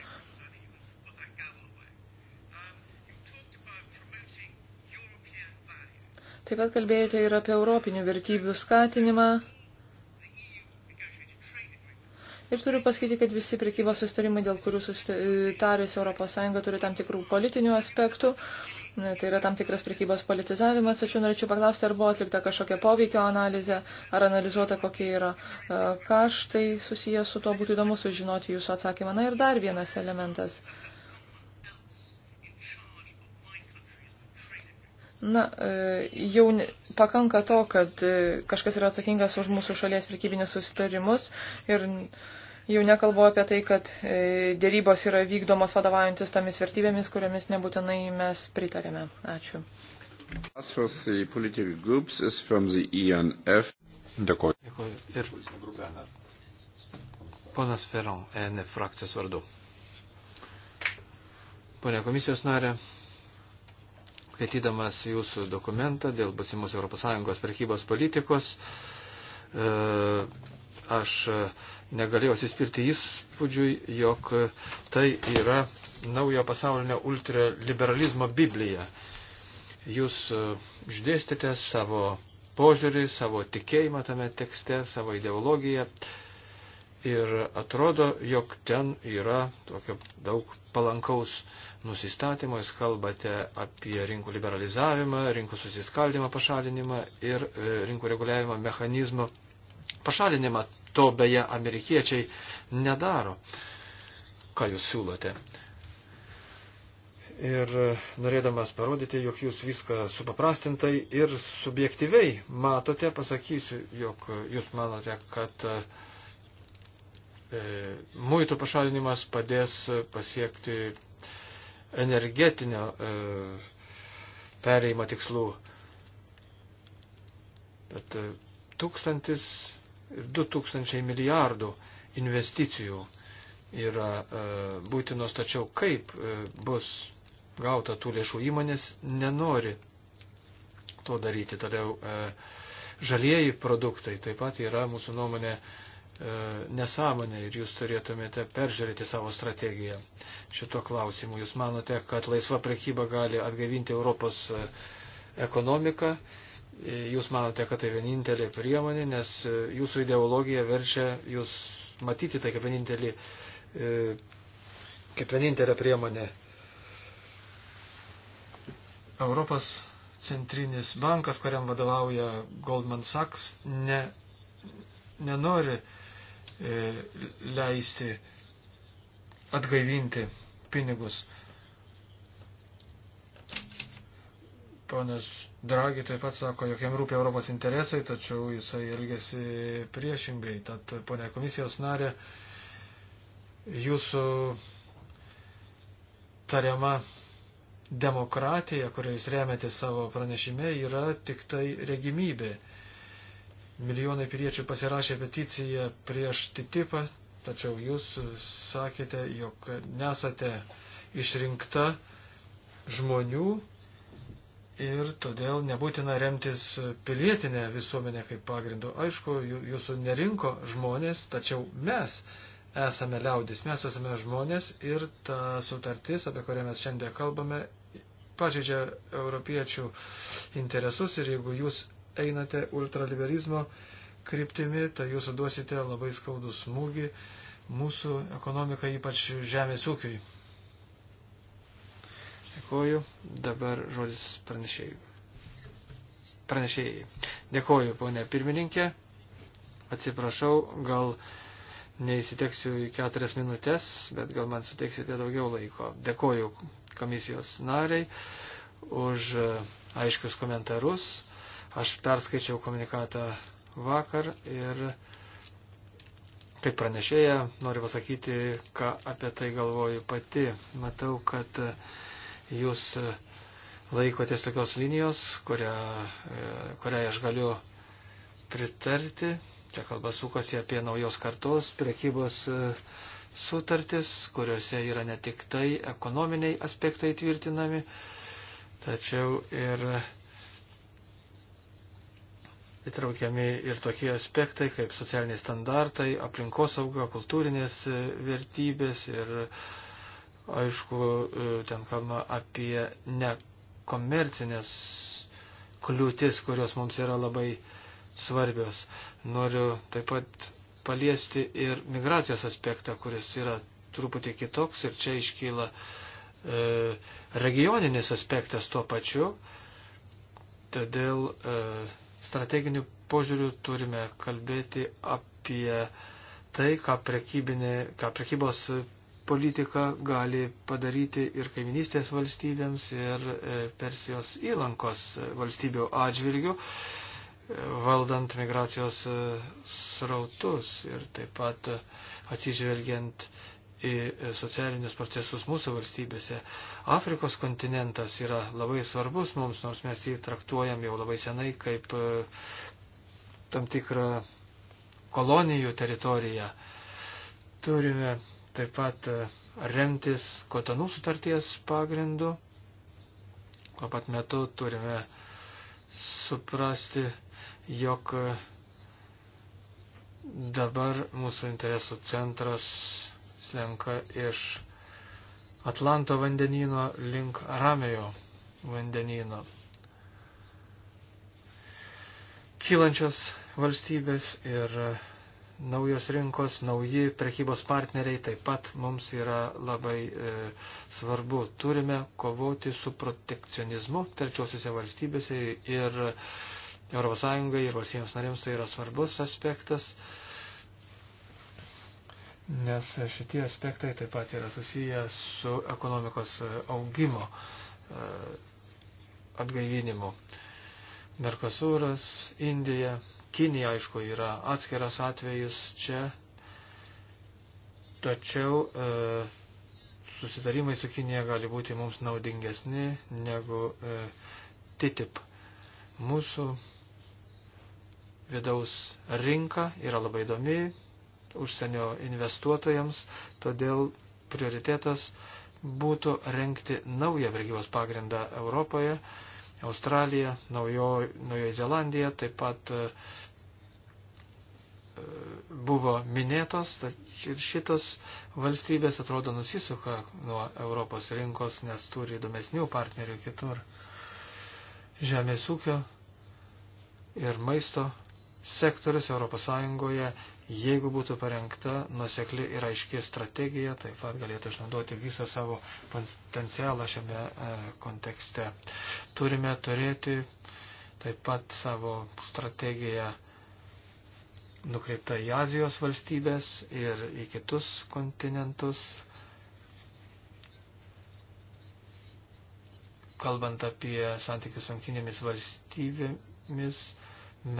Taip pat kalbėjote ir apie europinių vertybių skatinimą. Ir turiu pasakyti, kad visi prekybos sustarimai, dėl kurių e, tarėsi ES, turi tam tikrų politinių aspektų. Tai yra tam tikras prekybos politizavimas. Tačiau norėčiau paklausti, ar buvo atlikta kažkokia poveikio analizė, ar analizuota, kokie yra e, kaštai susijęs su tuo. Būtų įdomu sužinoti jūsų atsakymą. Na ir dar vienas elementas. Na, e, jau pakanka to, kad e, kažkas yra atsakingas už mūsų šalies prekybinius susitarimus ir jau nekalbu apie tai, kad e, dėrybos yra vykdomos vadovaujantis tomis vertybėmis, kuriomis nebūtinai mes pritarėme. Ačiū. Dėkuoju. Dėkuoju. Ir ponas Feron, ENF frakcijos vardu. Pone komisijos narė, skaitydamas jūsų dokumentą dėl busimos ES prekybos politikos, e, aš e, negalėjau atsispirti įspūdžiui, jog tai yra naujo pasaulinio ultraliberalizmo Biblija. Jūs e, išdėstėte savo požiūrį, savo tikėjimą tame tekste, savo ideologiją. Uh, ir atrodo, jog ten yra tokio daug palankaus nusistatymo, jūs kalbate apie rinkų liberalizavimą, rinkų susiskaldimą pašalinimą ir e, rinkų reguliavimo mechanizmo pašalinimą. To beje amerikiečiai nedaro, ką jūs siūlote. Ir e, norėdamas parodyti, jog jūs viską supaprastintai ir subjektyviai matote, pasakysiu, jog e, jūs manote, kad uh, E, muitų pašalinimas padės pasiekti energetinio e, pereimo tikslų. Bet e, tūkstantis ir du tūkstančiai milijardų investicijų yra būtinos, tačiau kaip bus gauta tų lėšų įmonės nenori to daryti. Todėl žalieji produktai taip pat yra mūsų nuomonė E, nesąmonė ir jūs turėtumėte peržiūrėti savo strategiją šito klausimu. Jūs manote, kad laisva prekyba gali atgaivinti Europos e, ekonomiką. E, jūs manote, kad tai vienintelė priemonė, nes jūsų ideologija verčia jūs matyti tai kaip vienintelį, kaip vienintelę priemonę. Europos centrinis bankas, kuriam vadovauja Goldman Sachs, ne, nenori E, leisti atgaivinti pinigus. Ponas Dragi taip pat sako, jog jam rūpia Europos interesai, tačiau jisai elgesi priešingai. Tad, ponė komisijos narė, jūsų tariama demokratija, kurią jūs remiate savo pranešime, yra tik tai regimybė. Milijonai piliečių pasirašė peticiją prieš TTIPą, tačiau jūs sakėte, jog nesate išrinkta žmonių ir todėl nebūtina remtis pilietinę visuomenę kaip pagrindu. Aišku, jūsų nerinko žmonės, tačiau mes esame liaudis, mes esame žmonės ir ta sutartis, apie kurią mes šiandien kalbame, pažeidžia europiečių interesus ir jeigu jūs einate ultraliberizmo kryptimi, tai jūs duosite labai skaudų smūgį mūsų ekonomikai, ypač žemės ūkiui. Dėkoju. Dabar žodis pranešėjai. Pranešėjai. Dėkoju, ponė pirmininkė. Atsiprašau, gal neįsiteksiu į keturias minutės, bet gal man suteiksite daugiau laiko. Dėkoju komisijos nariai už e, aiškius komentarus Aš perskaičiau komunikatą vakar ir kaip pranešėja noriu pasakyti, ką apie tai galvoju pati. Matau, kad jūs laikotės tokios linijos, kurią, e, kuriai aš galiu pritarti. Čia kalba sukasi apie naujos kartos prekybos e, sutartis, kuriuose yra ne tik tai ekonominiai aspektai tvirtinami, tačiau ir įtraukiami ir tokie aspektai kaip socialiniai standartai, aplinkosauga, kultūrinės e, vertybės ir, aišku, e, ten kalba apie nekomercinės kliūtis, kurios mums yra labai svarbios. Noriu taip pat paliesti ir migracijos aspektą, kuris yra truputį kitoks ir čia iškyla e, regioninis aspektas tuo pačiu. Todėl e, strateginių požiūrių turime kalbėti apie tai, ką, ką prekybos politika gali padaryti ir kaiminystės valstybėms, ir e, Persijos įlankos valstybių atžvilgių, e, valdant migracijos e, srautus ir taip pat atsižvelgiant į socialinius procesus mūsų valstybėse. Afrikos kontinentas yra labai svarbus mums, nors mes jį traktuojam jau labai senai kaip e, tam tikrą kolonijų teritoriją. Turime taip pat e, remtis kotonų sutarties pagrindu. Tuo pat metu turime suprasti, jog e, dabar mūsų interesų centras slenka iš Atlanto vandenyno link Ramiojo vandenyno. Kylančios valstybės ir naujos rinkos, nauji prekybos partneriai taip pat mums yra labai e, svarbu. Turime kovoti su protekcionizmu trečiosiuose valstybėse ir ES ir valstybėms narėms tai yra svarbus aspektas. E, nes šitie aspektai taip pat yra susiję su ekonomikos e, augimo e, atgaivinimu. Merkosūras, Indija, Kinija, aišku, yra atskiras atvejis čia, tačiau e, susitarimai su Kinija gali būti mums naudingesni negu e, TTIP. Mūsų vidaus rinka yra labai įdomi, užsienio investuotojams, todėl prioritetas būtų renkti naują vergybos pagrindą Europoje, Australija, Naujoji Naujo Zelandija taip pat e, e, buvo minėtos ir šitos valstybės atrodo nusisuka nuo Europos rinkos, nes turi įdomesnių partnerių kitur. Žemės ūkio ir maisto sektorius ES Jeigu būtų parengta nusekli ir aiški strategija, taip pat galėtų išnaudoti visą savo potencialą šiame e, kontekste. Turime turėti taip pat savo strategiją nukreipta į Azijos valstybės ir į kitus kontinentus. Kalbant apie santykius su jungtinėmis valstybėmis,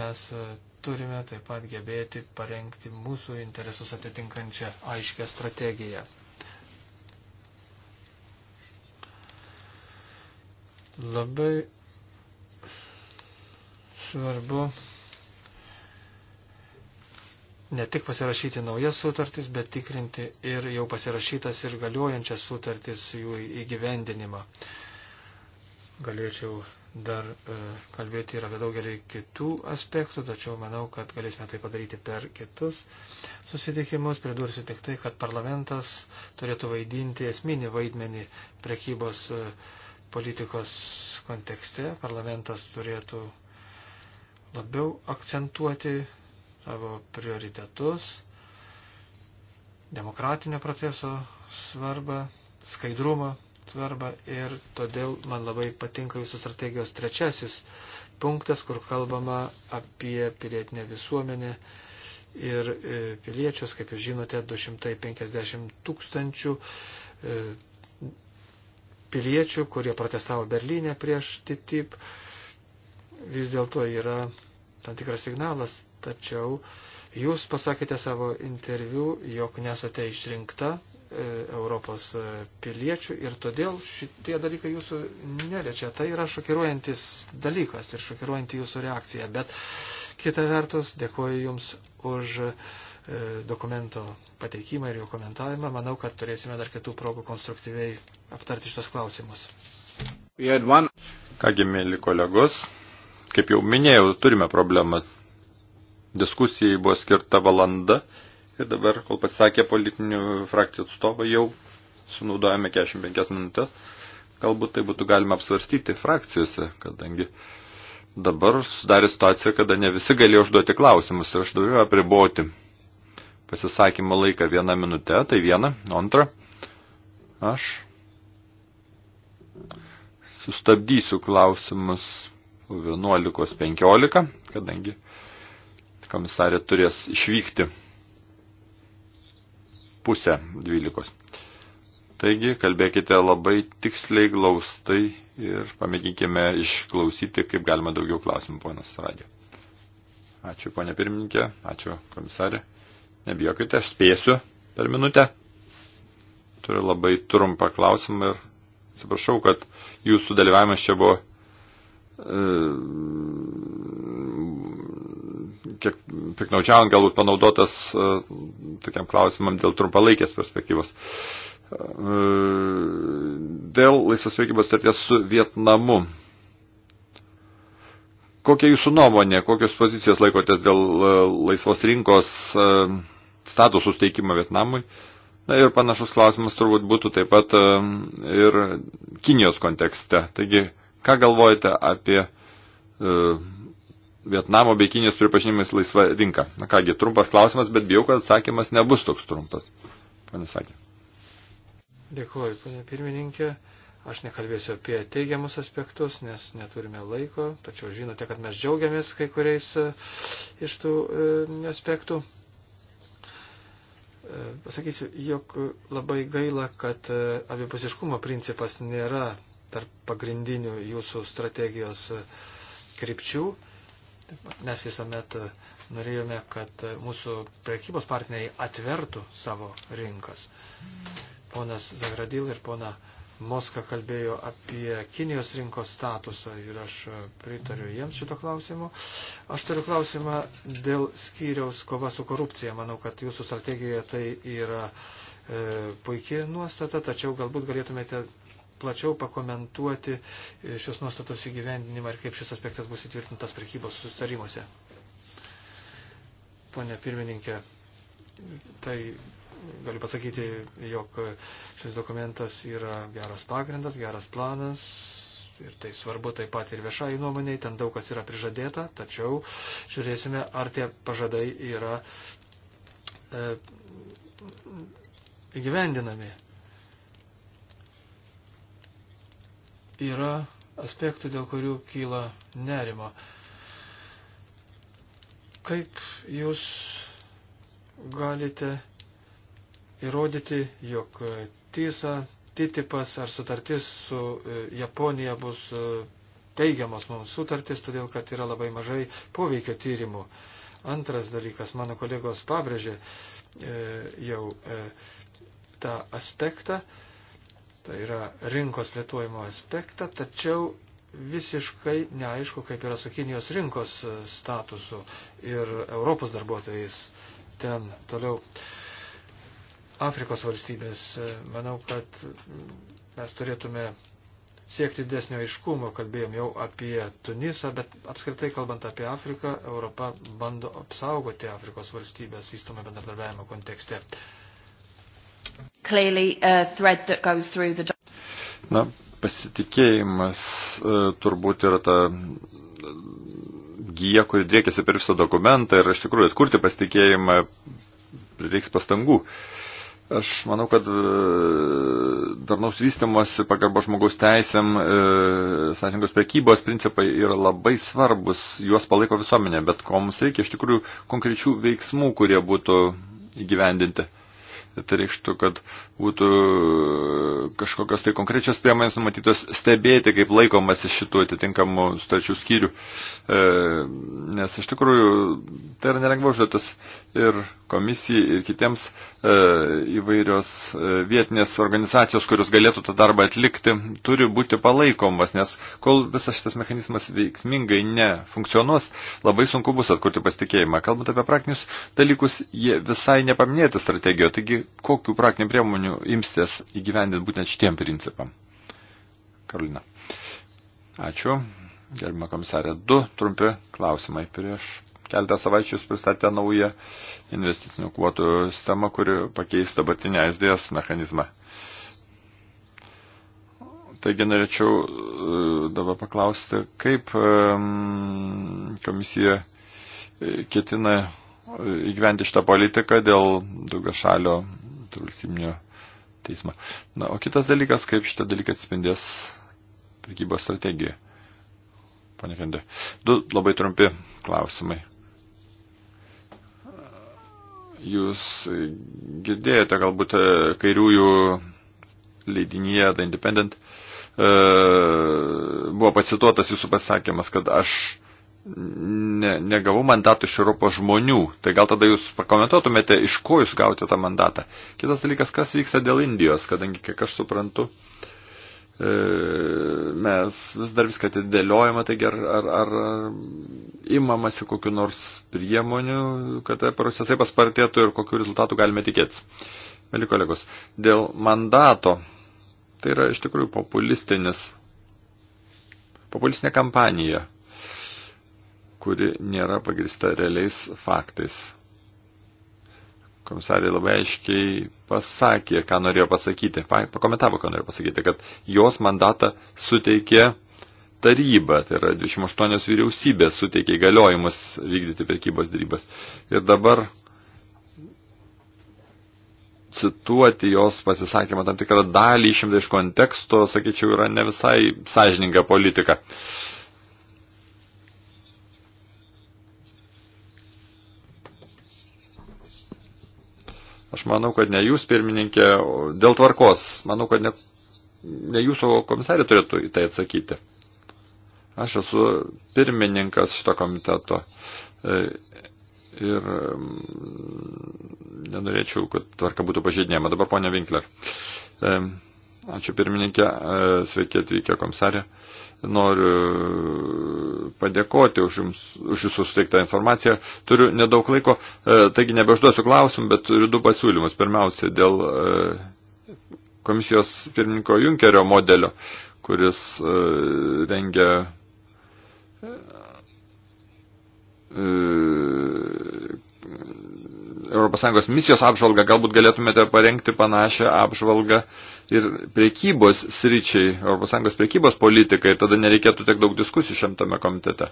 mes e, turime taip pat gebėti parengti mūsų interesus atitinkančią aiškę strategiją. Labai svarbu ne tik pasirašyti naujas sutartis, bet tikrinti ir jau pasirašytas ir galiojančias sutartis jų įgyvendinimą. Galėčiau dar e, kalbėti ir apie daugelį kitų aspektų, tačiau manau, kad galėsime tai padaryti per kitus susitikimus. Pridursiu tik tai, kad parlamentas turėtų vaidinti esminį vaidmenį prekybos e, politikos kontekste. Parlamentas turėtų labiau akcentuoti savo prioritetus, demokratinio proceso svarbą, skaidrumą svarbą ir todėl man labai patinka jūsų strategijos trečiasis punktas, kur kalbama apie pilietinę visuomenę ir e, piliečius, kaip jūs žinote, 250 tūkstančių e, piliečių, kurie protestavo Berlyne prieš TTIP, vis dėlto yra tam tikras signalas, tačiau jūs pasakėte savo interviu, jog nesate išrinkta E, Europos e, piliečių ir todėl šitie dalykai jūsų neliečia. Tai yra šokiruojantis dalykas ir šokiruojanti jūsų reakcija. Bet kita vertus, dėkuoju Jums už e, dokumento pateikimą ir jo komentavimą. Manau, kad turėsime dar kitų progų konstruktyviai aptarti šitos klausimus. Kągi, mėly kolegos, kaip jau minėjau, turime problemą. Diskusijai buvo skirta valanda. Ir dabar, kol pasisakė politinių frakcijų atstovai, jau sunaudojame 45 minutės. Galbūt tai būtų galima apsvarstyti frakcijose, kadangi dabar sudarė situacija, kada ne visi galėjo užduoti klausimus ir aš turiu apriboti pasisakymo laiką vieną minutę, tai vieną, antrą. Aš sustabdysiu klausimus 11.15, kadangi komisarė turės išvykti pusę dvylikos. Taigi, kalbėkite labai tiksliai, glaustai ir pamėginkime išklausyti, kaip galima daugiau klausimų, ponas Radio. Ačiū, ponė pirmininkė, ačiū, komisarė. Nebijokite, aš spėsiu per minutę. Turiu labai trumpą klausimą ir atsiprašau, kad jūsų dalyvavimas čia buvo e, kiek piknaudžiaujant galbūt panaudotas e, tokiam klausimam dėl trumpalaikės perspektyvos. E, dėl laisvos priekybos sutarties su Vietnamu. Kokia jūsų nuomonė, kokios pozicijos laikotės dėl e, laisvos rinkos statusų steikimo Vietnamui? Na ir panašus klausimas turbūt būtų taip pat ir Kinijos kontekste. Taigi, ką galvojate apie Vietnamo bei Kinijos pripažinimais laisva rinka. Na kągi, trumpas klausimas, bet bijau, kad atsakymas nebus toks trumpas. Pane sakė. Dėkuoju, pane pirmininkė. Aš nekalbėsiu apie teigiamus aspektus, nes neturime laiko, tačiau žinote, kad mes džiaugiamės kai kuriais e, iš tų e, aspektų. E, pasakysiu, jog labai gaila, kad e, abipusiškumo principas nėra tarp pagrindinių jūsų strategijos e, krypčių. E, Mes visuomet norėjome, kad mūsų prekybos partneriai atvertų savo rinkas. Ponas Zagradil ir pona Moska kalbėjo apie Kinijos rinkos statusą ir aš pritariu jiems šito klausimu. Aš turiu klausimą dėl skyriaus kova su korupcija. Manau, kad jūsų strategijoje tai yra e, puikiai nuostata, tačiau galbūt galėtumėte plačiau pakomentuoti šios nuostatos įgyvendinimą ir kaip šis aspektas bus įtvirtintas prekybos sustarimuose. Pone pirmininkė, tai galiu pasakyti, jog šis dokumentas yra geras pagrindas, geras planas. Ir tai svarbu taip pat ir viešai nuomoniai, ten daug kas yra prižadėta, tačiau žiūrėsime, ar tie pažadai yra e, įgyvendinami. yra aspektų, dėl kurių kyla nerimo. Kaip jūs galite įrodyti, jog TISA, TTIPAS ar sutartis su e, Japonija bus e, teigiamas mums sutartis, todėl kad yra labai mažai poveikio tyrimų. Antras dalykas, mano kolegos pabrėžė e, jau e, tą aspektą, e, tai yra rinkos plėtojimo aspektą, tačiau visiškai neaišku, kaip yra su Kinijos rinkos e, statusu ir Europos darbuotojais ten toliau. Afrikos valstybės, e, manau, kad mes turėtume siekti didesnio aiškumo, kalbėjom jau apie Tunisą, bet apskritai kalbant apie Afriką, Europa bando apsaugoti Afrikos valstybės vystomą bendradarbiavimo kontekste clearly a thread that goes through the. Na, pasitikėjimas e, turbūt yra ta gyja, kuri driekiasi per visą dokumentą ir iš tikrųjų atkurti pasitikėjimą reiks pastangų. Aš manau, kad e, darnaus vystimosi pagarbo žmogaus teisėm, e, sąžininkos prekybos principai yra labai svarbus, juos palaiko visuomenė, bet ko mums reikia iš tikrųjų konkrečių veiksmų, kurie būtų įgyvendinti tai reikštų, kad būtų e, kažkokios tai konkrečios priemonės numatytos stebėti, kaip laikomasi šitų atitinkamų sutarčių skyrių. E, nes iš tikrųjų tai yra nelengva užduotis ir komisijai, ir kitiems e, įvairios e, vietinės organizacijos, kurios galėtų tą darbą atlikti, turi būti palaikomas, nes kol visas šitas mechanizmas veiksmingai nefunkcionuos, labai sunku bus atkurti pasitikėjimą. Kalbant apie praktinius dalykus, jie visai nepaminėti strategijoje. Taigi, kokiu praktiniu priemonių imstės įgyvendinti būtent šitiem principam? Karolina. Ačiū. Gerbima komisarė, du trumpi klausimai. Prieš keletą savaičių jūs pristatė naują investicinių kvotų sistemą, kuri pakeis dabartinę SDS mechanizmą. Taigi norėčiau e, dabar paklausti, kaip komisija e, ketina įgyventi šitą politiką dėl daugiašalio valstybinio teismo. Na, o kitas dalykas, kaip šitą dalyką atspindės prekybos strategija. Pane Kendė, du labai trumpi klausimai. Jūs girdėjote galbūt e, kairiųjų leidinyje The Independent, e, buvo pacituotas jūsų pasakymas, kad aš ne, negavau mandatų iš Europos žmonių. Tai gal tada jūs pakomentuotumėte, iš ko jūs gauti tą mandatą. Kitas dalykas, kas vyksta dėl Indijos, kadangi, kiek aš suprantu, e, mes vis dar viską atidėliojame, taigi ar, ar, ar imamasi kokiu nors priemonių, kad procesai paspartėtų ir kokiu rezultatu galime tikėtis. Mėly kolegos, dėl mandato, tai yra iš tikrųjų populistinis, populistinė kampanija kuri nėra pagrista realiais faktais. Komisarė labai aiškiai pasakė, ką norėjo pasakyti, pakomentavo, ką norėjo pasakyti, kad jos mandatą suteikė taryba, tai yra 28 vyriausybės suteikė įgaliojimus vykdyti prekybos darybas. Ir dabar cituoti jos pasisakymą tam tikrą dalį išimtą iš konteksto, sakyčiau, yra ne visai sąžininga politika. Uh, Aš manau, kad ne jūs, pirmininkė, dėl tvarkos, manau, kad ne, ne jūsų komisarė turėtų į tai atsakyti. Aš esu pirmininkas šito komiteto e, ir mm, nenorėčiau, kad tvarka būtų pažeidinėjama. Dabar ponia Winkler. E, ačiū pirmininkė, e, sveiki atvykę komisarė. Noriu padėkoti už, jums, už jūsų suteiktą informaciją. Turiu nedaug laiko, e, taigi nebežduosiu klausimų, bet turiu du pasiūlymus. Pirmiausia, dėl e, komisijos pirmininko Junkerio modelio, kuris e, rengia ES misijos apžvalgą, galbūt galėtumėte parengti panašią apžvalgą ir priekybos sričiai, ES priekybos politikai, tada nereikėtų tiek daug diskusijų šiame komitete.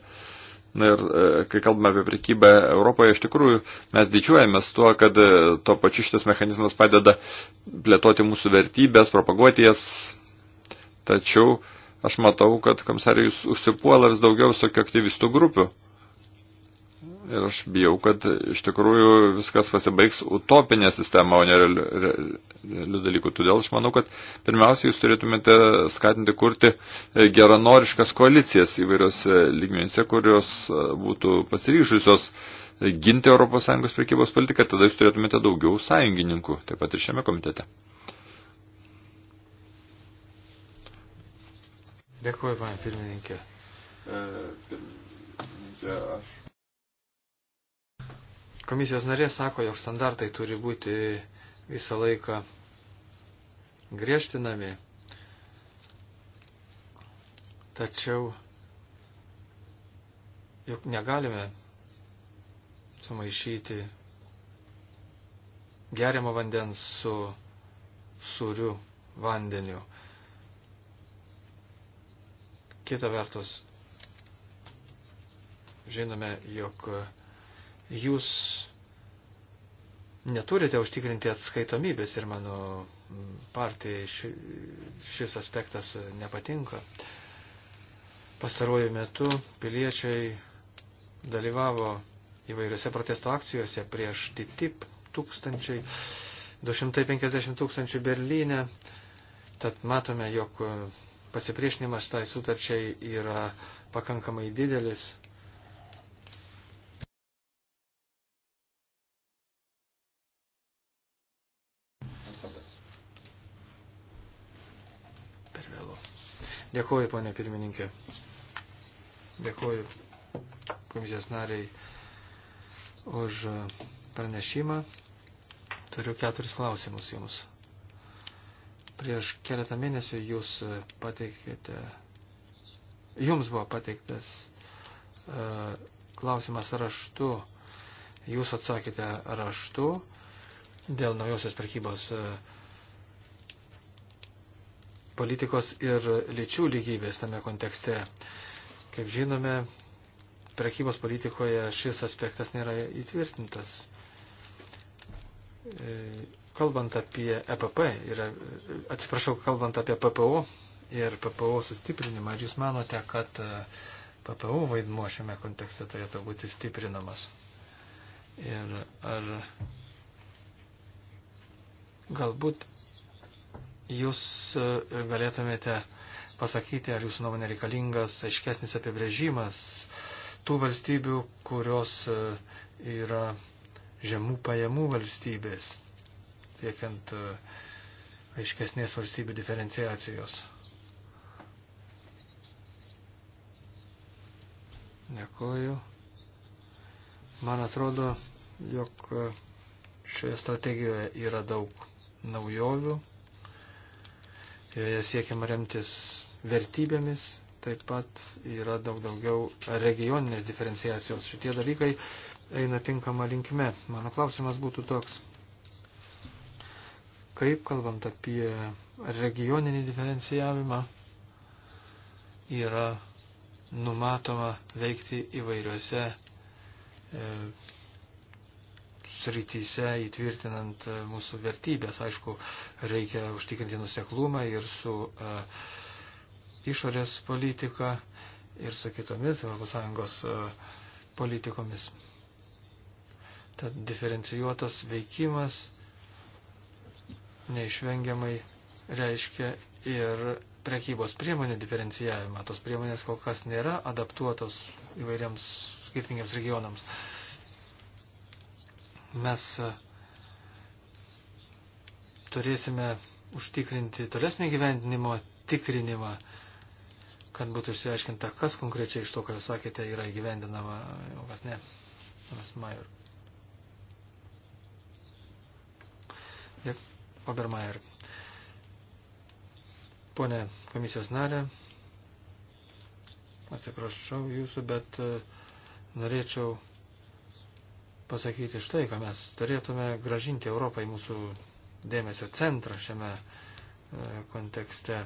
Na ir e, kai kalbame apie prekybą Europoje, iš tikrųjų mes didžiuojamės tuo, kad e, tuo pačiu šitas mechanizmas padeda plėtoti mūsų vertybės, propaguoti jas. Tačiau aš matau, kad komisarijus užsipuola vis daugiau visokių aktyvistų grupių. Ir aš bijau, kad iš tikrųjų viskas pasibaigs utopinė sistema, o ne realių dalykų. Todėl aš manau, kad pirmiausia, jūs turėtumėte skatinti kurti geranoriškas koalicijas įvairiose lygmenyse, kurios e, būtų pasiryžusios ginti ES prekybos politiką, tada jūs turėtumėte daugiau sąjungininkų, taip pat ir šiame komitete. Dėkuoju, man pirmininkė. E, pirmininkė, aš Komisijos narė sako, jog standartai turi būti visą laiką griežtinami. Tačiau juk negalime sumaišyti geriamo vandens su suriu vandeniu. Kita vertus, žinome, jog jūs neturite užtikrinti atskaitomybės ir mano partijai ši, šis aspektas nepatinka. Pastaruoju metu piliečiai dalyvavo įvairiose protesto akcijose prieš TTIP tūkstančiai, 250 tūkstančių Berlyne. Tad matome, jog pasipriešinimas tai sutarčiai yra pakankamai didelis Dėkuoju, ponė pirmininkė. Dėkuoju komisijos nariai už pranešimą. Turiu keturis klausimus jums. Prieš keletą mėnesių jūs pateikėte, jums buvo pateiktas uh, klausimas raštu, jūs atsakėte raštu dėl naujosios prekybos uh, politikos ir lyčių lygybės tame kontekste. Kaip žinome, prekybos politikoje šis aspektas nėra įtvirtintas. E, kalbant apie EPP, ir, atsiprašau, kalbant apie PPO ir PPO sustiprinimą, ar jūs manote, kad e, PPO vaidmuo šiame kontekste turėtų būti stiprinamas? Ir ar galbūt jūs e, galėtumėte pasakyti, ar jūsų nuomonė reikalingas aiškesnis apibrėžimas tų valstybių, kurios e, yra žemų pajamų valstybės, siekiant e, aiškesnės valstybių diferenciacijos. Dėkuoju. Man atrodo, jog šioje strategijoje yra daug naujovių, joje siekiama remtis vertybėmis, taip pat yra daug daugiau regioninės diferenciacijos. Šitie dalykai eina tinkama linkme. Mano klausimas būtų toks. Kaip kalbant apie regioninį diferencijavimą, yra numatoma veikti įvairiuose e, srityse įtvirtinant e, mūsų vertybės. Aišku, reikia užtikrinti nuseklumą ir su e, išorės politika ir su kitomis ES e, politikomis. Tad diferencijuotas veikimas neišvengiamai reiškia ir prekybos priemonių diferencijavimą. Tos priemonės kol kas nėra adaptuotos įvairiams skirtingiams regionams mes e, turėsime užtikrinti tolesnį gyvendinimo tikrinimą, kad būtų išsiaiškinta, kas konkrečiai iš to, ką jūs sakėte, yra gyvendinama, o kas ne. Mas Major. Obermeier. Pone komisijos narė, atsiprašau jūsų, bet e, norėčiau pasakyti štai, ką mes turėtume gražinti Europą į mūsų dėmesio centrą šiame e, kontekste.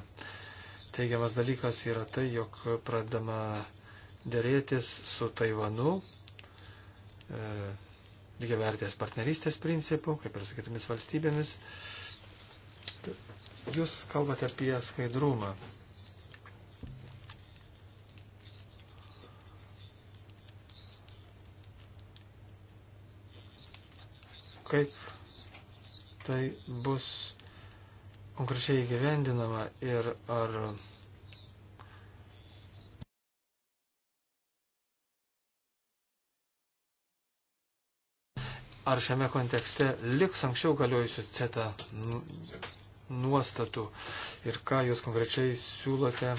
Teigiamas dalykas yra tai, jog pradama dėrėtis su Taivanu e, lygiavertės partnerystės principų, kaip ir sakytomis valstybėmis. Jūs kalbate apie skaidrumą kaip tai bus konkrečiai įgyvendinama ir ar ar šiame kontekste liks anksčiau galiojusių CETA nu- nuostatų ir ką jūs konkrečiai siūlote,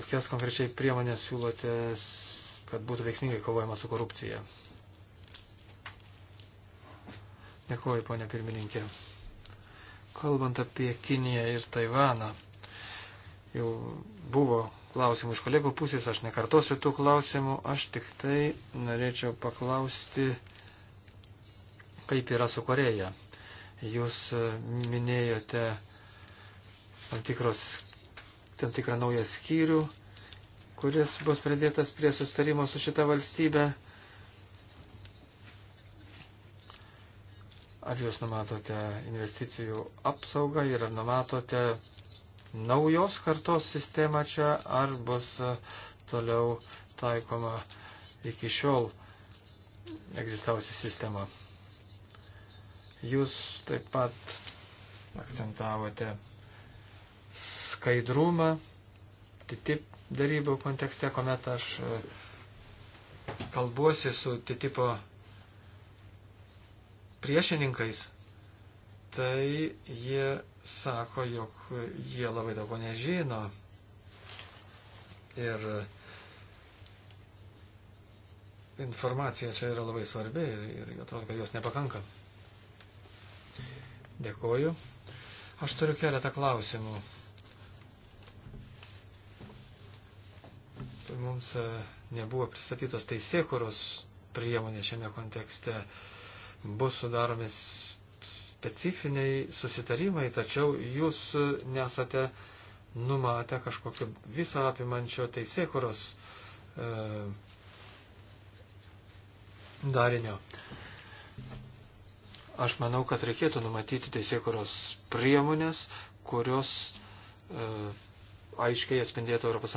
kokias konkrečiai priemonės siūlote, kad būtų veiksmingai kovojama su korupcija. Dėkuoju, ponia pirmininkė. Kalbant apie Kiniją ir Taivaną, jau buvo klausimų iš kolegų pusės, aš nekartosiu tų klausimų, aš tik tai norėčiau paklausti, kaip yra su Koreja. Jūs e, minėjote tam, tikros, tam tikrą naują skyrių, kuris bus pridėtas prie sustarimo su šita valstybė. Ar jūs numatote investicijų apsaugą ir ar numatote naujos kartos sistemą čia, ar bus e, toliau taikoma iki šiol egzistavusi sistema? Jūs taip pat akcentavote skaidrumą, TTIP darybų kontekste, kuomet aš e, kalbuosi su TTIPO priešininkais, tai jie sako, jog jie labai daug ko nežino. Ir informacija čia yra labai svarbi ir atrodo, kad jos nepakanka. Dėkoju. Aš turiu keletą klausimų. Mums e, nebuvo pristatytos teisėkuros priemonė šiame kontekste bus sudaromi specifiniai susitarimai, tačiau jūs nesate numatę kažkokio visą apimančio teisėkuros e, darinio. Aš manau, kad reikėtų numatyti teisėkuros priemonės, kurios e, aiškiai atspindėtų ES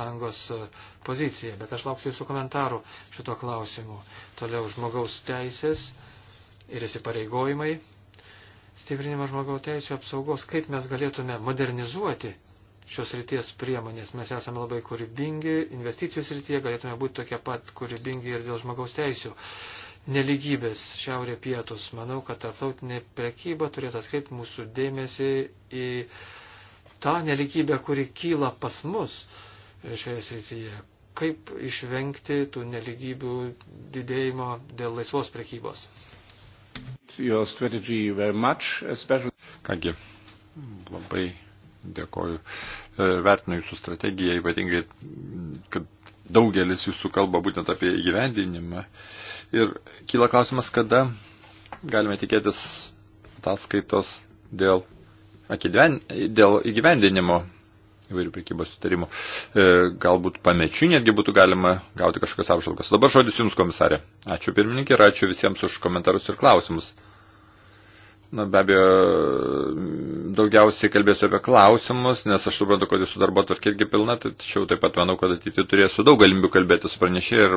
e, poziciją. Bet aš lauksiu jūsų komentarų šito klausimu. Toliau žmogaus teisės. E, ir įsipareigojimai stiprinimo žmogaus teisų apsaugos, kaip mes galėtume modernizuoti šios ryties priemonės. Mes esame labai kūrybingi, investicijų srityje galėtume būti tokie pat kūrybingi ir dėl žmogaus teisų neligybės šiaurė pietus. Manau, kad tarptautinė prekyba turėtų atkreipti mūsų dėmesį į tą neligybę, kuri kyla pas mus šioje srityje. Kaip išvengti tų neligybių didėjimo dėl laisvos prekybos. Much, especially... Kągi, labai dėkoju. E, vertinu jūsų strategiją, ypatingai, kad daugelis jūsų kalba būtent apie įgyvendinimą. Ir kyla klausimas, kada galime tikėtis ataskaitos dėl, dėl įgyvendinimo įvairių prekybos sutarimų. E, galbūt pamečių netgi būtų galima gauti kažkokias apžalgas. Dabar žodis Jums, komisarė. Ačiū pirmininkė ir ačiū visiems už komentarus ir klausimus. Na, be abejo, daugiausiai kalbėsiu apie klausimus, nes aš suprantu, kad jūsų darbo tvarkė irgi pilna, tačiau taip pat manau, kad ateitį turėsiu daug galimybių kalbėti su pranešėjai ir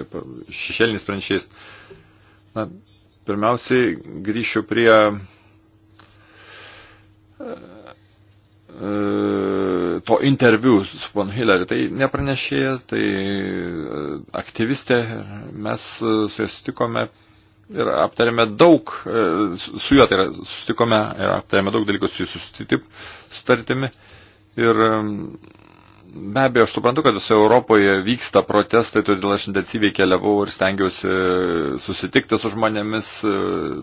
e, šešėliniais pranešėjais. Na, pirmiausiai grįšiu prie E, to interviu su ponu Hillary. Tai nepranešėja, tai e, aktyvistė. Mes e, su jais sutikome ir aptarėme daug, su juo tai yra, sustikome ir aptarėme daug dalykų su jūsų sutartimi. Ir be abejo, aš suprantu, kad visoje Europoje vyksta protestai, todėl aš intensyviai keliavau ir stengiausi susitikti su žmonėmis,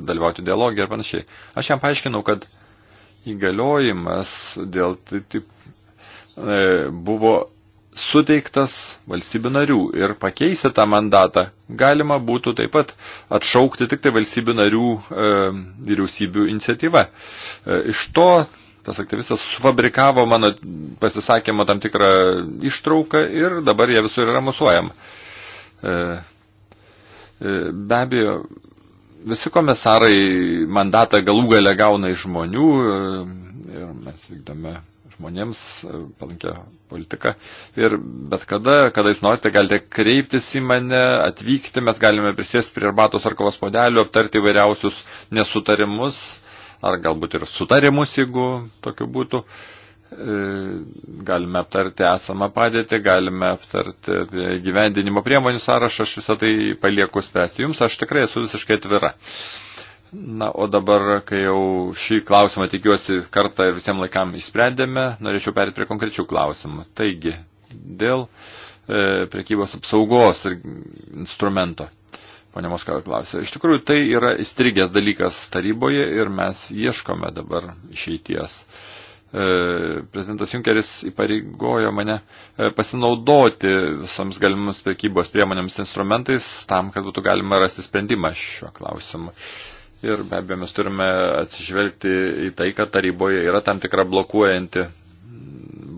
dalyvauti dialogį ir panašiai. Aš jam paaiškinau, kad uh, įgaliojimas dėl TTIP tai e, buvo suteiktas valstybių narių ir pakeisti tą mandatą galima būtų taip pat atšaukti tik tai valstybių narių e, vyriausybių iniciatyva. E, iš to tas aktyvistas sufabrikavo mano pasisakymo tam tikrą ištrauką ir dabar jie visur yra musuojama. E, e, be abejo, Visi komisarai mandatą galų gale gauna iš žmonių e, ir mes vykdome žmonėms e, palankę politiką. Ir bet kada, kada jūs norite, galite kreiptis į mane, atvykti, mes galime prisėsti prie arbatos ar kavos podelių, aptarti įvairiausius nesutarimus ar galbūt ir sutarimus, jeigu tokiu būtų. Uh, E, galime aptarti esamą padėtį, galime aptarti gyvendinimo priemonių sąrašą, aš visą tai palieku spręsti jums, aš tikrai esu visiškai atvira. Na, o dabar, kai jau šį klausimą tikiuosi kartą ir visiems laikam išsprendėme, norėčiau perėti prie konkrečių klausimų. Taigi, dėl e, prekybos apsaugos ir instrumento. Pone Moskavai klausė. Iš tikrųjų, tai yra įstrigęs dalykas taryboje ir mes ieškome dabar išeities. E, E, prezidentas Junkeris įpareigojo mane e, pasinaudoti visoms galimus prekybos priemonėms instrumentais tam, kad būtų galima rasti sprendimą šiuo klausimu. Ir be abejo, mes turime atsižvelgti į tai, kad taryboje yra tam tikra blokuojanti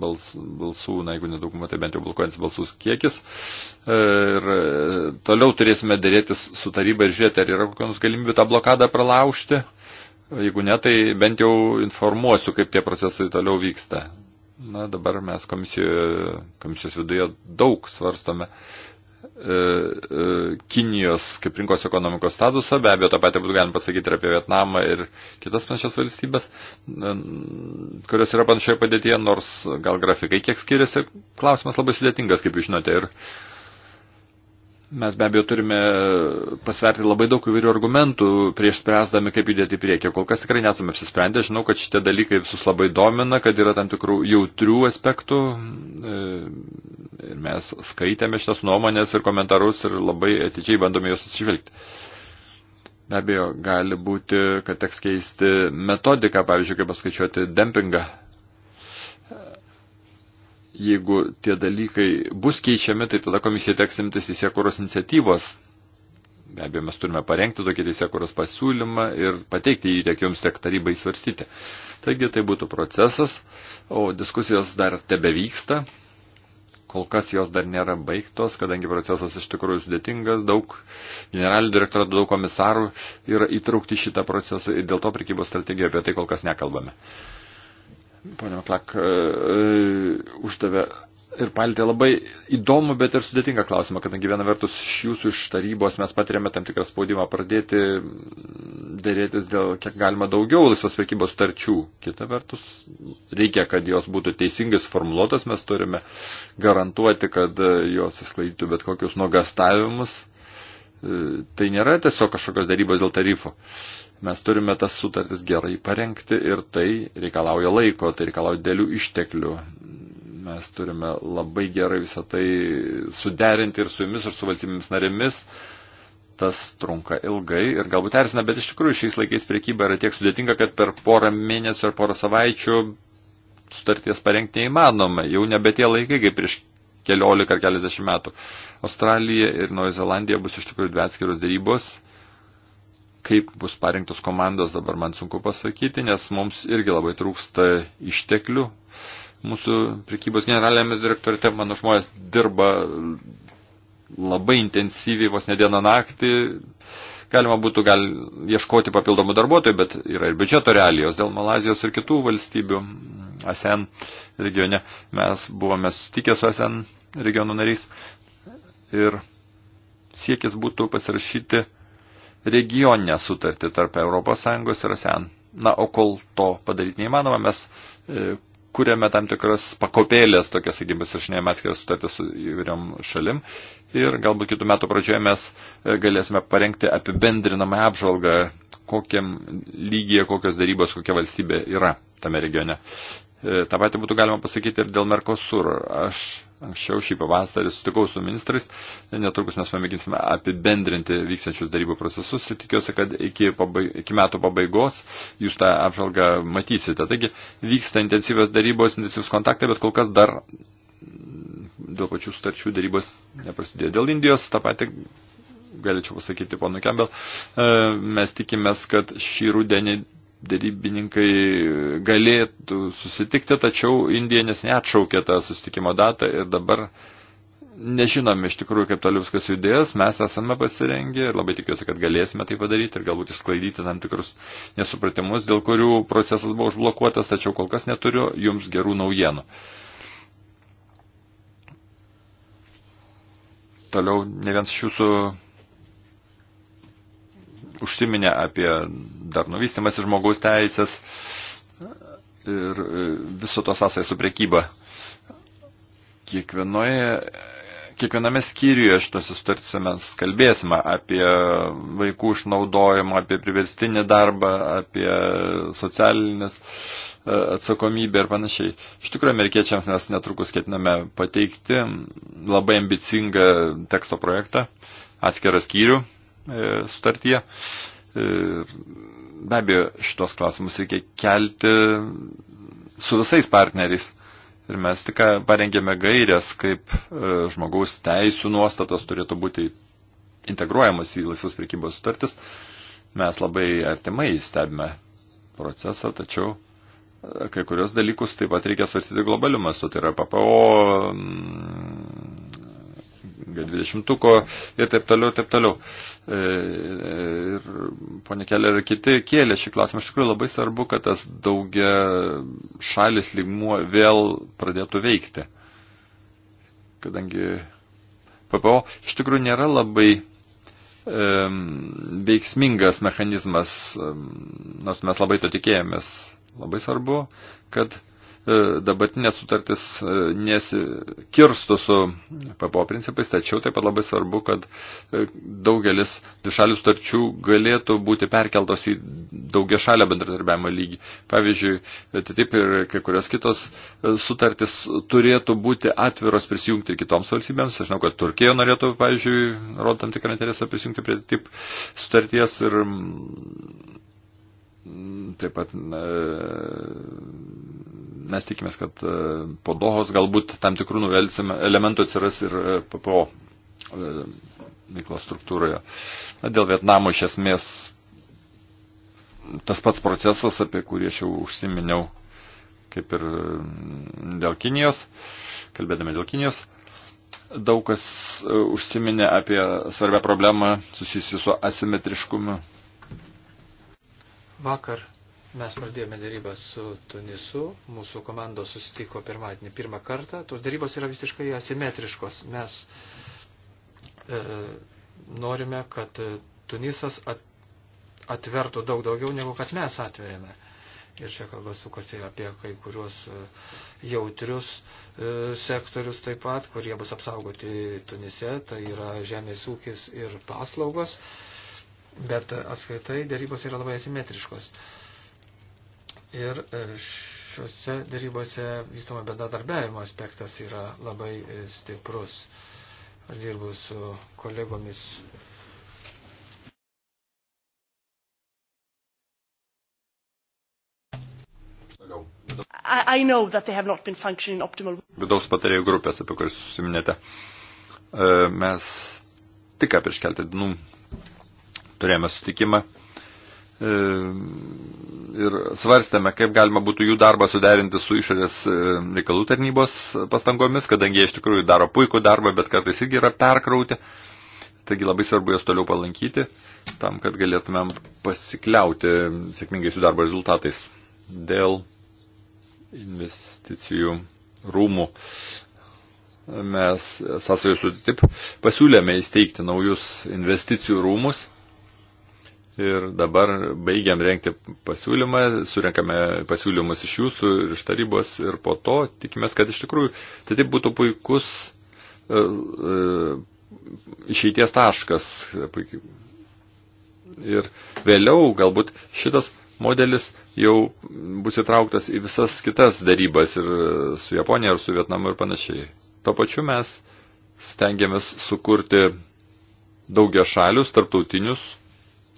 bals, balsų, na jeigu nedaugumą, tai bent jau blokuojantis balsus kiekis. E, ir toliau turėsime dėrėtis su taryba ir žiūrėti, ar yra kokios galimybių tą blokadą pralaužti. Jeigu ne, tai bent jau informuosiu, kaip tie procesai toliau vyksta. Na, dabar mes komisijoje, komisijos viduje daug svarstome e, e, Kinijos kaip rinkos ekonomikos statusą, be abejo, tą patį būtų galima pasakyti ir apie Vietnamą ir kitas panašias valstybės, e, kurios yra panašioje padėtyje, nors gal grafikai kiek skiriasi, klausimas labai sudėtingas, kaip jūs žinote, ir Mes be abejo turime pasverti labai daug įvairių argumentų prieš spręsdami, kaip judėti į priekį. Kol kas tikrai nesame apsisprendę. Žinau, kad šitie dalykai visus labai domina, kad yra tam tikrų jautrių aspektų. E, ir mes skaitėme šitas nuomonės ir komentarus ir labai atidžiai bandome juos atsižvelgti. Be abejo, gali būti, kad teks keisti metodiką, pavyzdžiui, kaip paskaičiuoti dempingą jeigu tie dalykai bus keičiami, tai tada komisija teks imtis teisėkuros iniciatyvos. Be abejo, mes turime parengti tokį teisėkuros pasiūlymą ir pateikti jį tiek jums, tiek tarybai svarstyti. Taigi tai būtų procesas, o diskusijos dar tebe vyksta. Kol kas jos dar nėra baigtos, kadangi procesas iš tikrųjų sudėtingas, daug generalinių direktoratų, daug komisarų yra įtraukti šitą procesą ir dėl to prekybos strategijoje apie tai kol kas nekalbame. Uh, Pone Maklak e, e, uždavė ir palėtė labai įdomų, bet ir sudėtingą klausimą, kadangi viena vertus iš jūsų iš tarybos mes patiriame tam tikrą spaudimą pradėti dėrėtis dėl kiek galima daugiau laisvos prekybos sutarčių. Kita vertus, reikia, kad jos būtų teisingai suformuluotas, mes turime garantuoti, kad jos išsklaidytų bet kokius nuogastavimus. E, tai nėra tiesiog kažkokios darybos dėl tarifo mes turime tas sutartis gerai parengti ir tai reikalauja laiko, tai reikalauja dėlių išteklių. Mes turime labai gerai visą tai suderinti ir su jumis, ir su valstybėmis narėmis. Tas trunka ilgai ir galbūt erzina, bet iš tikrųjų šiais laikais priekyba yra tiek sudėtinga, kad per porą mėnesių ar porą savaičių sutarties parengti neįmanoma. Jau nebe tie laikai, kaip prieš keliolika ar keliasdešimt metų. Australija ir Naujoji Zelandija bus iš tikrųjų dvi atskiros dėrybos Kaip bus parinktos komandos, dabar man sunku pasakyti, nes mums irgi labai trūksta išteklių. Mūsų prekybos generalinėme direktorite mano žmonės dirba labai intensyviai, vos ne dieną naktį. Galima būtų gal ieškoti papildomų darbuotojų, bet yra ir biudžeto realijos dėl Malazijos ir kitų valstybių ASEAN regione. Mes buvome sutikę su ASEAN regionų nariais ir siekis būtų pasirašyti regioninę sutartį tarp ES ir ASEAN. Na, o kol to padaryti neįmanoma, mes e, kūrėme tam tikras pakopėlės, tokias, sakykime, pasirašinėjame atskiras sutartis su įvairiom šalim. Ir galbūt kitų metų pradžioje mes e, galėsime parengti apibendrinamą apžvalgą, kokiam lygyje, kokios darybos, kokia valstybė yra tame regione. E, Ta pati būtų galima pasakyti ir dėl Mercosur. Aš anksčiau šį pavasarį sutikau su ministrais, netrukus mes pamėginsime apibendrinti vykstančius darybų procesus ir tikiuosi, kad iki, pabaig iki metų pabaigos jūs tą apžalgą matysite. Taigi vyksta intensyvios darybos, intensyvus kontaktai, bet kol kas dar dėl pačių starčių darybos neprasidėjo. Dėl Indijos tą patį galėčiau pasakyti ponu Campbell. E, mes tikimės, kad šį rudenį dėrybininkai e, galėtų susitikti, tačiau Indija nesneatšaukė tą susitikimo datą ir dabar nežinome iš tikrųjų, kaip toliau viskas judės, mes esame pasirengę ir labai tikiuosi, kad galėsime tai padaryti ir galbūt išsklaidyti tam tikrus nesupratimus, dėl kurių procesas buvo užblokuotas, tačiau kol kas neturiu jums gerų naujienų. Toliau ne vienas iš jūsų užsiminė apie darnų vystimąsi žmogaus teisės ir e, viso to sąsąją su priekyba. Kiekvienoje, kiekviename skyriuje šitos sutartise mes kalbėsime apie vaikų išnaudojimą, apie priverstinį darbą, apie socialinės e, atsakomybę ir panašiai. Iš tikrųjų, amerikiečiams mes netrukus ketiname pateikti labai ambicingą teksto projektą, atskirą skyrių, E, sutartyje. E, be abejo, šitos klausimus reikia kelti su visais partneriais. Ir mes tik parengėme gairias, kaip e, žmogaus teisų nuostatos turėtų būti integruojamos į laisvos prekybos sutartis. Mes labai artimai stebime procesą, tačiau kai kurios dalykus taip pat reikia svarstyti globaliu mastu. Tai yra PPO G20 ir taip toliau, taip toliau. E, ir ponė Keller ir kiti kėlė šį klausimą. Iš tikrųjų labai svarbu, kad tas daugia šalis lygmuo vėl pradėtų veikti. Kadangi PPO iš tikrųjų nėra labai veiksmingas mechanizmas, nors mes labai to tikėjomės. Labai svarbu, kad E, dabartinės sutartis e, nesikirstų su PPO principais, tačiau taip pat labai svarbu, kad e, daugelis dvišalių sutarčių galėtų būti perkeltos į daugia šalę bendradarbiavimo lygį. Pavyzdžiui, taip ir kai kurios kitos sutartis turėtų būti atviros prisijungti kitoms valstybėms. Aš žinau, kad Turkija norėtų, pavyzdžiui, rodant tikrą interesą prisijungti prie taip sutarties ir Mm, taip pat mes tikimės, kad e, po Dohos galbūt tam tikrų elementų atsiras ir PPO e, e, veiklos struktūroje. Na, dėl Vietnamo iš esmės tas pats procesas, apie kurį aš jau užsiminiau, kaip ir mm, dėl Kinijos, kalbėdami dėl Kinijos, daug kas užsiminė apie svarbę problemą susijusiu su asimetriškumu Vakar mes pradėjome darybas su Tunisu, mūsų komandos susitiko pirmadienį pirmą kartą. Tos darybos yra visiškai asimetriškos. Mes e, norime, kad Tunisas at, atvertų daug daugiau, negu kad mes atverėme. Ir čia kalba sukasi apie kai kuriuos e, jautrius e, sektorius taip pat, kurie bus apsaugoti Tunise, tai yra žemės ūkis ir paslaugos. E, bet apskritai dėrybos yra labai asimetriškos. Ir e, šiuose dėrybose vystoma bendradarbiavimo aspektas yra labai e, stiprus. Aš dirbu su kolegomis I know that they have not been functioning optimal. Vidaus patarėjų grupės, apie kurias susiminėte. E, mes tik prieš keltą dienų turėjome sutikimą e, ir svarstėme, kaip galima būtų jų darbą suderinti su išorės e, reikalų tarnybos pastangomis, kadangi jie iš tikrųjų daro puikų darbą, bet kartais irgi yra perkrauti. Taigi labai svarbu juos toliau palankyti, tam, kad galėtumėm pasikliauti sėkmingais jų darbo rezultatais dėl investicijų rūmų. Mes sąsajus su TIP pasiūlėme įsteigti naujus investicijų rūmus Ir dabar baigiam renkti pasiūlymą, surinkame pasiūlymus iš jūsų ir iš tarybos ir po to tikimės, kad iš tikrųjų tai taip būtų puikus e, e, išeities taškas. Puikiai. Ir vėliau galbūt šitas modelis jau bus įtrauktas į visas kitas darybas ir su Japonija, ir su Vietnamu ir panašiai. Tuo pačiu mes stengiamės sukurti daugia šalius, tarptautinius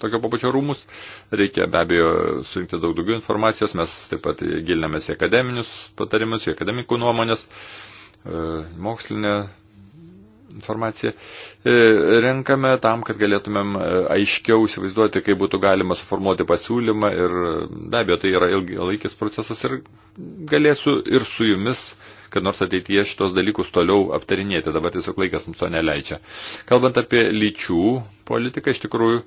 tokio pabučio rūmus. Reikia be abejo surinkti daug daugiau informacijos, mes taip pat gilinamės į akademinius patarimus, į akademikų nuomonės, e, mokslinę informaciją. E, renkame tam, kad galėtumėm e, aiškiau įsivaizduoti, kaip būtų galima suformuoti pasiūlymą ir be abejo tai yra ilgalaikis procesas ir galėsiu ir su jumis kad nors ateityje šitos dalykus toliau aptarinėti, dabar tiesiog laikas mums to neleidžia. Kalbant apie lyčių politiką, iš tikrųjų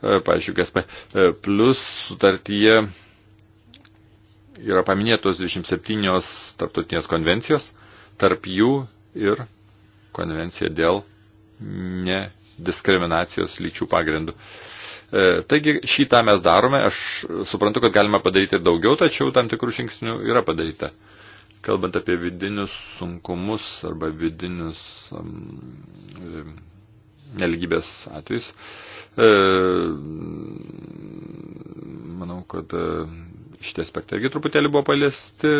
E, pažiūrėjau, GSP e, plus sutartyje yra paminėtos 27 tarptautinės konvencijos, tarp jų ir konvencija dėl nediskriminacijos lyčių pagrindų. E, taigi šitą mes darome, aš suprantu, kad galima padaryti ir daugiau, tačiau tam tikrų žingsnių yra padaryta. Kalbant apie vidinius sunkumus arba vidinius um, neligybės atvejus, uh, E, manau, kad e, šitie aspektai irgi truputėlį buvo paliesti.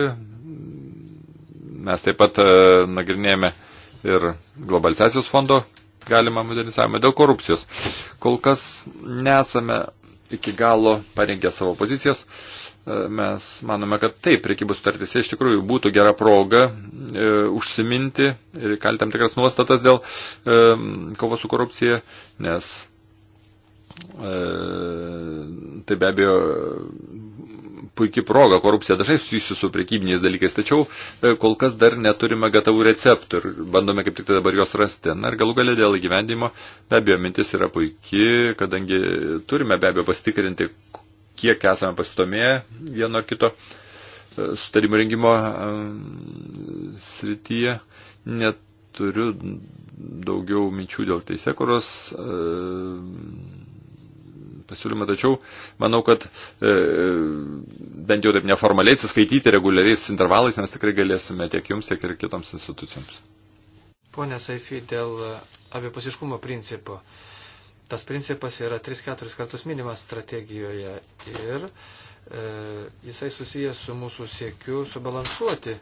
Mes taip pat e, nagrinėjame ir globalizacijos fondo galimą modernizavimą dėl korupcijos. Kol kas nesame iki galo parengę savo pozicijos. Mes manome, kad taip, priekybos sutartyse iš tikrųjų būtų gera proga e, užsiminti ir kalti tam tikras nuostatas dėl e, kovos su korupcija, nes E, tai be abejo puikiai proga, korupcija dažnai susijusi su prekybiniais dalykais, tačiau e, kol kas dar neturime gatavų receptų ir bandome kaip tik tai dabar juos rasti. Na ir galų galę dėl įgyvendimo, be abejo, mintis yra puikiai, kadangi turime be abejo pasitikrinti, kiek esame pasitomėję vieno ar kito e, sutarimų rengimo srityje. Neturiu daugiau minčių dėl teisėkuros. E, pasiūlymą, tačiau manau, kad e, bent jau taip neformaliai atsiskaityti reguliariais intervalais mes tikrai galėsime tiek jums, tiek ir kitoms institucijoms. Pone Saifi, dėl abipusiškumo principo. Tas principas yra 3-4 kartus minimas strategijoje ir E, jisai susijęs su mūsų siekiu subalansuoti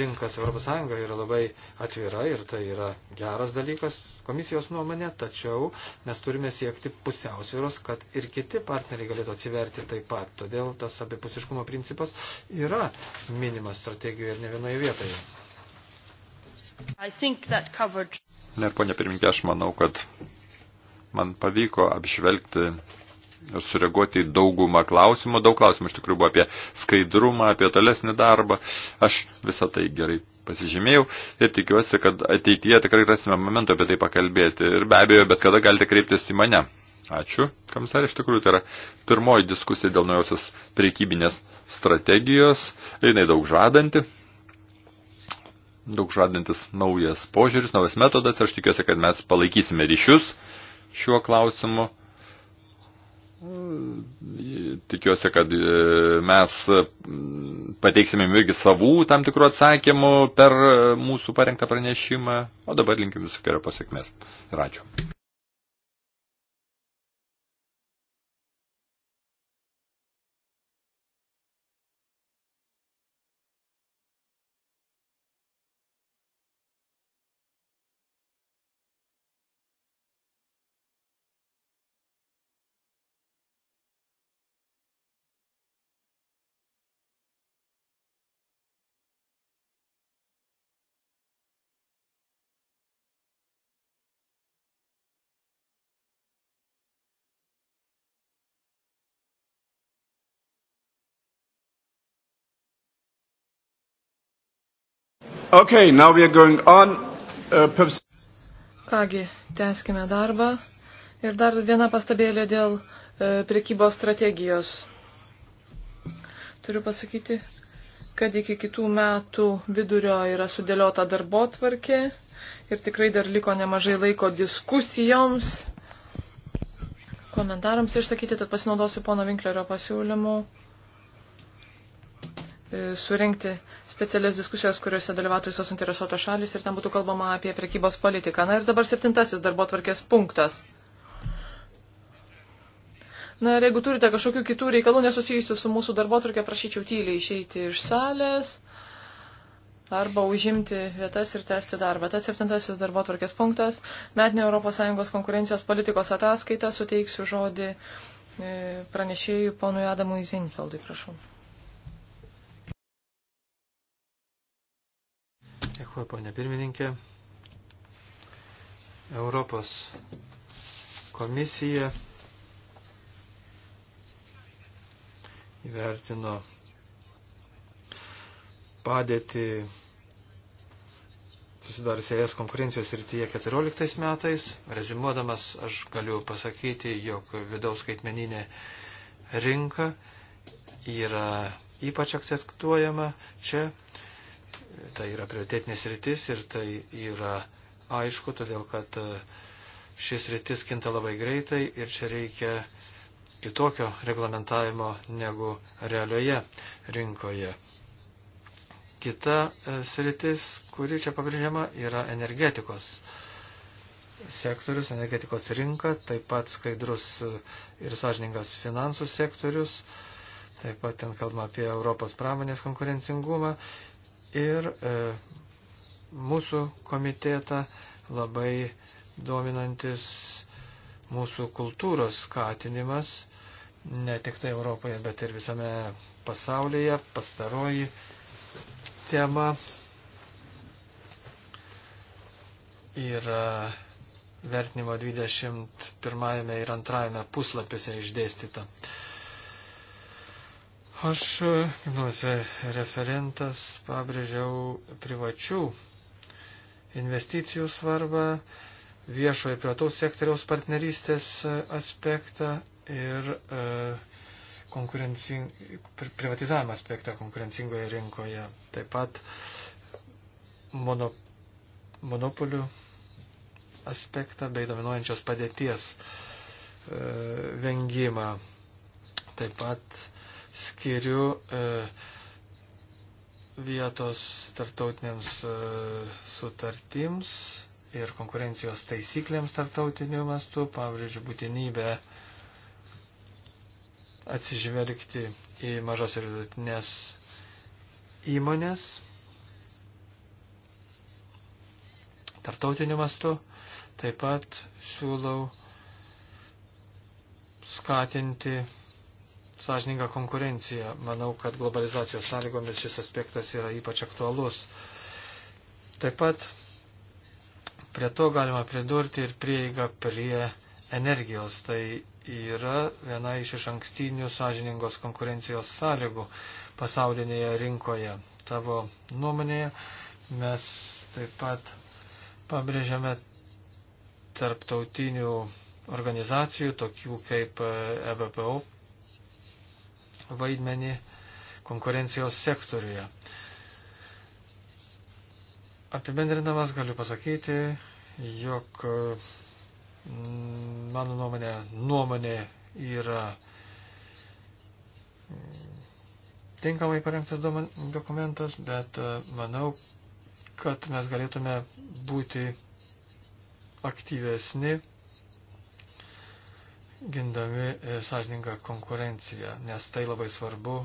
rinkas. ES yra labai atvira ir tai yra geras dalykas komisijos nuomonė, tačiau mes turime siekti pusiausvėros, kad ir kiti partneriai galėtų atsiverti taip pat. Todėl tas abipusiškumo principas yra minimas strategijoje ir ne vienoje vietoje. Covered... Ne, ponia pirmininkė, aš manau, kad man pavyko apžvelgti sureaguoti į daugumą klausimų. Daug klausimų iš tikrųjų buvo apie skaidrumą, apie tolesnį darbą. Aš visą tai gerai pasižymėjau ir tikiuosi, kad ateityje tikrai rasime momentų apie tai pakalbėti. Ir be abejo, bet kada galite kreiptis į mane. Ačiū, komisarė, iš tikrųjų tai yra pirmoji diskusija dėl naujosios priekybinės strategijos. Jinai daug žadanti daug žadantis naujas požiūris, naujas metodas ir aš tikiuosi, kad mes palaikysime ryšius šiuo klausimu Tikiuosi, kad e, mes e, pateiksime irgi savų tam tikrų atsakymų per e, mūsų parengtą pranešimą. O dabar linkiu visokio pasiekmės. Ir ačiū. Okay, now we are going on. Uh, perhaps... Kągi, tęskime darbą. Ir dar viena pastabėlė dėl e, priekybos strategijos. Turiu pasakyti, kad iki kitų metų vidurio yra sudėliota darbo tvarkė ir tikrai dar liko nemažai laiko diskusijoms, komentarams išsakyti, tad pasinaudosiu pono Vinklerio pasiūlymu. E, surenkti specialias diskusijas, kuriuose dalyvautų visos interesuotos šalis ir ten būtų kalbama apie prekybos politiką. Na ir dabar septintasis darbo tvarkės punktas. Na ir jeigu turite kažkokių kitų reikalų nesusijusių su mūsų darbo tvarkė, prašyčiau tyliai išeiti iš salės arba užimti vietas ir tęsti darbą. Tad septintasis darbo tvarkės punktas. Metinė ES konkurencijos politikos ataskaita suteiksiu žodį e, pranešėjų ponui Adamui Zinfeldui, prašau. Dėkuoju, ponė pirmininkė. Europos komisija įvertino padėtį susidarusėjas konkurencijos rytyje 14 metais. Rezimuodamas aš galiu pasakyti, jog vidaus skaitmeninė rinka yra ypač akcentuojama čia Tai yra prioritetinės rytis ir tai yra aišku, todėl kad e, šis rytis kinta labai greitai ir čia reikia kitokio reglamentavimo negu realioje rinkoje. Kita e, sritis, kuri čia pagrindžiama, yra energetikos sektorius, energetikos rinka, taip pat skaidrus e, ir sąžiningas finansų sektorius, taip pat ten kalbama apie Europos pramonės konkurencingumą ir e, mūsų komitetą labai dominantis mūsų kultūros skatinimas, ne tik tai Europoje, bet ir visame pasaulyje, pastaroji tema yra vertinimo 21 ir 2 puslapėse išdėstyta. E, Aš, kaip nors referentas, pabrėžiau privačių investicijų svarbą, viešo ir privataus sektoriaus partnerystės aspektą ir e, konkurencing... privatizavimo aspektą konkurencingoje rinkoje. Taip pat mono... monopolių aspektą bei dominuojančios padėties e, vengimą. Taip pat skiriu e, vietos tarptautiniams e, sutartims ir konkurencijos taisyklėms tarptautiniu mastu, pavyzdžiui, būtinybė atsižvelgti į mažas ir vidutinės įmonės tarptautiniu mastu. Taip pat siūlau skatinti sąžininga konkurencija. Manau, kad globalizacijos sąlygomis šis aspektas yra ypač aktualus. Taip pat prie to galima pridurti ir prieigą prie energijos. Tai yra viena iš iš ankstinių sąžiningos konkurencijos sąlygų pasaulinėje rinkoje. Tavo nuomonėje mes taip pat pabrėžiame tarptautinių organizacijų, tokių kaip EBPO vaidmenį konkurencijos sektoriuje. Apibendrinamas galiu pasakyti, jog mm, mano nuomonė, nuomonė yra mm, tinkamai parengtas dokumentas, bet e, manau, kad mes galėtume būti aktyvesni gindami e, sąžiningą konkurenciją, nes tai labai svarbu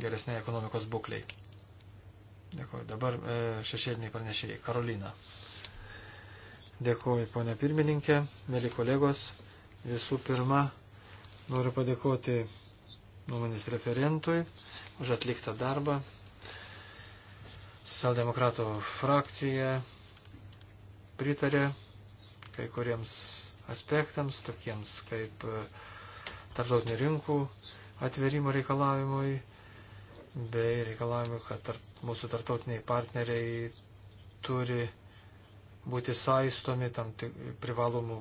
geresnei ekonomikos būklei. Dėkuoju. Dabar e, šešėliniai pranešėjai. Karolina. Dėkuoju, ponė pirmininkė, mėly kolegos. Visų pirma, noriu padėkoti nuomonės referentui už atliktą darbą. Socialdemokratų frakcija pritarė kai kuriems aspektams, tokiems kaip e, tarptautinių rinkų atverimo reikalavimui bei reikalavimui, kad tarp, mūsų tarptautiniai partneriai turi būti saistomi tam tik, privalomų,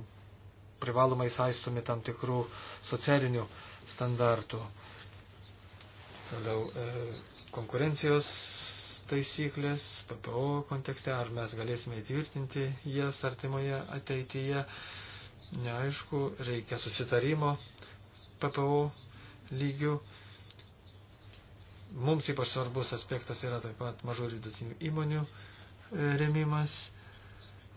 privalomai saistomi tam tikrų socialinių standartų. Toliau e, konkurencijos taisyklės PPO kontekste, ar mes galėsime įtvirtinti jas artimoje ateityje. E, neaišku, reikia susitarimo PPO lygių. Mums ypač svarbus aspektas yra taip pat mažų ir vidutinių įmonių e, remimas.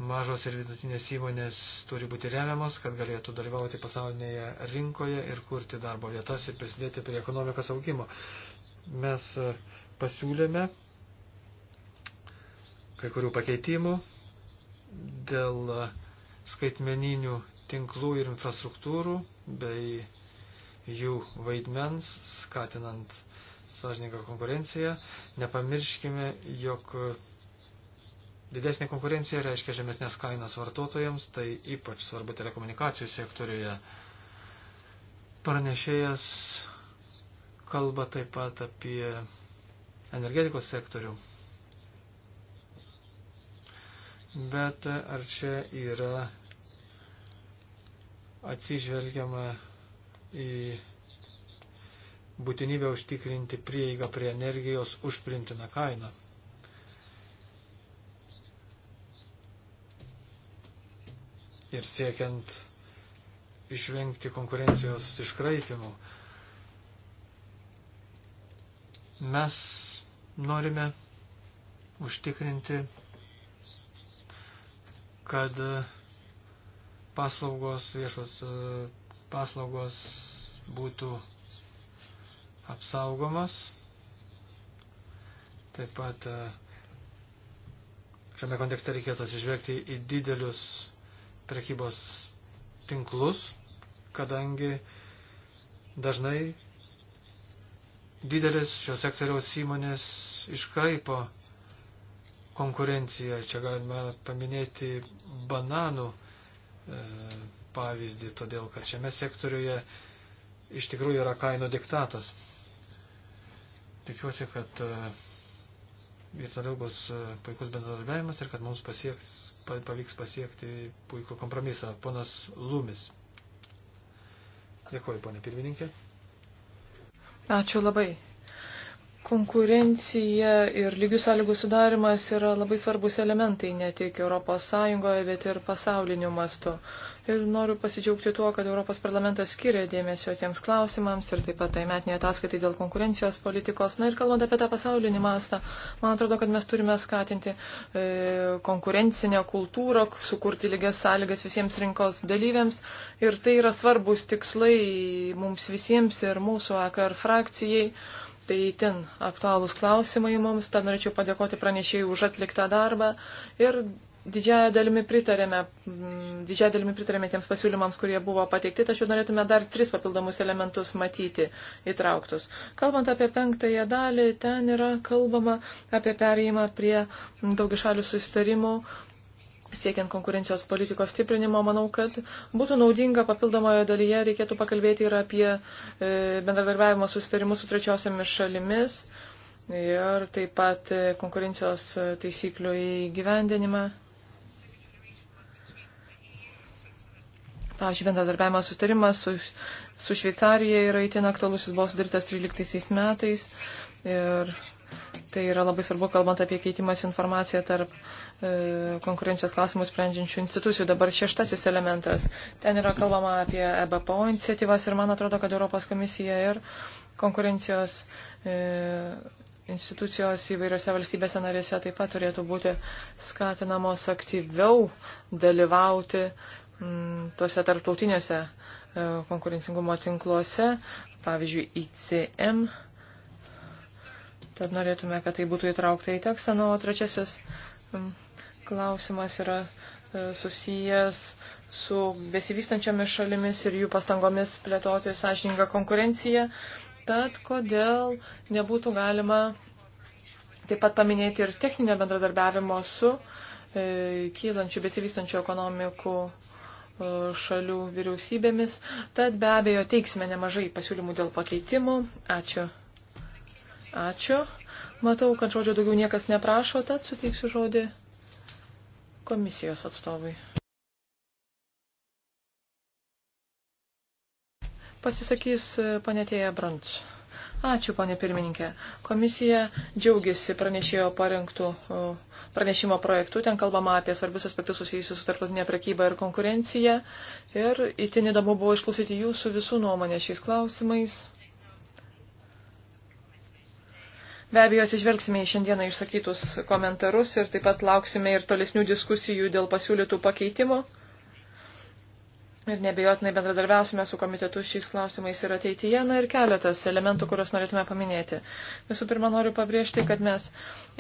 Mažos ir vidutinės įmonės turi būti remiamos, kad galėtų dalyvauti pasaulinėje rinkoje ir kurti darbo vietas ir prisidėti prie ekonomikos augimo. Mes e, pasiūlėme kai kurių pakeitimų dėl e, skaitmeninių tinklų ir infrastruktūrų bei jų vaidmens, skatinant sąžininką konkurenciją. Nepamirškime, jog didesnė konkurencija reiškia žemesnės kainas vartotojams, tai ypač svarbu telekomunikacijų sektoriuje. Pranešėjas kalba taip pat apie energetikos sektorių. Bet ar čia yra atsižvelgiama į būtinybę užtikrinti prieigą prie energijos užprintiną kainą. Ir siekiant išvengti konkurencijos iškraipimų, mes norime užtikrinti, kad uh, paslaugos, viešos e, paslaugos būtų apsaugomas. Taip pat e, šiame kontekste reikėtų atsižvelgti į didelius prekybos tinklus, kadangi dažnai didelis šio sektoriaus įmonės iškraipo konkurenciją. Čia galima paminėti bananų E, pavyzdį, todėl kad šiame sektoriuje iš tikrųjų yra kainų diktatas. Tikiuosi, kad e, ir toliau bus e, puikus bendradarbiavimas ir kad mums pasieks, pavyks pasiekti puikų kompromisą. Ponas Lumis. Dėkuoju, ponė pirmininkė. Ačiū labai Konkurencija ir lygių sąlygų sudarimas yra labai svarbus elementai ne tik ES, bet ir pasauliniu mastu. Ir noriu pasidžiaugti tuo, kad Europos parlamentas skiria dėmesio tiems klausimams ir taip pat tai metinė ataskaitai dėl konkurencijos politikos. Na ir kalbant apie tą pasaulinį mastą, man atrodo, kad mes turime skatinti e, konkurencinę kultūrą, sukurti lygias sąlygas visiems rinkos dalyviams. Ir tai yra svarbus tikslai mums visiems ir mūsų AKR frakcijai. E, Tai ten aktualūs klausimai mums, tad norėčiau padėkoti pranešėjai už atliktą darbą ir didžiąją dalimi pritarėme, mm, didžiąją dalimi pritarėme tiems pasiūlymams, kurie buvo pateikti, tačiau norėtume dar tris papildomus elementus matyti įtrauktus. Kalbant apie penktąją dalį, ten yra kalbama apie perėjimą prie daugišalių sustarimų siekiant konkurencijos politikos stiprinimo, manau, kad būtų naudinga papildomoje dalyje reikėtų pakalbėti ir apie e, bendradarbiavimo susitarimus su trečiosiamis šalimis ir taip pat e, konkurencijos e, taisyklių įgyvendinimą. Pavyzdžiui, bendradarbiavimo sustarimas su, su Šveicarija yra įtin aktualus, jis buvo sudarytas 13 metais ir Tai yra labai svarbu, kalbant apie keitimas informaciją tarp e, konkurencijos klausimų sprendžiančių institucijų. Dabar šeštasis elementas. Ten yra kalbama apie EBPO iniciatyvas ir man atrodo, kad Europos komisija ir konkurencijos e, institucijos įvairiose valstybėse narėse taip pat turėtų būti skatinamos aktyviau dalyvauti m, mm, tose tarptautiniuose e, konkurencingumo tinkluose, pavyzdžiui, ICM Tad norėtume, kad tai būtų įtraukta į tekstą. Na, o trečiasis klausimas yra e, susijęs su besivystančiomis šalimis ir jų pastangomis plėtoti sąžiningą konkurenciją. Tad kodėl nebūtų galima taip pat paminėti ir techninio bendradarbiavimo su e, kylančių besivystančių ekonomikų e, šalių vyriausybėmis. Tad be abejo teiksime nemažai pasiūlymų dėl pakeitimų. Ačiū Ačiū. Matau, kad žodžio daugiau niekas neprašo, tad suteiksiu žodį komisijos atstovui. Pasisakys e, panėtėja Branč. Ačiū, ponė pirmininkė. Komisija džiaugiasi pranešėjo parengtų pranešimo projektų. Ten kalbama apie svarbius aspektus susijusius su tarptautinė prekyba ir konkurencija. Ir itin įdomu buvo išklausyti jūsų visų nuomonę šiais klausimais. Be abejo, išvelgsime į šiandieną išsakytus komentarus ir taip pat lauksime ir tolesnių diskusijų dėl pasiūlytų pakeitimų. Ir nebejotinai bendradarbiausime su komitetu šiais klausimais ir ateityje. Na ir keletas elementų, kuriuos norėtume paminėti. Visų pirma, noriu pabrėžti, kad mes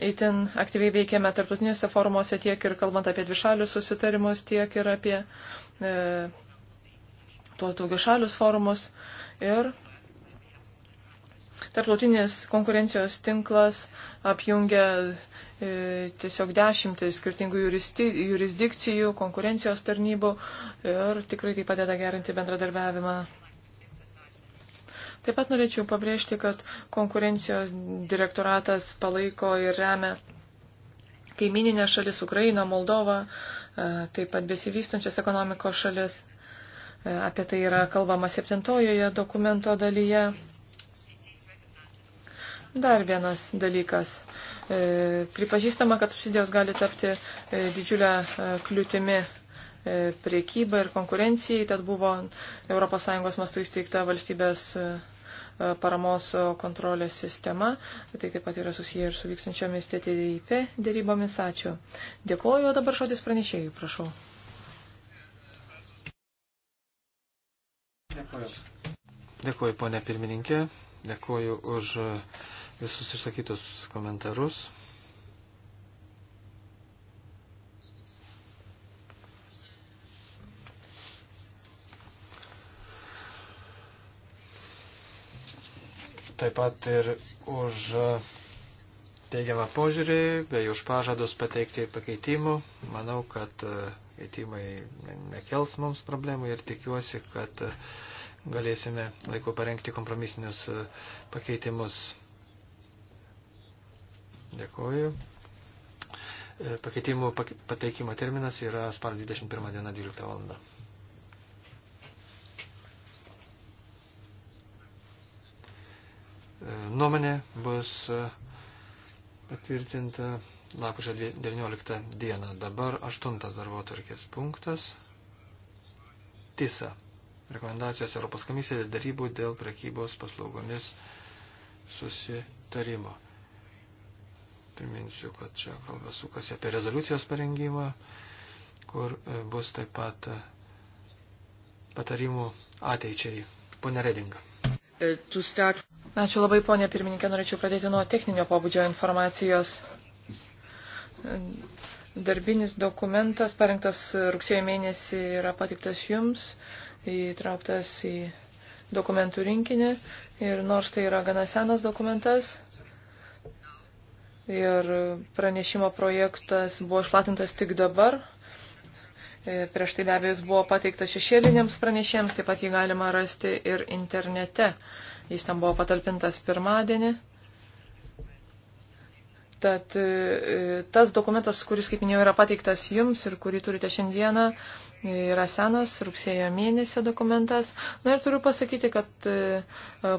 itin aktyviai veikiame tarptautinėse formuose tiek ir kalbant apie dvišalius susitarimus, tiek ir apie e, tuos daugiašalius forumus. Ir Tarptautinis konkurencijos tinklas apjungia e, tiesiog dešimtis skirtingų jurisdikcijų, konkurencijos tarnybų ir tikrai tai padeda gerinti bendradarbiavimą. Taip pat norėčiau pabrėžti, kad konkurencijos direktoratas palaiko ir remia kaimininę šalis Ukrainą, Moldovą, e, taip pat besivystančias ekonomikos šalis. E, apie tai yra kalbama septintojoje dokumento dalyje. Dar vienas dalykas. E, pripažįstama, kad subsidijos gali tapti e, didžiulę e, kliūtimi priekybai ir konkurencijai, tad buvo ES mastu įsteigta valstybės paramos kontrolės sistema. Tai taip pat yra susiję ir su vykstančiomis TTIP dėrybomis. Ačiū. Dėkuoju, o dabar šodis pranešėjų, prašau. Dėkuoju. Dėkuoju, ponė pirmininkė. Dėkuoju už visus išsakytus komentarus. Taip pat ir už teigiamą požiūrį, bei už pažadus pateikti pakeitimų. Manau, kad pakeitimai e, nekels mums problemų ir tikiuosi, kad e, galėsime laiku parengti kompromisinius e, pakeitimus. Dėkuoju. E, pakeitimų pateikimo terminas yra spalio 21 diena 12 val. Nuomonė bus e, patvirtinta lapkričio 19 dieną. Dabar 8 darbo tvarkės punktas. TISA. Rekomendacijos Europos komisija darybų dėl prekybos paslaugomis susitarimo. Priminsiu, kad čia kalba sukasi apie rezoliucijos parengimą, kur e, bus taip pat e, patarimų ateičiai. Pone Redinga. E, Ačiū labai, ponė pirmininkė, norėčiau pradėti nuo techninio pobūdžio informacijos. Darbinis dokumentas parengtas rugsėjo mėnesį yra patiktas jums, įtrauktas į dokumentų rinkinį ir nors tai yra gana senas dokumentas, ir pranešimo projektas buvo išplatintas tik dabar. E, prieš tai be abejo jis buvo pateiktas šešėliniams pranešėjams, taip pat jį galima rasti ir internete. Jis ten buvo patalpintas pirmadienį. Tad e, tas dokumentas, kuris, kaip minėjau, yra pateiktas jums ir kurį turite šiandieną, yra senas rugsėjo mėnesio dokumentas. Na ir turiu pasakyti, kad e,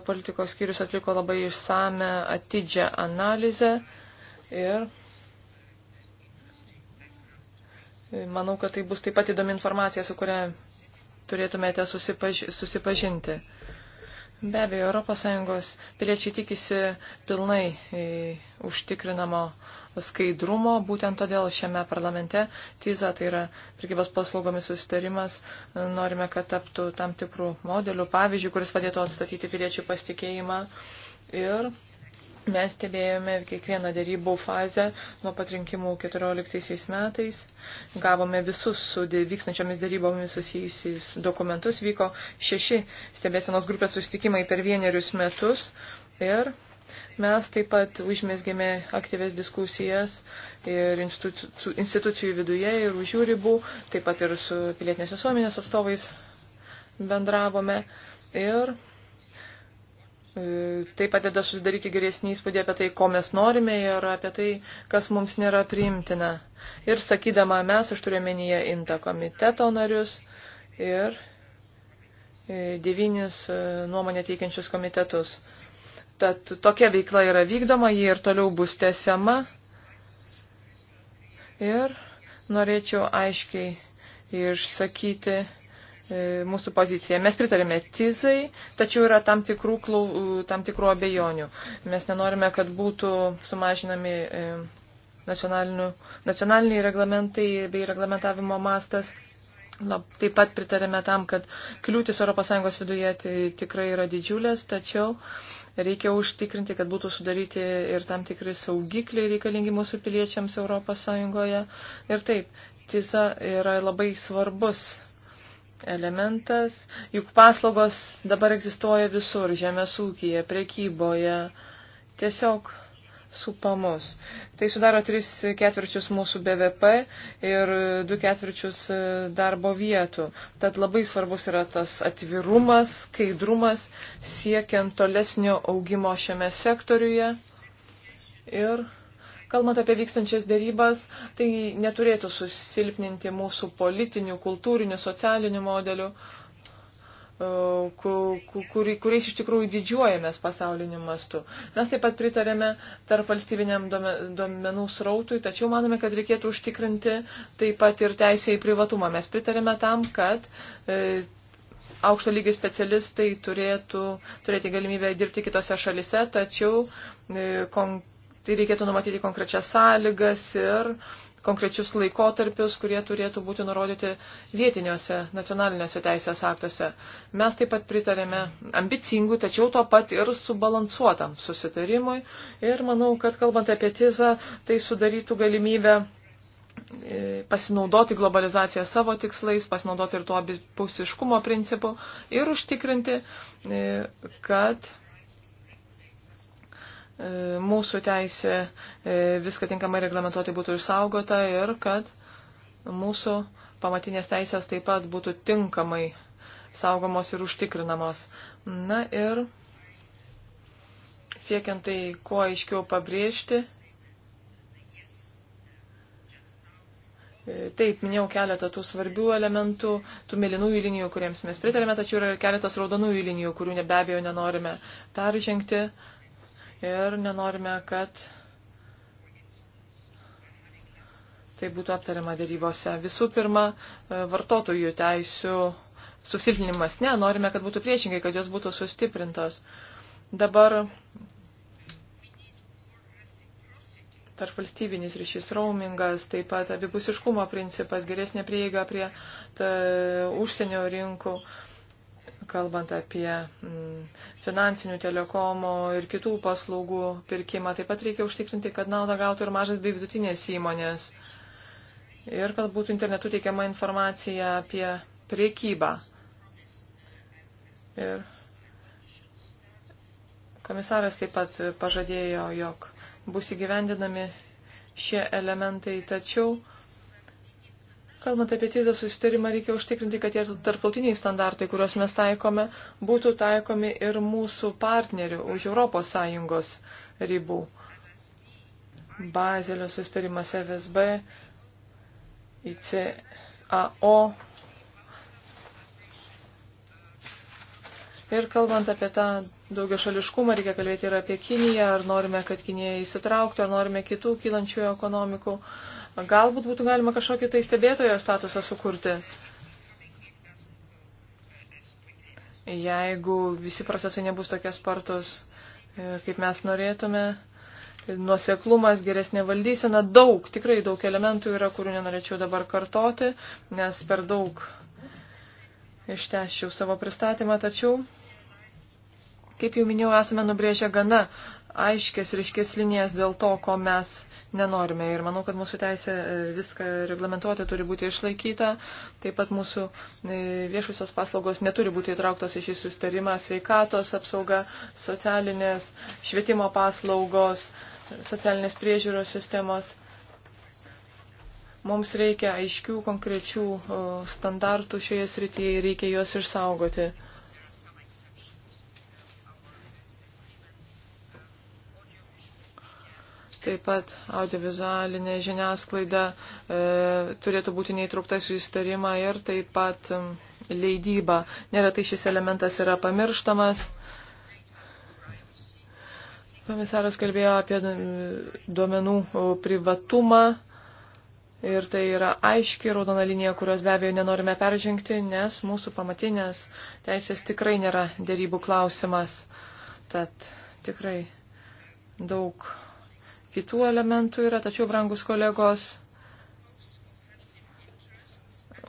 politikos skyrius atliko labai išsame atidžią analizę Ir manau, kad tai bus taip pat įdomi informacija, su kuria turėtumėte susipaž susipažinti. Be abejo, ES piliečiai tikisi pilnai e, užtikrinamo skaidrumo, būtent todėl šiame parlamente TIZA, tai yra prikybos paslaugomis susitarimas, norime, kad taptų tam tikrų modelių, pavyzdžių, kuris padėtų atstatyti piliečių pasitikėjimą ir Mes stebėjome kiekvieną dėrybų fazę nuo pat rinkimų 14 metais. Gavome visus su vykstančiomis dėrybomis susijusius dokumentus. Vyko šeši stebėsenos grupės susitikimai per vienerius metus. Ir mes taip pat užmėsgėme aktyves diskusijas ir institucijų, institucijų viduje ir už jų ribų, taip pat ir su pilietinės visuomenės atstovais bendravome. Ir E, tai padeda susidaryti geresnį įspūdį apie tai, ko mes norime ir apie tai, kas mums nėra priimtina. Ir sakydama mes, aš turiu menyje inta komiteto narius ir e, devynis e, nuomonę teikiančius komitetus. Tad tokia veikla yra vykdoma, ji ir toliau bus tęsiama. Ir norėčiau aiškiai išsakyti E, mūsų poziciją. Mes pritarėme tizai, tačiau yra tam tikrų, tam tikrų abejonių. Mes nenorime, kad būtų sumažinami e, nacionaliniai reglamentai bei reglamentavimo mastas. Lab, taip pat pritarėme tam, kad kliūtis ES viduje tai tikrai yra didžiulės, tačiau reikia užtikrinti, kad būtų sudaryti ir tam tikri saugikliai reikalingi mūsų piliečiams ES. Ir taip, tiesa yra labai svarbus elementas, juk paslaugos dabar egzistuoja visur, žemės ūkyje, prekyboje, tiesiog supamus. Tai sudaro 3 ketvirčius mūsų BVP ir 2 ketvirčius e, darbo vietų. Tad labai svarbus yra tas atvirumas, skaidrumas, siekiant tolesnio augimo šiame sektoriuje. Ir Kalbant apie vykstančias dėrybas, tai neturėtų susilpninti mūsų politinių, kultūrinių, socialinių modelių, e, kuri, kuriais iš tikrųjų didžiuojamės pasauliniu mastu. Mes taip pat pritarėme tarp valstybiniam duomenų srautui, tačiau manome, kad reikėtų užtikrinti taip pat ir teisę į privatumą. Mes pritarėme tam, kad e, aukšto lygio specialistai turėtų turėti galimybę dirbti kitose šalise, tačiau e, kon, tai reikėtų numatyti konkrečias sąlygas ir konkrečius laikotarpius, kurie turėtų būti nurodyti vietiniuose nacionaliniuose teisės aktuose. Mes taip pat pritarėme ambicingų, tačiau tuo pat ir subalansuotam susitarimui ir manau, kad kalbant apie tizą, tai sudarytų galimybę e, pasinaudoti globalizaciją savo tikslais, pasinaudoti ir tuo abipusiškumo principu ir užtikrinti, e, kad E, mūsų teisė e, viską tinkamai reglamentuoti būtų išsaugota ir kad mūsų pamatinės teisės taip pat būtų tinkamai saugomos ir užtikrinamos. Na ir siekiant tai kuo aiškiau pabrėžti, e, Taip, minėjau keletą tų svarbių elementų, tų mėlynųjų linijų, kuriems mes pritarėme, tačiau yra ir keletas raudonųjų linijų, kurių be abejo nenorime peržengti. Uh, ir nenorime, kad tai būtų aptariama dėrybose. Visų pirma, e, vartotojų teisių susilpnimas. Ne, norime, kad būtų priešingai, kad jos būtų sustiprintos. Dabar tarp valstybinis ryšys roamingas, taip pat abipusiškumo principas, geresnė prieiga prie ta, užsienio rinkų. Uh, kalbant apie mm, finansinių telekomų ir kitų paslaugų pirkimą. Taip pat reikia užtikrinti, kad naudą gautų ir mažas bei vidutinės įmonės. Ir kad būtų internetu teikiama informacija apie priekybą. Ir komisaras taip pat pažadėjo, jog bus įgyvendinami šie elementai, tačiau Kalbant apie tizą susitarimą, reikia užtikrinti, kad tie tarptautiniai standartai, kuriuos mes taikome, būtų taikomi ir mūsų partnerių už ES ribų. Bazelio susitarimas FSB, ICAO Ir kalbant apie tą daugia šališkumą, reikia kalbėti ir apie Kiniją, ar norime, kad Kinija įsitrauktų, ar norime kitų kylančių ekonomikų. Galbūt būtų galima kažkokį tai stebėtojo statusą sukurti. Jeigu visi procesai nebus tokie spartus, e, kaip mes norėtume, nuoseklumas, geresnė valdysena, daug, tikrai daug elementų yra, kurių nenorėčiau dabar kartoti, nes per daug išteščiau savo pristatymą, tačiau Kaip jau minėjau, esame nubrėžę gana aiškės ir iškės linijas dėl to, ko mes nenorime. Ir manau, kad mūsų teisė e, viską reglamentuoti turi būti išlaikyta. Taip pat mūsų e, viešusios paslaugos neturi būti įtrauktos į šį sustarimą. Sveikatos apsauga, socialinės, švietimo paslaugos, socialinės priežiūros sistemos. Mums reikia aiškių, konkrečių standartų šioje srityje ir reikia juos išsaugoti. Taip pat audiovizualinė žiniasklaida e, turėtų būti neįtraukta į susitarimą ir taip pat e, leidyba. Neretai šis elementas yra pamirštamas. Komisaras kalbėjo apie duomenų privatumą. Ir tai yra aiški raudona linija, kurios be abejo nenorime peržengti, nes mūsų pamatinės teisės tikrai nėra dėrybų klausimas. Tad tikrai daug kitų elementų yra, tačiau, brangus kolegos,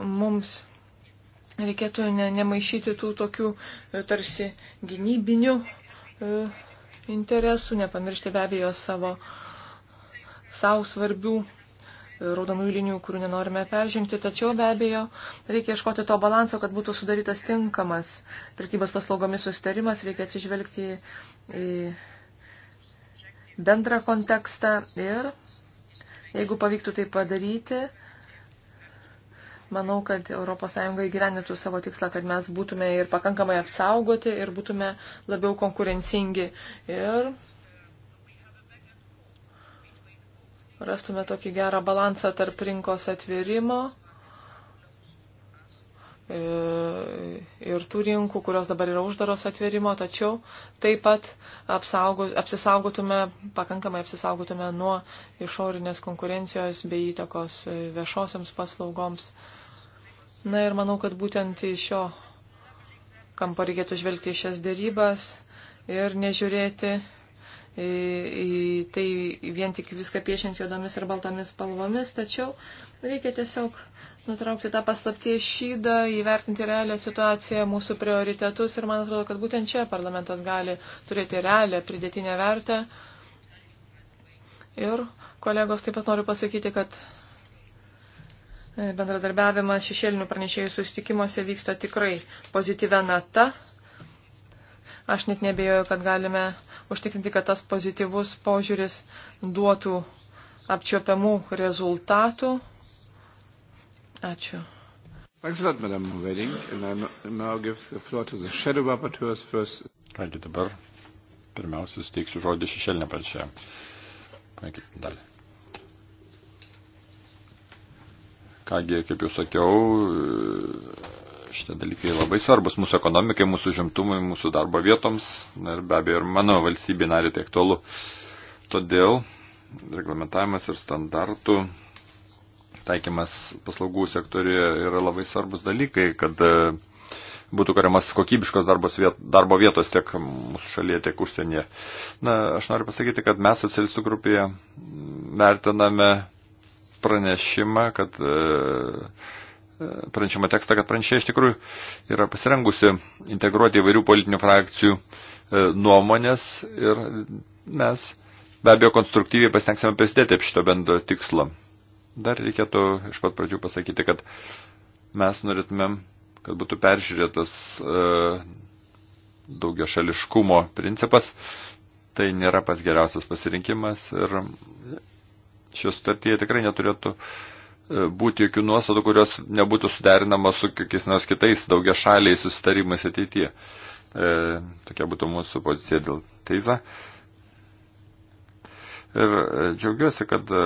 mums reikėtų ne, nemaišyti tų tokių e, tarsi gynybinių e, interesų, nepamiršti be abejo savo savo svarbių e, raudonų linijų, kurių nenorime peržengti, tačiau be abejo reikia iškoti to balanso, kad būtų sudarytas tinkamas prekybos paslaugomis sustarimas, reikia atsižvelgti į bendrą kontekstą ir jeigu pavyktų tai padaryti, manau, kad ES įgyvenintų savo tikslą, kad mes būtume ir pakankamai apsaugoti ir būtume labiau konkurencingi ir rastume tokį gerą balansą tarp rinkos atvėrimo E, ir tų rinkų, kurios dabar yra uždaros atverimo, tačiau taip pat apsaugo, apsisaugotume, pakankamai apsisaugotume nuo išorinės konkurencijos bei įtakos viešosiams paslaugoms. Na ir manau, kad būtent iš šio kampo reikėtų žvelgti į šias dėrybas ir nežiūrėti į, į tai vien tik viską piešiant juodomis ir baltomis spalvomis, tačiau reikia tiesiog nutraukti tą paslapties šydą, įvertinti realią situaciją, mūsų prioritetus ir man atrodo, kad būtent čia parlamentas gali turėti realią pridėtinę vertę. Ir kolegos taip pat noriu pasakyti, kad e, bendradarbiavimas šešėlinių pranešėjų susitikimuose vyksta tikrai pozityvę natą. Aš net nebejoju, kad galime užtikrinti, kad tas pozityvus požiūris duotų apčiopiamų rezultatų. Ačiū. Excellent, Madam Reding. And I now give the floor to the shadow rapporteurs first. Kągi dabar pirmiausia suteiksiu žodį šešėlinę pačią. Paimkit dalį. Kągi, kaip jau sakiau, šitie dalykai labai svarbus mūsų ekonomikai, mūsų žimtumui, mūsų darbo vietoms ir be abejo ir mano valstybė nari tai aktualu. Todėl reglamentavimas ir standartų taikymas paslaugų sektoriuje yra labai svarbus dalykai, kad e, būtų kariamas kokybiškos viet, darbo vietos tiek mūsų šalyje, tiek užsienyje. Na, aš noriu pasakyti, kad mes socialistų grupėje vertiname pranešimą, kad e, e, pranešimo tekstą, kad pranešė iš tikrųjų yra pasirengusi integruoti įvairių politinių frakcijų nuomonės ir mes be abejo konstruktyviai pasitengsime prisidėti apie šito bendro tikslo. Dar reikėtų iš pat pradžių pasakyti, kad mes norėtumėm, kad būtų peržiūrėtas e, daugio šališkumo principas. Tai nėra pats geriausias pasirinkimas ir šioje sutartyje tikrai neturėtų e, būti jokių nuostatų, kurios nebūtų suderinamos su kokiais nors kitais daugia šaliai susitarimais ateityje. E, tokia būtų mūsų pozicija dėl teiza. E, Ir e, džiaugiuosi, kad e,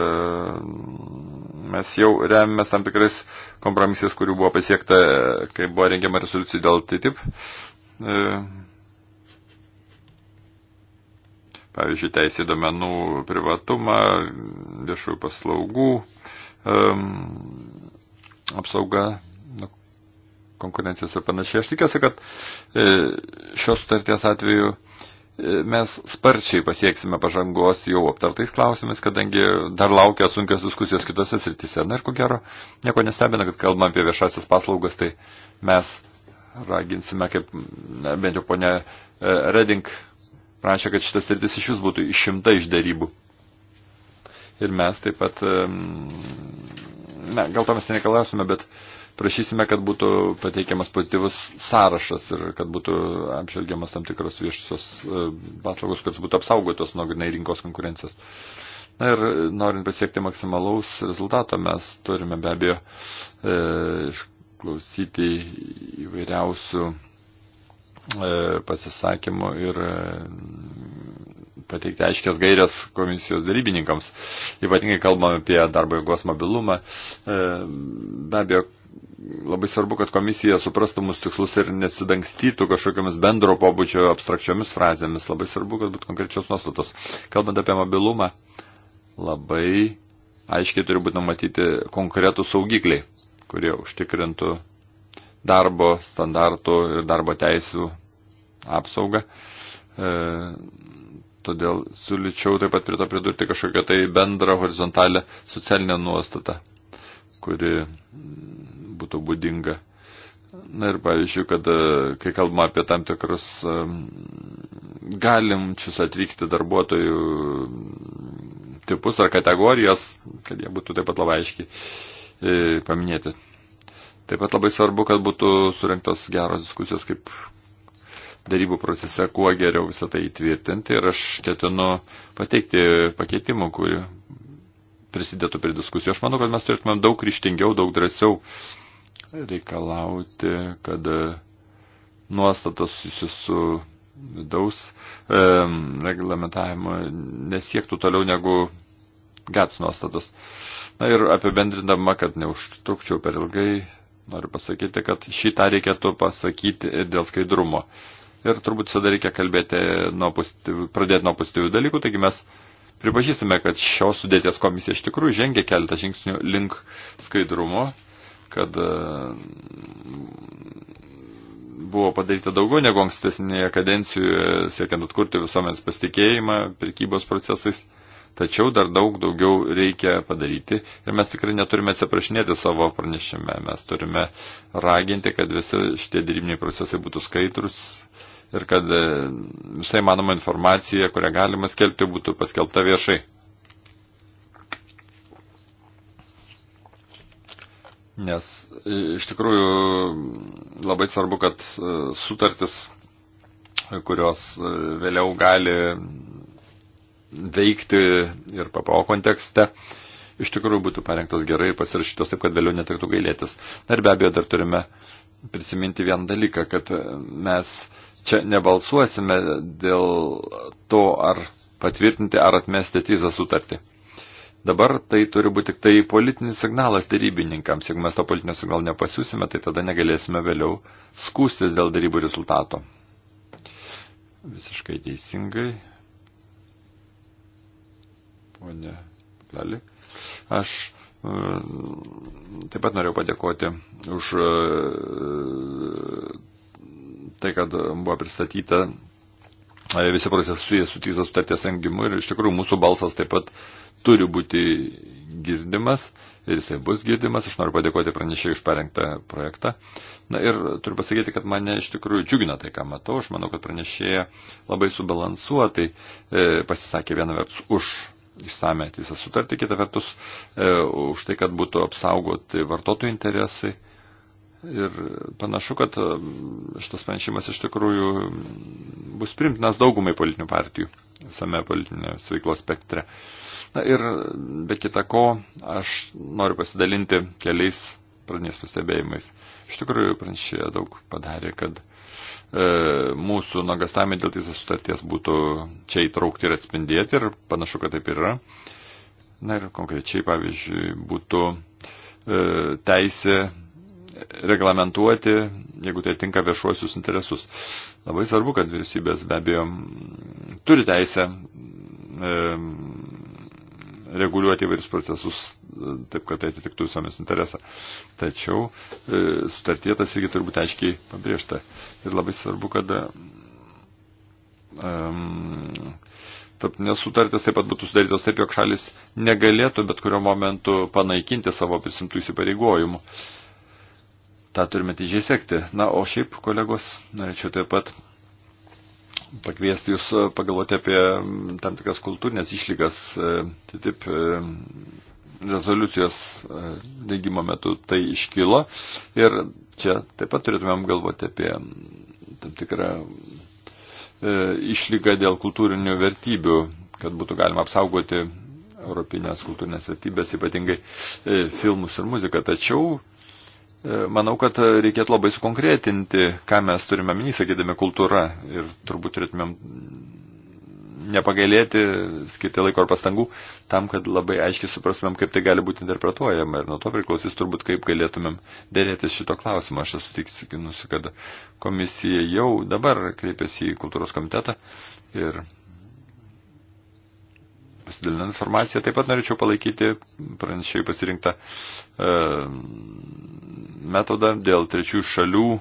mes jau remiamės tam tikrais kompromisais, kurių buvo pasiekta, e, kai buvo rengiama rezoliucija dėl TTIP. Pavyzdžiui, teisė domenų privatumą, viešųjų paslaugų apsauga, nu, konkurencijos ir panašiai. Aš tikiuosi, kad šios sutarties atveju mes sparčiai pasieksime pažangos jau aptartais klausimais, kadangi dar laukia sunkios diskusijos kitose srityse. Na ir ko gero, nieko nestebina, kad kalbam apie viešasias paslaugas, tai mes raginsime, kaip na, bent jau ponia e, Reding prašė, kad šitas sritis iš jūs būtų išimta iš darybų. Ir mes taip pat, na, gal to mes nereikalausime, bet uh, prašysime, kad būtų pateikiamas pozityvus sąrašas ir kad būtų apžvelgiamas tam tikros viešosios e, paslaugos, kad būtų apsaugotos nuo grinai rinkos konkurencijos. Na ir norint pasiekti maksimalaus rezultato, mes turime be abejo e, išklausyti įvairiausių e, pasisakymų ir e, pateikti aiškias gairias komisijos darybininkams. Ypatingai kalbame apie darbo jėgos mobilumą. Be abejo, labai svarbu, kad komisija suprastų mūsų tikslus ir nesidangstytų kažkokiamis bendro pobūdžio abstrakčiomis frazėmis. Labai svarbu, kad būtų konkrečios nuostatos. Kalbant apie mobilumą, labai aiškiai turi būti numatyti konkretų saugikliai, kurie užtikrintų darbo standartų ir darbo teisų apsaugą. E, todėl siūlyčiau taip pat prie to pridurti kažkokią tai bendrą horizontalę socialinę nuostatą, kuri būtų būdinga. Na ir pavyzdžiui, kad e, kai kalbama apie tam tikrus e, galimčius atvykti darbuotojų tipus ar kategorijos, kad jie būtų taip pat labai aiškiai e, paminėti. Taip pat labai svarbu, kad būtų surinktos geros diskusijos, kaip darybų procese kuo geriau visą tai įtvirtinti ir aš ketinu pateikti pakeitimų, kurių prisidėtų prie diskusijų. Aš manau, kad mes turėtume daug ryštingiau, daug drąsiau reikalauti, kad e, nuostatos susijusios su vidaus e, reglamentavimo nesiektų toliau negu GATS nuostatos. Na ir apibendrindama, kad neužtrukčiau per ilgai, noriu pasakyti, kad šitą reikėtų pasakyti dėl skaidrumo. Ir turbūt visada reikia kalbėti nuo pozityvių, pradėti nuo pozityvių dalykų, taigi mes pripažįstame, kad šios sudėties komisija iš tikrųjų žengia keletą žingsnių link skaidrumo kad e, buvo padaryta daugiau negu ankstesnėje kadencijoje, siekiant atkurti visuomenės pasitikėjimą prekybos procesais. Tačiau dar daug daugiau reikia padaryti ir mes tikrai neturime atsiprašinėti savo pranešime. Mes turime raginti, kad visi šitie dirbiniai procesai būtų skaitrus ir kad e, visai manoma informacija, kurią galima skelbti, būtų paskelbta viešai. nes iš tikrųjų labai svarbu, kad e, sutartis, kurios e, vėliau gali veikti ir PPO kontekste, iš tikrųjų būtų parengtos gerai ir pasirašytos taip, kad vėliau netektų gailėtis. Ir be abejo, dar turime prisiminti vieną dalyką, kad e, mes čia nebalsuosime dėl to, ar patvirtinti, ar atmesti tyzą sutartį. Dabar tai turi būti tik tai politinis signalas darybininkams. Jeigu mes to politinio signalo nepasiūsime, tai tada negalėsime vėliau skūstis dėl darybų rezultato. Visiškai teisingai. Pone Lali. Aš e, taip pat norėjau padėkoti už e, tai, kad buvo pristatyta E, visi procesai sutiksta sutarties rengimu ir iš tikrųjų mūsų balsas taip pat turi būti girdimas ir jisai bus girdimas. Aš noriu padėkoti pranešėjai už parengtą projektą. Na ir turiu pasakyti, kad mane iš tikrųjų džiugina tai, ką matau. Aš manau, kad pranešėja labai subalansuotai e, pasisakė vieną vertus už išsame teisę sutartį, kitą vertus e, už tai, kad būtų apsaugoti vartotojų interesai Ir panašu, kad e, šitas pranešimas iš tikrųjų bus primtinas daugumai politinių partijų visame politinės veiklos spektre. Na ir be kita ko, aš noriu pasidalinti keliais pradinės pastebėjimais. Iš tikrųjų, pranešėja daug padarė, kad e, mūsų nagastami dėl teisės sutarties būtų čia įtraukti ir atspindėti ir panašu, kad taip ir yra. Na ir konkrečiai, pavyzdžiui, būtų e, teisė reglamentuoti, jeigu tai tinka viešuosius interesus. Labai svarbu, kad vyriausybės be abejo turi teisę e, reguliuoti įvairius procesus, e, taip kad tai atitiktų visuomis interesą. Tačiau e, sutartie tas irgi turbūt aiškiai pabrėžta. Ir labai svarbu, kad e, Taip, nesutartis taip pat būtų sudarytos taip, jog šalis negalėtų bet kurio momentu panaikinti savo prisimtų įsipareigojimų. E, tą turime didžiai sekti. Na, o šiaip, kolegos, norėčiau taip pat pakviesti jūs e, pagalvoti apie tam tikras kultūrinės išlygas. E, tai taip, e, rezoliucijos rengimo metu tai iškilo ir čia taip pat turėtumėm galvoti apie tam tikrą išlygą dėl kultūrinių vertybių, kad būtų galima apsaugoti europinės kultūrinės vertybės, ypatingai filmus ir muziką. Tačiau E, manau, kad reikėtų labai sukonkretinti, ką mes turime minį, sakydami kultūra ir turbūt turėtumėm nepagailėti, skirti laiko ar pastangų, tam, kad labai aiškiai suprasmėm, kaip tai gali būti interpretuojama ir nuo to priklausys turbūt, kaip galėtumėm dėrėtis šito klausimo. Aš esu tikinusi, kad komisija jau dabar kreipėsi į kultūros komitetą ir pasidalinant informaciją. Taip pat norėčiau palaikyti pranešėjų pasirinktą e, metodą dėl trečių šalių e,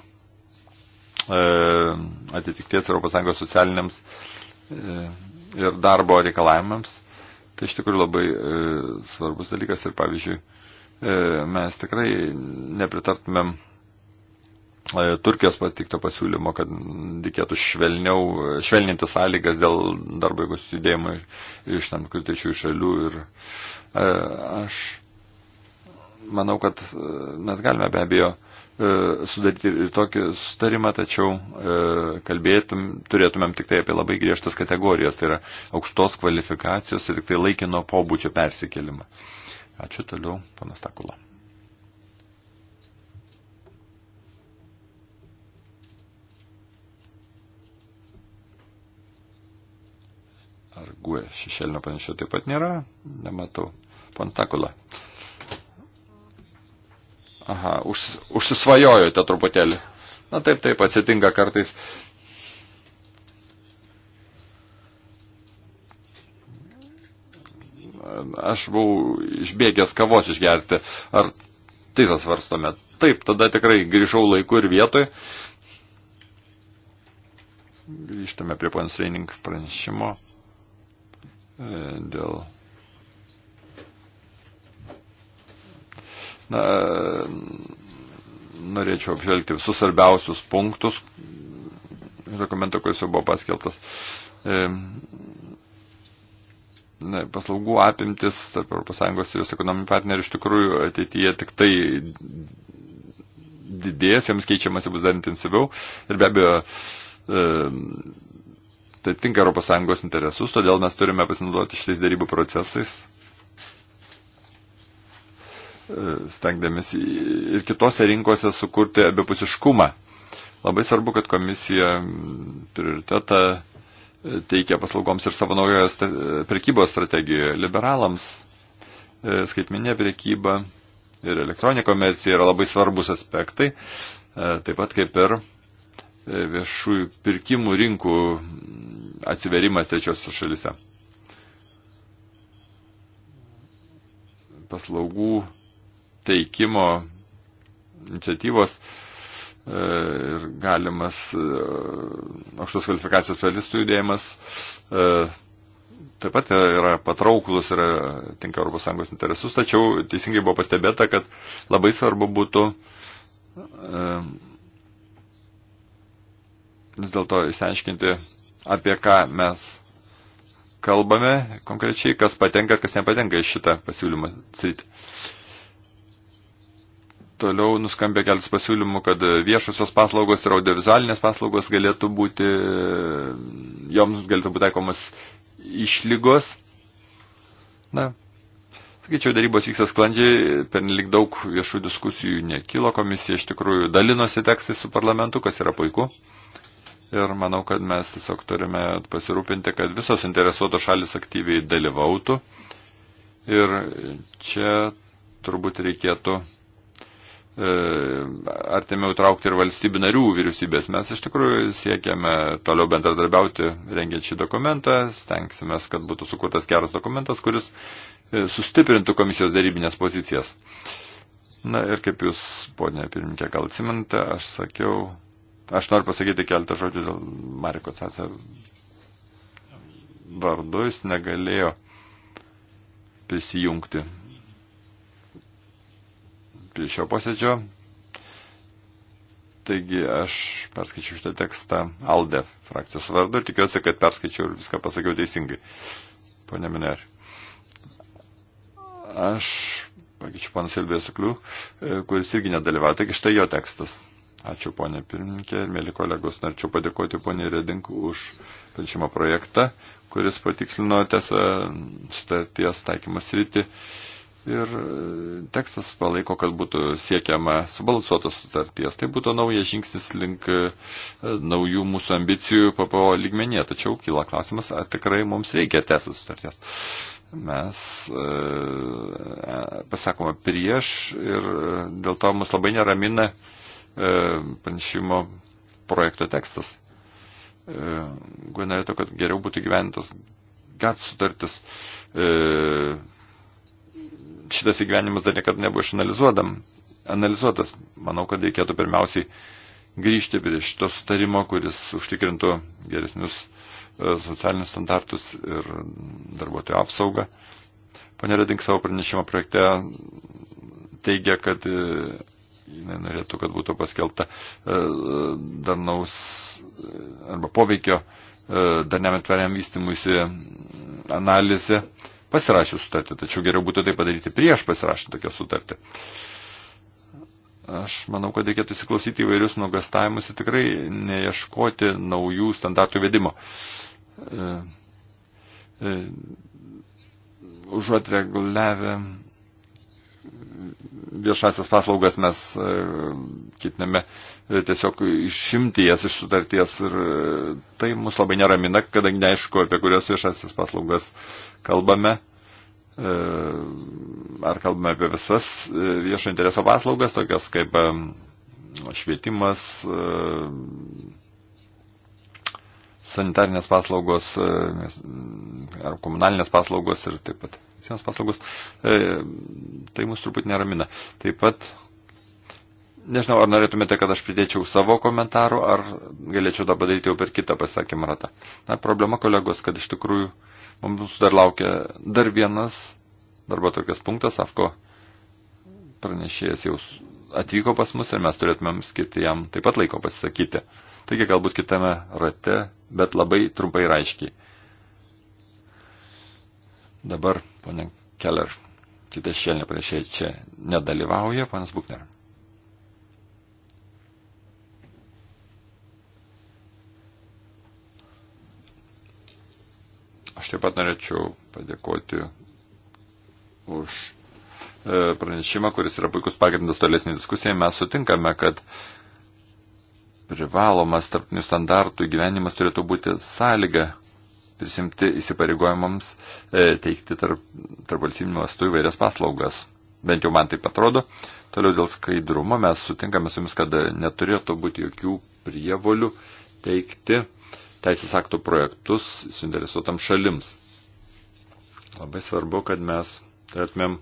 atitikties ES socialiniams e, ir darbo reikalavimams. Tai iš tikrųjų labai e, svarbus dalykas ir pavyzdžiui, e, mes tikrai nepritartumėm E, Turkijos patikto pasiūlymo, kad reikėtų švelniau, e, švelninti sąlygas dėl darbo jėgos judėjimo iš tam tikrų trečių šalių. Ir e, aš manau, kad mes galime be abejo sudaryti ir tokį sutarimą, tačiau kalbėtum, turėtumėm tik tai apie labai griežtas kategorijas, tai yra aukštos kvalifikacijos ir tik tai laikino pobūdžio persikelimą. Ačiū toliau, panas Takula. GUE šešėlinio panašio taip pat nėra, nematau. Pantakula. Aha, už, užsisvajojote truputėlį. Na taip, taip, atsitinka kartais. Aš buvau išbėgęs kavos išgerti. Ar teisą svarstome? Taip, tada tikrai grįžau laiku ir vietoj. Grįžtame prie ponas Reining pranešimo. E, dėl. Na, e, norėčiau apžvelgti visus svarbiausius punktus dokumento, kuris jau buvo paskelbtas. E, na, paslaugų apimtis tarp ES ir jos ekonominių partnerių iš tikrųjų ateityje tik tai didės, joms keičiamasi bus dar intensyviau ir be abejo Tai tinka ES interesus, todėl mes turime pasinaudoti šitais darybų procesais, e, stengdamėsi ir kitose rinkose sukurti abipusiškumą. Labai svarbu, kad komisija prioritetą e, teikia paslaugoms ir savo naujoje prekybos strategijoje. Liberalams e, skaitminė prekyba ir elektroninė komercija yra labai svarbus aspektai, taip pat kaip ir viešųjų pirkimų rinkų atsiverimas trečiosios šalise. Paslaugų teikimo iniciatyvos e, ir galimas e, aukštos kvalifikacijos specialistų judėjimas e, taip pat yra patrauklus ir tinka ES interesus, tačiau teisingai buvo pastebėta, kad labai svarbu būtų vis dėlto įsiaiškinti, apie ką mes kalbame konkrečiai, kas patenka, kas nepatenka į šitą pasiūlymą sritį. Toliau nuskambė keletas pasiūlymų, kad viešosios paslaugos ir audiovizualinės paslaugos galėtų būti, joms galėtų būti taikomas išlygos. Na, sakyčiau, darybos vyksta sklandžiai, pernelik daug viešų diskusijų nekilo, komisija iš tikrųjų dalinosi tekstai su parlamentu, kas yra puiku. Ir manau, kad mes tiesiog turime pasirūpinti, kad visos interesuotos šalis aktyviai dalyvautų. Ir čia turbūt reikėtų e, artimiau traukti ir valstybių narių vyriausybės. Mes iš tikrųjų siekiame toliau bendradarbiauti rengiant šį dokumentą, stengsime, kad būtų sukurtas geras dokumentas, kuris e, sustiprintų komisijos darybinės pozicijas. Na ir kaip jūs, ponė pirmininkė, gal atsimenate, aš sakiau Aš noriu pasakyti keletą žodžių dėl Mariko Tacer vardu, jis negalėjo prisijungti prie šio posėdžio. Taigi aš perskaičiu šitą tekstą ALDE frakcijos vardu ir tikiuosi, kad perskaičiau ir viską pasakiau teisingai. Pone Miner. Aš pakeičiu panas Elbėsuklių, kuris irgi nedalyvavo. Taigi štai jo tekstas. Ačiū ponė pirmininkė ir mėly kolegos. Norėčiau padėkoti ponė Redink už pranešimo projektą, kuris patikslino tiesą sutarties taikymas rytį. Ir tekstas palaiko, kad būtų siekiama subalansuotos sutarties. Tai būtų naujas žingsnis link e, naujų mūsų ambicijų PPO lygmenyje. Tačiau kyla klausimas, ar tikrai mums reikia tęsti sutarties mes e, e pasakoma prieš ir e, dėl to mus labai neramina E, pranešimo projekto tekstas. E, Guenareto, kad geriau būtų gyventas GAT sutartis. E, šitas įgyvenimas dar niekada nebuvo išanalizuotas. Manau, kad reikėtų pirmiausiai grįžti prie šito sutarimo, kuris užtikrintų geresnius socialinius standartus ir darbuotojų apsaugą. Pane Redink savo pranešimo projekte teigia, kad jinai norėtų, kad būtų paskelbta e, darnaus e, arba poveikio e, darniam tvariam vystimuisi analizė pasirašius sutartį, tačiau geriau būtų tai padaryti prieš pasirašant tokią sutartį. Aš manau, kad reikėtų įsiklausyti įvairius nuogastavimus ir tikrai neieškoti naujų standartų vedimo. Užuot reguliavę viešasias paslaugas mes e, ketiname e, tiesiog išimti jas iš sutarties ir e, tai mus labai neramina, kadangi neaišku, apie kurias viešasias paslaugas kalbame. Ar kalbame apie visas viešo intereso paslaugas, tokias kaip švietimas, sanitarinės paslaugos ar komunalinės paslaugos ir taip pat medicinos paslaugos, e, tai mus turbūt neramina. Taip pat, nežinau, ar norėtumėte, kad aš pridėčiau savo komentarų, ar galėčiau tą padaryti jau per kitą pasakymą ratą. Na, problema, kolegos, kad iš tikrųjų mums dar laukia dar vienas darbo tokias punktas, AFKO pranešėjas jau atvyko pas mus ir mes turėtumėm skirti jam taip pat laiko pasisakyti. Taigi galbūt kitame rate, bet labai trumpai ir aiškiai. Dabar, ponė Keller, kita šėlinė priešė čia nedalyvauja, panas Bukner. Aš taip pat norėčiau padėkoti už e, pranešimą, kuris yra puikus pagrindas tolesnį diskusiją. Mes sutinkame, kad privalomas tarptinių standartų gyvenimas turėtų būti sąlyga prisimti įsipareigojimams e, teikti tarp, tarp valstybinių mastų įvairias paslaugas. Bent jau man taip atrodo. Toliau dėl skaidrumo mes sutinkame su jumis, kad neturėtų būti jokių prievolių teikti teisės aktų projektus suinteresuotam šalims. Labai svarbu, kad mes turėtumėm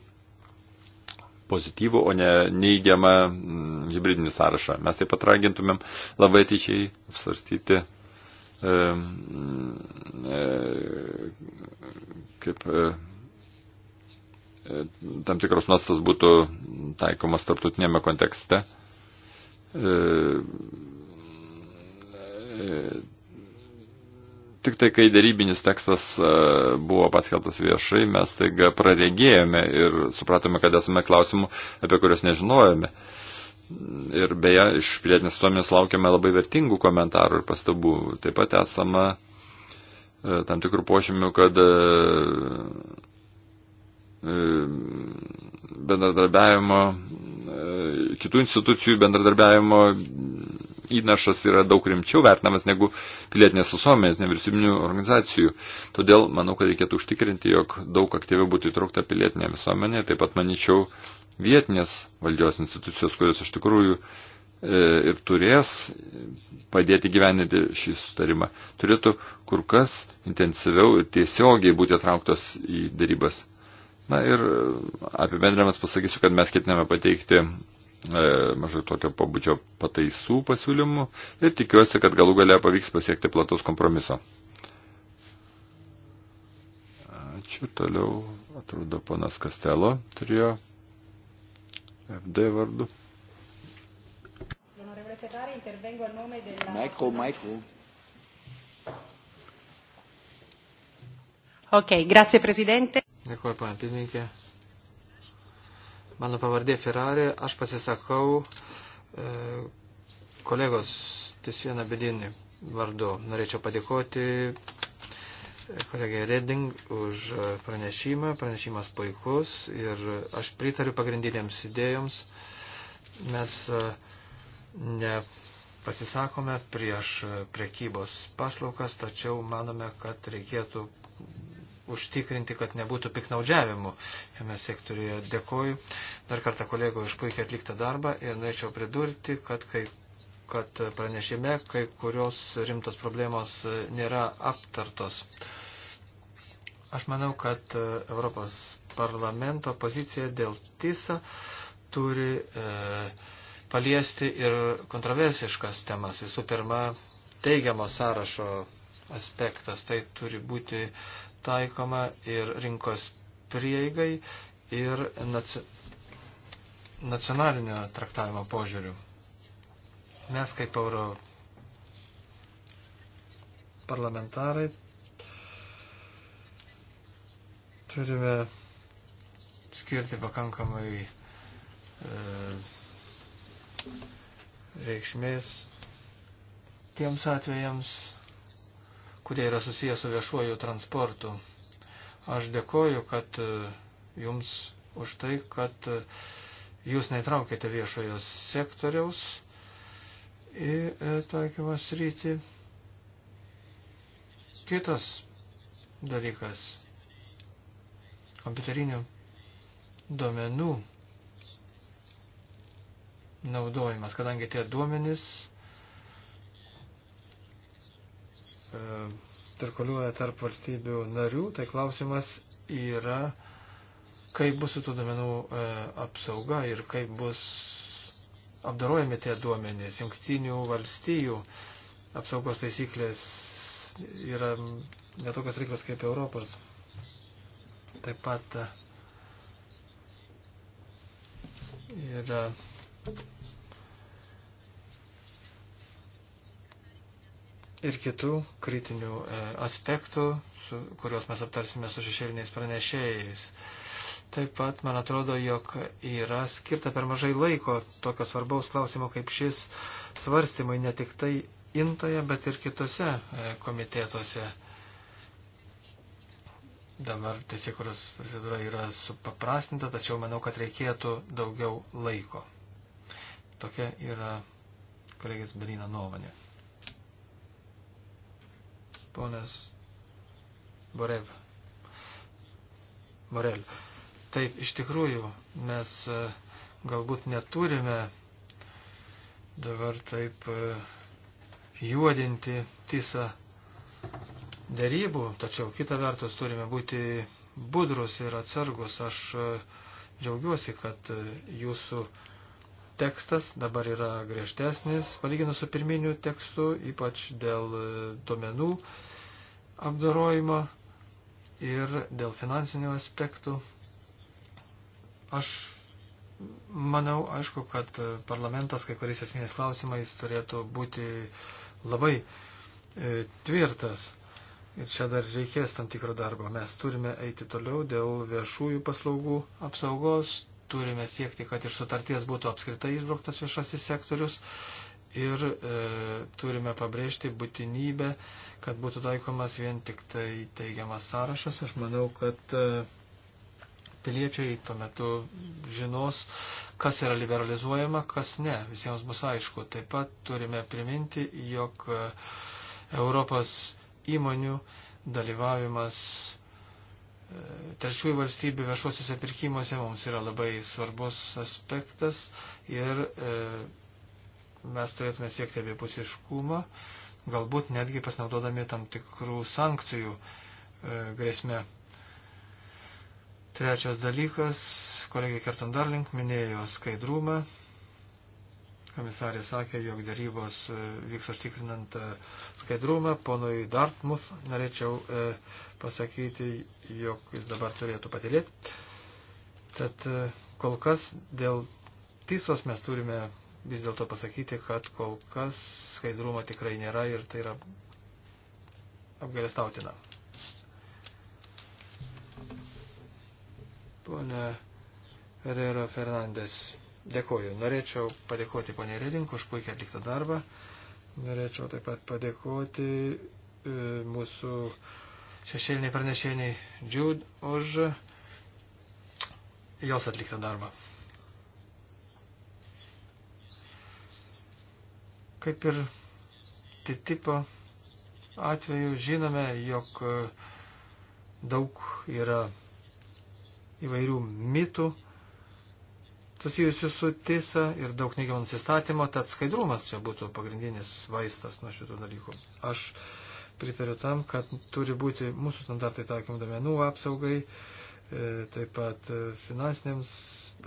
pozityvų, o ne neįgiamą mm, hybridinį sąrašą. Mes taip pat ragintumėm labai ateičiai apsvarstyti E, e, kaip e, tam tikros nuostas būtų taikomas tarptautinėme kontekste. Tik tai, kai dėrybinis tekstas buvo paskeltas viešai, mes taiga praregėjome ir supratome, kad esame klausimų, apie kuriuos nežinojome. E, Ir beje, iš pilietinės visuomenės laukiame labai vertingų komentarų ir pastabų. Taip pat esama e, tam tikrų pošymių, kad e, e, bendradarbiavimo, kitų institucijų bendradarbiavimo įnašas yra daug rimčiau vertinamas negu pilietinės visuomenės, nevyriausybinių organizacijų. Todėl manau, kad reikėtų užtikrinti, jog daug aktyviau būtų įtraukta pilietinė visuomenė. Taip pat manyčiau, vietinės valdžios institucijos, kurios iš tikrųjų e, ir turės padėti gyveninti šį sutarimą, turėtų kur kas intensyviau ir tiesiogiai būti atrauktos į darybas. Na ir e, apibendrinamas pasakysiu, kad mes ketiname pateikti e, mažai tokio pabudžio pataisų pasiūlymų ir tikiuosi, kad galų gale pavyks pasiekti plataus kompromiso. Ačiū toliau, atrodo, ponas Kastelo turėjo FD vardu. Michael, Michael. Ok, grazie prezidente. Dėkuoju, pana pirmininkė. Mano pavardė Ferrari, aš pasisakau e, kolegos Tisieną Bedinį vardu. Norėčiau padėkoti kolegai Reding už pranešimą. Pranešimas puikus ir aš pritariu pagrindinėms idėjoms. Mes e, nepasisakome prieš prekybos paslaukas, tačiau manome, kad reikėtų užtikrinti, kad nebūtų piknaudžiavimų šiame sektoriuje. Dėkoju dar kartą kolego už puikiai atliktą darbą ir norėčiau pridurti, kad kai kad pranešime kai kurios rimtos problemos nėra aptartos. Aš manau, kad e, Europos parlamento pozicija dėl TISA turi e, paliesti ir kontroversiškas temas. Visų pirma, teigiamo sąrašo aspektas. Tai turi būti taikoma ir rinkos prieigai, ir naci nacionalinio traktavimo požiūrių. Mes kaip euro parlamentarai Turime skirti pakankamai e, reikšmės tiems atvejams, kurie yra susijęs su viešuoju transportu. Aš dėkoju, kad e, jums už tai, kad e, jūs netraukėte viešojo sektoriaus į e, taikymą sritį. Kitas dalykas kompiuterinių duomenų naudojimas, kadangi tie duomenys e, cirkuliuoja tarp valstybių narių, tai klausimas yra, kaip bus su tų duomenų e, apsauga ir kaip bus apdarojami tie duomenys. Jungtinių valstijų apsaugos taisyklės yra netokios reiklos kaip Europos. Taip pat ir ir kitų kritinių e, aspektų, su, kuriuos mes aptarsime su šešėliniais pranešėjais. Taip pat, man atrodo, jog yra skirta per mažai laiko tokio svarbaus klausimo kaip šis svarstymai ne tik tai intoje, bet ir kitose e, komitetuose. Dabar teisėkuros procedūra yra supaprastinta, tačiau manau, kad reikėtų daugiau laiko. Tokia yra kolegės Berina nuomonė. Ponas Borev. Borel. Taip, iš tikrųjų, mes e, galbūt neturime dabar taip e, juodinti tisą dėrybų, tačiau kita vertus turime būti budrus ir atsargus. Aš e, džiaugiuosi, kad e, jūsų tekstas dabar yra griežtesnis, palyginus su pirminiu tekstu, ypač dėl e, duomenų apdarojimo ir dėl finansinių aspektų. Aš manau, aišku, kad parlamentas kai kuriais esminiais klausimais turėtų būti labai tvirtas. Ir čia dar reikės tam tikro darbo. Mes turime eiti toliau dėl viešųjų paslaugų apsaugos, turime siekti, kad iš sutarties būtų apskritai išbrauktas viešasis sektorius ir e, turime pabrėžti būtinybę, kad būtų taikomas vien tik tai teigiamas sąrašas. Aš manau, kad e, piliečiai tuo metu žinos, kas yra liberalizuojama, kas ne. Visiems bus aišku. Taip pat turime priminti, jog e, Europos įmonių dalyvavimas e, trečiųjų valstybių viešuosiuose pirkimuose mums yra labai svarbus aspektas ir e, mes turėtume siekti abipusiškumą, galbūt netgi pasinaudodami tam tikrų sankcijų e, grėsmę. Trečias dalykas, kolegė Kertandarlink minėjo skaidrumą, Komisarė sakė, jog darybos e, vyks užtikrinant e, skaidrumą. Ponui Dartmouth norėčiau e, pasakyti, jog jis dabar turėtų patilėti. Tad kol kas dėl tisos mes turime vis dėlto pasakyti, kad kol kas skaidrumo tikrai nėra ir tai yra apgalėstautina. Pone Herrera Fernandes. Dėkuoju. Norėčiau padėkoti ponė Redink už puikiai atliktą darbą. Norėčiau taip pat padėkoti e, mūsų šešėliniai pranešėniai Džiūd už jos atliktą darbą. Kaip ir Titipo atveju žinome, jog e, daug yra įvairių mitų susijusių su tiesa ir daug neigiamų nusistatymo, tad skaidrumas čia būtų pagrindinis vaistas nuo šitų dalykų. Aš pritariu tam, kad turi būti mūsų standartai taikymų domenų apsaugai, e, taip pat e, finansinėms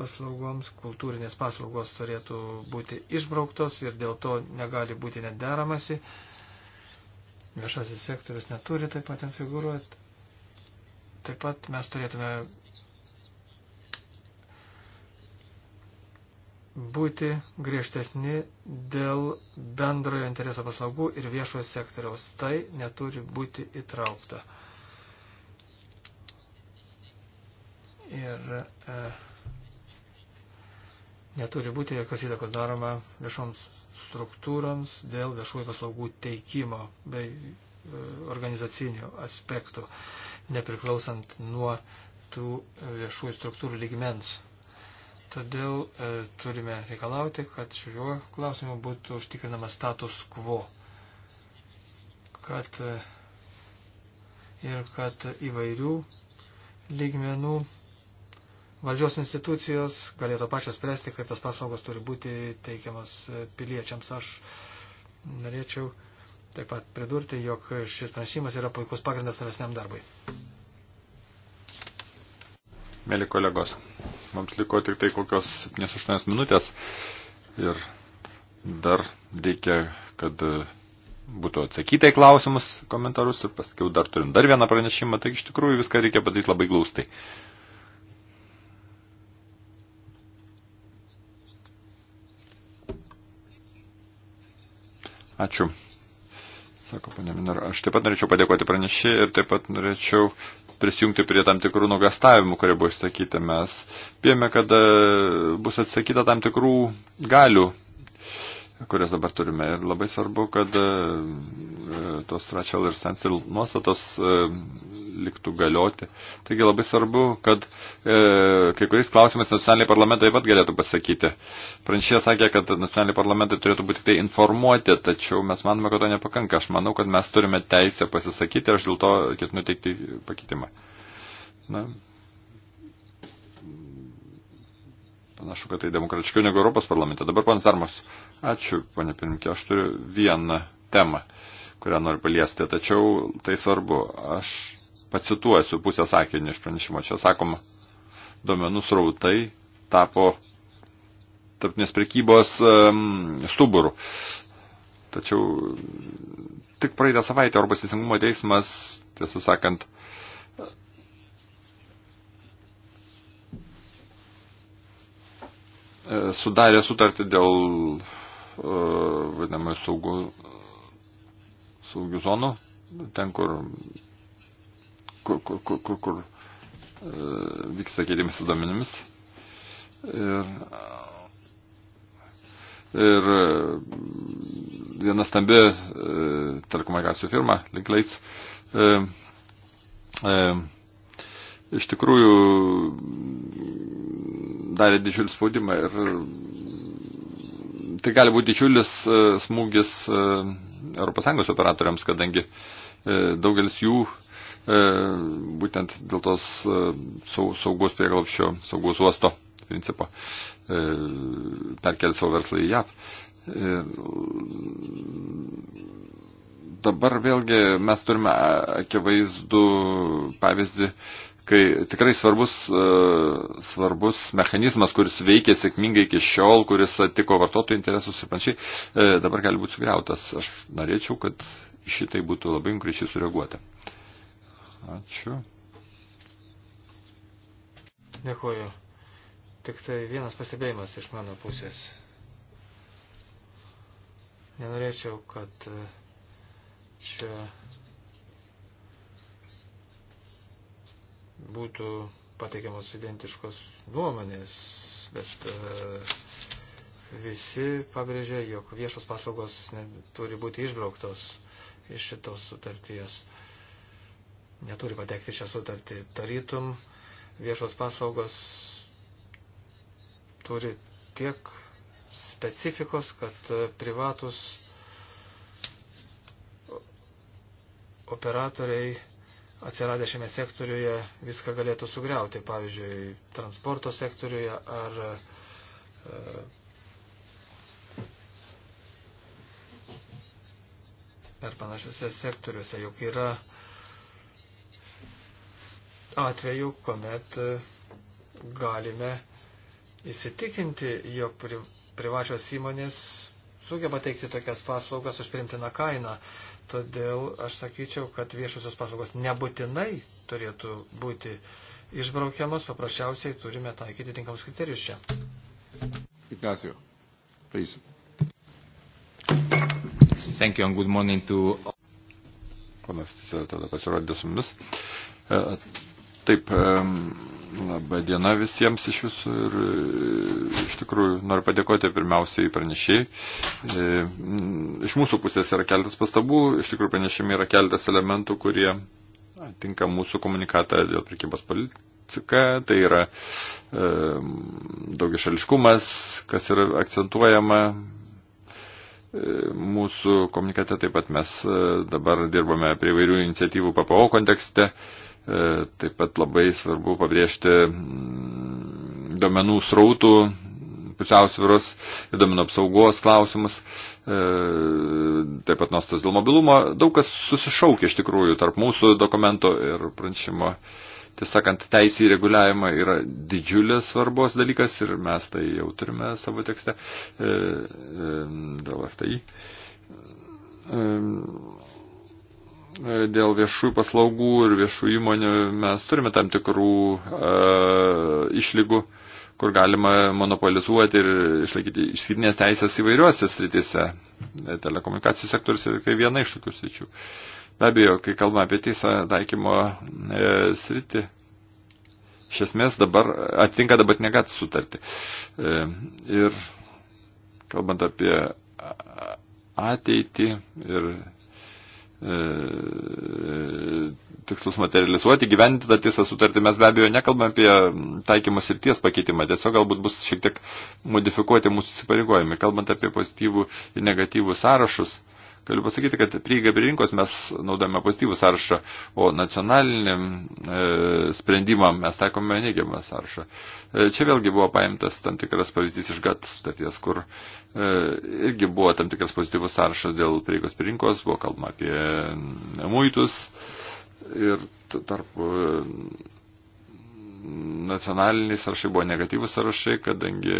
paslaugoms, kultūrinės paslaugos turėtų būti išbrauktos ir dėl to negali būti net deramasi. Viešasis sektorius neturi taip pat figūruoti. Taip pat mes turėtume būti griežtesni dėl bendrojo intereso paslaugų ir viešojo sektoriaus. Tai neturi būti įtraukta. Ir e, neturi būti jokios įtakos daroma viešoms struktūroms dėl viešųjų paslaugų teikimo bei e, organizacinių aspektų, nepriklausant nuo tų viešųjų struktūrų lygmens. Todėl e, turime reikalauti, kad šiuo klausimu būtų užtikrinamas status quo. Kad, e, ir kad įvairių lygmenų valdžios institucijos galėtų pačios spręsti, kaip tas paslaugos turi būti teikiamas e, piliečiams. Aš norėčiau taip pat pridurti, jog šis pranešimas yra puikus pagrindas tolesniam darbui. Mėly kolegos, Mums liko tik tai kokios 7-8 minutės ir dar reikia, kad e, būtų atsakyta į klausimus, komentarus ir paskiau dar turim dar vieną pranešimą, taigi iš tikrųjų viską reikia padaryti labai glaustai. Ačiū. Sako, panė Minar, aš taip pat norėčiau padėkoti pranešį ir taip pat norėčiau prisijungti prie tam tikrų nugastavimų, kurie buvo išsakyti. Mes bijome, kad e, bus atsakyta tam tikrų galių kurias dabar turime. Ir labai svarbu, kad e, e, tos Rachel ir Sensil nuostatos e, liktų galioti. Taigi labai svarbu, kad kai kuriais klausimais nacionaliniai parlamentai taip pat galėtų pasakyti. Pranšė sakė, kad nacionaliniai parlamentai turėtų būti tai informuoti, tačiau mes manome, kad to nepakanka. Aš manau, kad mes turime teisę pasisakyti ir aš dėl to ketinu teikti pakeitimą. Na, Panašu, kad tai demokratiškiau negu Europos parlamente. Dabar panas Armas, ačiū, ponė pirmininkė, aš turiu vieną temą, kurią noriu paliesti, tačiau tai svarbu. Aš pacituosiu pusę sakinį iš pranešimo. Čia sakoma, duomenų srautai tapo tarpinės prekybos um, stuburų. Tačiau tik praeitą savaitę Orbas teisingumo teismas, tiesą sakant, E, sudarė sutartį dėl e, vadinamai saugų, saugių zonų, ten, kur, kur, kur, kur, kur, kur e, vyksta keitimas duomenimis. Ir, ir viena stambi telekomunikacijų firma, Linklaits, e, e, iš tikrųjų darė didžiulį spaudimą ir tai gali būti didžiulis e, smūgis ES operatoriams, kadangi e, daugelis jų e, būtent dėl tos saugos prieglopščio, saugos uosto principo perkelti savo verslą į JAV. Dabar vėlgi mes turime akivaizdų pavyzdį kai tikrai svarbus, e, svarbus mechanizmas, kuris veikia sėkmingai iki šiol, kuris atiko vartotojų interesus ir panašiai, e, dabar gali būti sugriautas. Aš norėčiau, kad šitai būtų labai konkrečiai sureaguota. Ačiū. Dėkuoju. Tik tai vienas pastebėjimas iš mano pusės. Nenorėčiau, kad e, čia būtų pateikiamos identiškos nuomonės, bet e, visi pabrėžė, jog viešos paslaugos turi būti išbrauktos iš šitos sutarties. Neturi patekti šią sutartį. Tarytum, viešos paslaugos turi tiek specifikos, kad e, privatus operatoriai atsiradę šiame sektoriuje viską galėtų sugriauti, pavyzdžiui, transporto sektoriuje ar e, per panašiose sektoriuose, juk yra atveju, kuomet e, galime įsitikinti, jog privačios įmonės sugeba teikti tokias paslaugas už primtiną kainą. E, Todėl aš sakyčiau, kad viešusios paslaugos nebūtinai turėtų būti išbraukiamos, paprasčiausiai turime taikyti tinkamus kriterijus čia. Ignacio, please. Thank you and good morning to... Ponas tada pasirodė su mumis. E, taip, Labai diena visiems iš jūsų ir e, iš tikrųjų noriu padėkoti pirmiausiai pranešiai. E, iš mūsų pusės yra keltas pastabų, iš tikrųjų pranešime yra keltas elementų, kurie tinka mūsų komunikatą dėl prekybos politika, tai yra e, daugišališkumas, kas yra akcentuojama. E, mūsų komunikate taip pat mes e, dabar dirbame prie vairių iniciatyvų PPO kontekste. E, E, taip pat labai svarbu pabrėžti mm, domenų srautų pusiausvyros ir domino apsaugos klausimus, e, taip pat nuostas dėl mobilumo. Daug kas susišaukia iš tikrųjų tarp mūsų dokumento ir pranešimo. Tiesąkant, teisė į reguliavimą yra didžiulės svarbos dalykas ir mes tai jau turime savo tekste e, dėl FTI. E, dėl viešųjų paslaugų ir viešų įmonių mes turime tam tikrų e, išlygų, kur galima monopolizuoti ir išlaikyti išskirtinės teisės įvairiuose sritise. E, telekomunikacijų sektorius yra tik tai viena iš tokių sričių. Be abejo, kai kalbame apie teisą taikymo e, sritį, iš esmės dabar atitinka dabar negat sutarti. E, ir kalbant apie ateitį ir E, e, tikslus materializuoti, gyventi tą tiesą sutartį. Mes be abejo nekalbame apie taikymo srities pakeitimą, tiesiog galbūt bus šiek tiek modifikuoti mūsų įsipareigojimai. Kalbant apie pozityvų ir negatyvų sąrašus, uh, Galiu pasakyti, kad prieiga prie rinkos mes naudojame pozityvų sąrašą, o nacionaliniam e, sprendimam mes taikome neigiamą sąrašą. E, čia vėlgi buvo paimtas tam tikras pavyzdys iš GAT sutarties, kur e, irgi buvo tam tikras pozityvus sąrašas dėl prieigos prie rinkos, buvo kalbama apie muitus ir tarp nacionaliniai sąrašai buvo negatyvus sąrašai, kadangi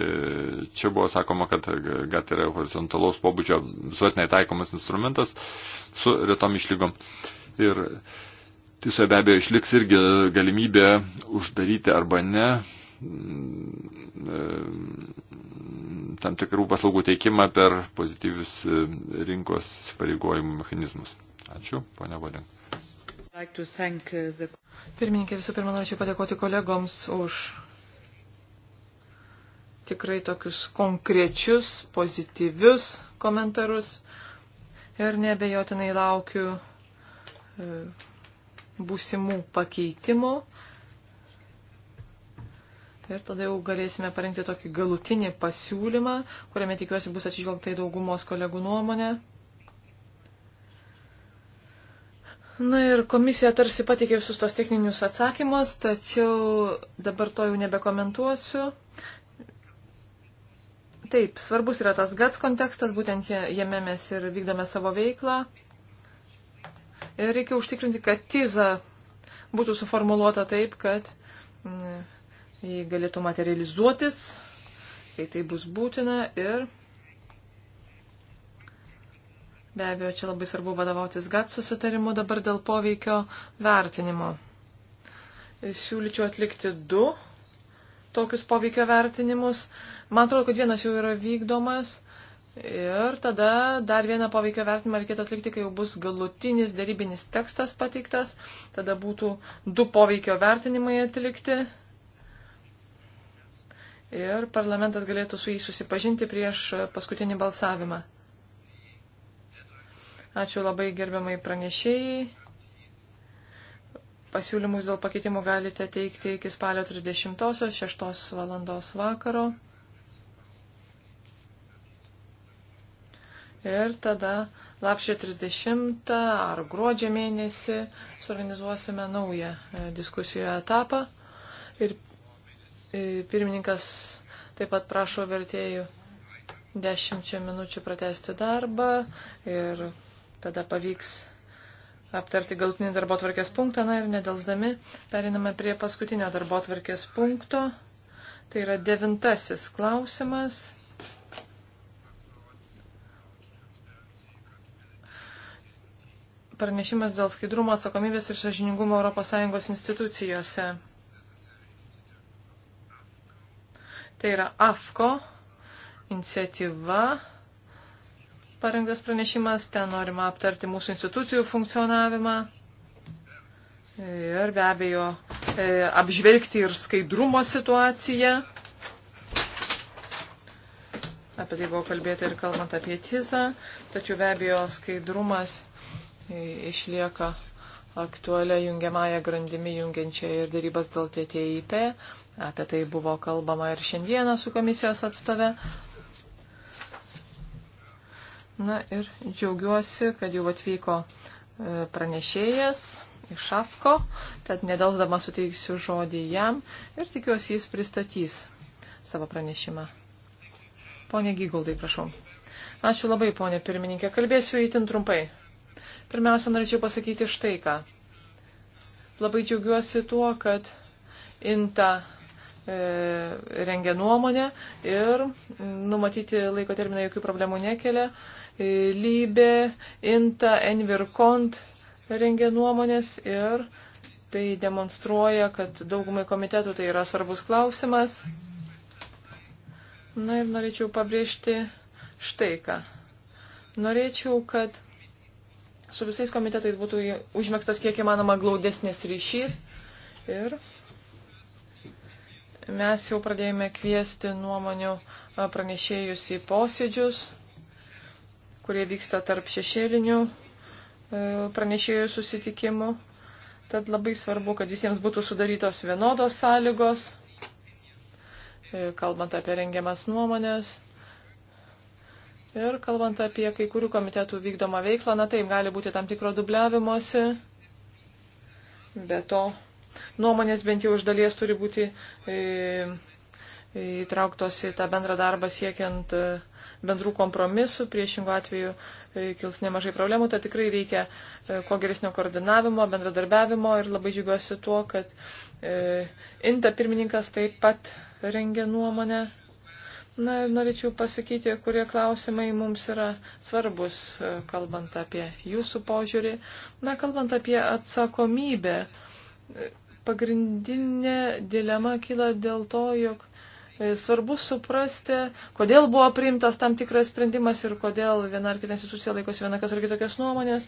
čia buvo sakoma, kad GAT yra horizontalaus pobūdžio visuotinai taikomas instrumentas su retom išlygom. Ir tiesiog be abejo išliks irgi galimybė uždaryti arba ne mm, e, tam tikrų paslaugų teikimą per pozityvius rinkos įsipareigojimų mechanizmus. Ačiū, ponia Bodink. Uh, Pirmininkė, visų pirma, norėčiau padėkoti kolegoms už tikrai tokius konkrečius, pozityvius komentarus ir nebejotinai laukiu e, būsimų pakeitimų. Ir tada jau galėsime parengti tokį galutinį pasiūlymą, kuriame tikiuosi bus atsižvelgta į daugumos kolegų nuomonę. Na ir komisija tarsi patikė visus tos techninius atsakymus, tačiau dabar to jau nebekomentuosiu. Taip, svarbus yra tas GATS kontekstas, būtent jame mes ir vykdome savo veiklą. Ir reikia užtikrinti, kad TIZA būtų suformuoluota taip, kad mm, jį galėtų materializuotis, kai tai bus būtina ir Be abejo, čia labai svarbu vadovautis GAT susitarimu dabar dėl poveikio vertinimo. Siūlyčiau atlikti du tokius poveikio vertinimus. Man atrodo, kad vienas jau yra vykdomas. Ir tada dar vieną poveikio vertinimą reikėtų atlikti, kai jau bus galutinis darybinis tekstas pateiktas. Tada būtų du poveikio vertinimai atlikti. Ir parlamentas galėtų su jais susipažinti prieš paskutinį balsavimą. Ačiū labai gerbiamai pranešėjai. Pasiūlymus dėl pakeitimų galite teikti iki spalio 30-osios, 6 valandos vakaro. Ir tada lapšio 30 ar gruodžio mėnesį suorganizuosime naują e, diskusijų etapą. Ir e, pirmininkas taip pat prašo vertėjų 10 minučių pratesti darbą ir tada pavyks aptarti galtinį darbo tvarkės punktą. Na ir nedelsdami periname prie paskutinio darbo tvarkės punkto. Tai yra devintasis klausimas. Pranešimas dėl skaidrumo atsakomybės ir sažiningumo ES institucijose. Tai yra AFKO iniciatyva parengtas pranešimas, ten norima aptarti mūsų institucijų funkcionavimą ir be abejo e, apžvelgti ir skaidrumo situaciją. Apie tai buvo kalbėta ir kalbant apie tizą, tačiau be abejo skaidrumas e, išlieka aktualią jungiamąją grandimi jungiančią ir darybas dėl TTIP. Apie tai buvo kalbama ir šiandieną su komisijos atstove. Na ir džiaugiuosi, kad jau atvyko e, pranešėjas iš Šafko, tad nedelsdama suteiksiu žodį jam ir tikiuosi jis pristatys savo pranešimą. Pone Gyguldai, prašau. Ačiū labai, ponė pirmininkė. Kalbėsiu įtin trumpai. Pirmiausia, norėčiau pasakyti štai ką. Labai džiaugiuosi tuo, kad INTA e, rengia nuomonę ir numatyti laiko terminą jokių problemų nekelia. Lybė, Inta, Envirkont rengia nuomonės ir tai demonstruoja, kad daugumai komitetų tai yra svarbus klausimas. Na ir norėčiau pabrėžti štai ką. Norėčiau, kad su visais komitetais būtų užmėgstas kiek įmanoma glaudesnis ryšys ir mes jau pradėjome kviesti nuomonių pranešėjus į posėdžius kurie vyksta tarp šešėlinių e, pranešėjų susitikimų. Tad labai svarbu, kad visiems būtų sudarytos vienodos sąlygos, e, kalbant apie rengiamas nuomonės. Ir kalbant apie kai kurių komitetų vykdomą veiklą, na taip, gali būti tam tikro dubliavimuose. Be to, nuomonės bent jau iš dalies turi būti e, įtrauktos į tą bendrą darbą siekiant e, bendrų kompromisų, priešingų atveju e, kils nemažai problemų, tad tikrai reikia e, kuo geresnio koordinavimo, bendradarbiavimo ir labai džiugiuosi tuo, kad e, Inta pirmininkas taip pat rengia nuomonę. Na ir norėčiau pasakyti, kurie klausimai mums yra svarbus, kalbant apie jūsų požiūrį. Na, kalbant apie atsakomybę, pagrindinė dilema kyla dėl to, jog E, svarbu suprasti, kodėl buvo priimtas tam tikras sprendimas ir kodėl viena ar kita institucija laikosi vienokios ar kitokios nuomonės.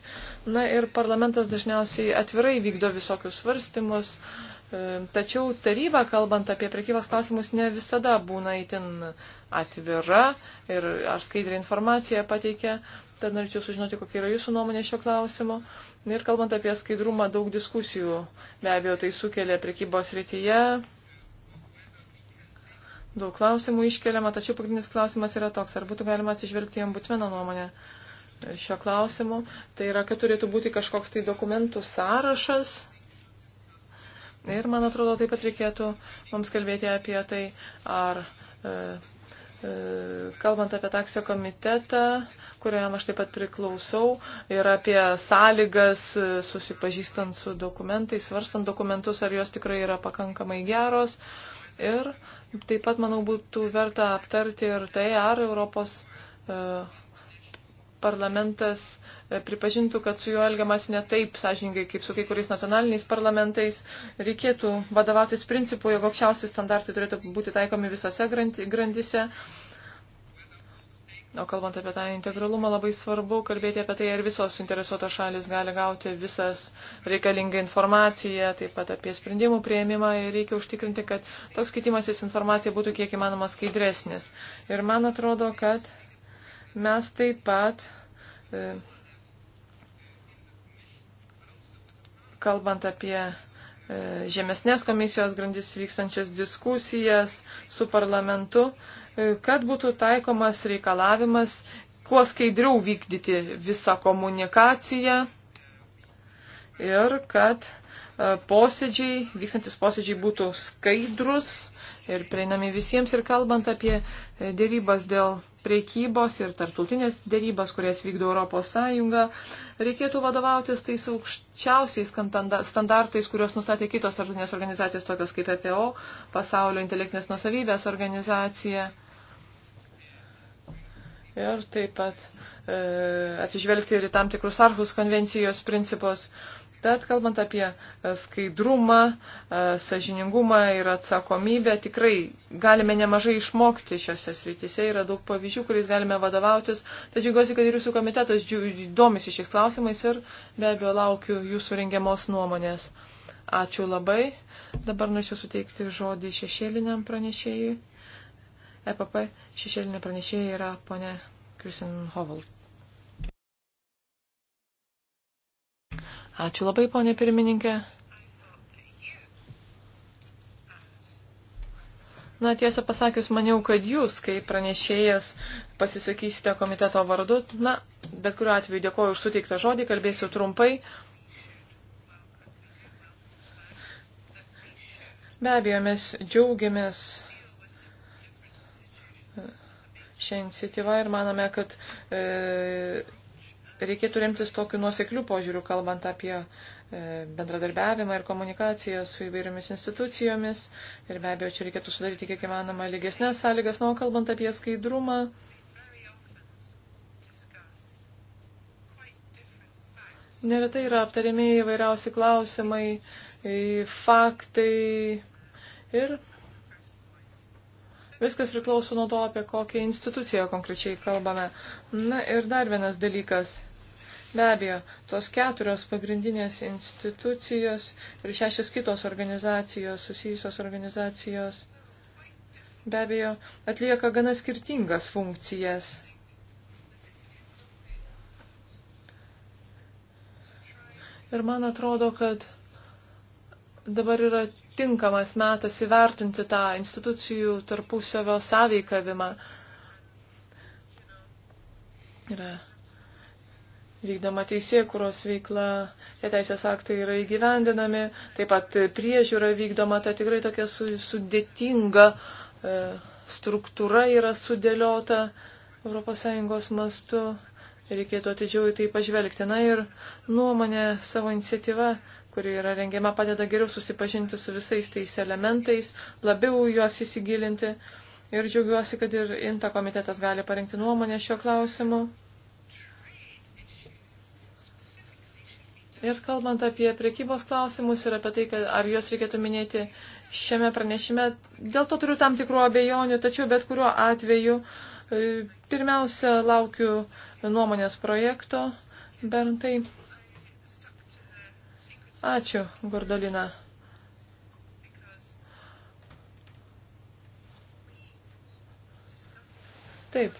Na ir parlamentas dažniausiai atvirai vykdo visokius svarstymus, e, tačiau taryba, kalbant apie prekybos klausimus, ne visada būna itin atvira ir ar skaidrė informacija pateikia. Tad norėčiau sužinoti, kokia yra jūsų nuomonė šio klausimo. Ir kalbant apie skaidrumą, daug diskusijų be abejo tai sukelia prekybos rytyje daug klausimų iškeliama, tačiau pagrindinis klausimas yra toks, ar būtų galima atsižvelgti į ombudsmeno nuomonę šio klausimu. Tai yra, kad turėtų būti kažkoks tai dokumentų sąrašas. Ir, man atrodo, taip pat reikėtų mums kalbėti apie tai, ar e, e, kalbant apie taksio komitetą, kuriam aš taip pat priklausau, ir apie sąlygas e, susipažįstant su dokumentais, svarstant dokumentus, ar jos tikrai yra pakankamai geros. E, Ir taip pat, manau, būtų verta aptarti ir tai, ar Europos e, parlamentas e, pripažintų, kad su juo elgiamas ne taip sąžininkai kaip su kai kuriais nacionaliniais parlamentais. Reikėtų vadovautis principu, jog aukščiausi standartai turėtų būti taikomi visose grandise. O kalbant apie tą integralumą, labai svarbu kalbėti apie tai, ar visos suinteresuotos šalis gali gauti visas reikalingą informaciją, taip pat apie sprendimų prieimimą ir reikia užtikrinti, kad toks keitimasis informacija būtų kiek įmanoma skaidresnis. Ir man atrodo, kad mes taip pat, e, kalbant apie e, žemesnės komisijos grandis vykstančias diskusijas su parlamentu, kad būtų taikomas reikalavimas kuo skaidriau vykdyti visą komunikaciją ir kad posėdžiai, vykstantis posėdžiai būtų skaidrus ir prieinami visiems. Ir kalbant apie dėrybas dėl priekybos ir tartutinės dėrybas, kurias vykdo Europos Sąjunga, reikėtų vadovautis tais aukščiausiais standartais, kuriuos nustatė kitos tartutinės organizacijos, tokios kaip EPO, Pasaulio intelektinės nusavybės organizacija. Ir taip pat e, atsižvelgti ir į tam tikrus Arhus konvencijos principus. E, Bet kalbant apie e, skaidrumą, e, sažiningumą ir atsakomybę, tikrai galime nemažai išmokti šiose srityse, yra daug pavyzdžių, kuriais galime vadovautis. Tad džiugiuosi, kad ir jūsų komitetas domisi šiais klausimais ir be abejo laukiu jūsų rengiamos nuomonės. Ačiū labai. Dabar norėčiau suteikti žodį šešėliniam pranešėjui. EPP šešėlinė pranešėja yra ponė Kristin Hovald. Ačiū labai, ponė pirmininkė. Na, tiesą pasakius, maniau, kad jūs, kaip pranešėjas, pasisakysite komiteto vardu. Na, bet kuriuo atveju dėkoju už suteiktą žodį, kalbėsiu trumpai. Be abejo, mes džiaugiamės šią iniciatyvą ir manome, kad e, reikėtų remtis tokiu nuosekliu požiūriu, kalbant apie e, bendradarbiavimą ir komunikaciją su įvairiomis institucijomis. Ir be abejo, čia reikėtų sudaryti kiek įmanoma lygesnės sąlygas, na, o kalbant apie skaidrumą. Neretai yra aptariami įvairiausi klausimai, faktai ir Viskas priklauso nuo to, apie kokią instituciją konkrečiai kalbame. Na ir dar vienas dalykas. Be abejo, tos keturios pagrindinės institucijos ir šešios kitos organizacijos, susijusios organizacijos, be abejo, atlieka gana skirtingas funkcijas. Ir man atrodo, kad dabar yra tinkamas metas įvertinti tą institucijų tarpusavio sąveikavimą. Yra vykdoma teisėkuros veikla, tie teisės aktai yra įgyvendinami, taip pat priežiūra vykdoma, ta tikrai tokia sudėtinga e, struktūra yra sudėliota ES mastu. Reikėtų atidžiau į tai pažvelgti. Na ir nuomonė savo iniciatyva, kuri yra rengiama, padeda geriau susipažinti su visais tais elementais, labiau juos įsigilinti. Ir džiaugiuosi, kad ir INTA komitetas gali parinkti nuomonę šiuo klausimu. Ir kalbant apie priekybos klausimus ir apie tai, kad, ar juos reikėtų minėti šiame pranešime, dėl to turiu tam tikrų abejonių, tačiau bet kuriuo atveju e, pirmiausia laukiu nuomonės projekto. Berntai. Ačiū, Gordolina. Taip,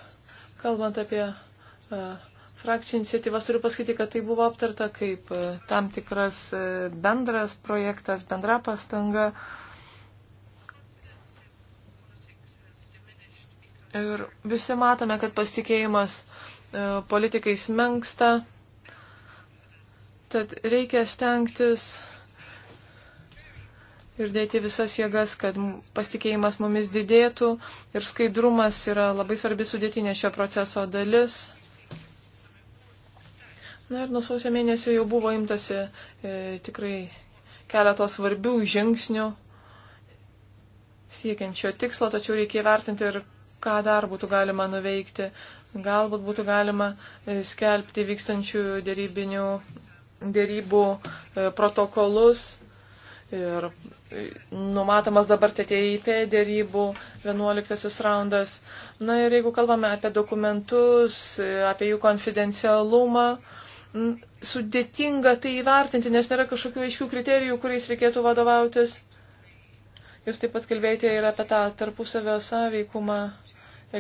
kalbant apie uh, frakcijų iniciatyvas turiu pasakyti, kad tai buvo aptarta kaip e, tam tikras e, bendras projektas, bendra pastanga. Ir visi matome, kad pasitikėjimas e, politikais menksta, tad reikia stengtis ir dėti visas jėgas, kad pasitikėjimas mumis didėtų ir skaidrumas yra labai svarbi sudėtinė šio proceso dalis. Na ir nuo sausio mėnesio jau buvo imtasi e, tikrai keletos svarbių žingsnių siekiančio tikslo, tačiau reikia vertinti ir ką dar būtų galima nuveikti. Galbūt būtų galima e, skelbti vykstančių dėrybinių, dėrybų e, protokolus ir e, numatomas dabar TTIP dėrybų 11 raundas. Na ir jeigu kalbame apie dokumentus, apie jų konfidencialumą, sudėtinga tai įvertinti, nes nėra kažkokių aiškių kriterijų, kuriais reikėtų vadovautis. Jūs taip pat kalbėjote ir apie tą tarpusavio sąveikumą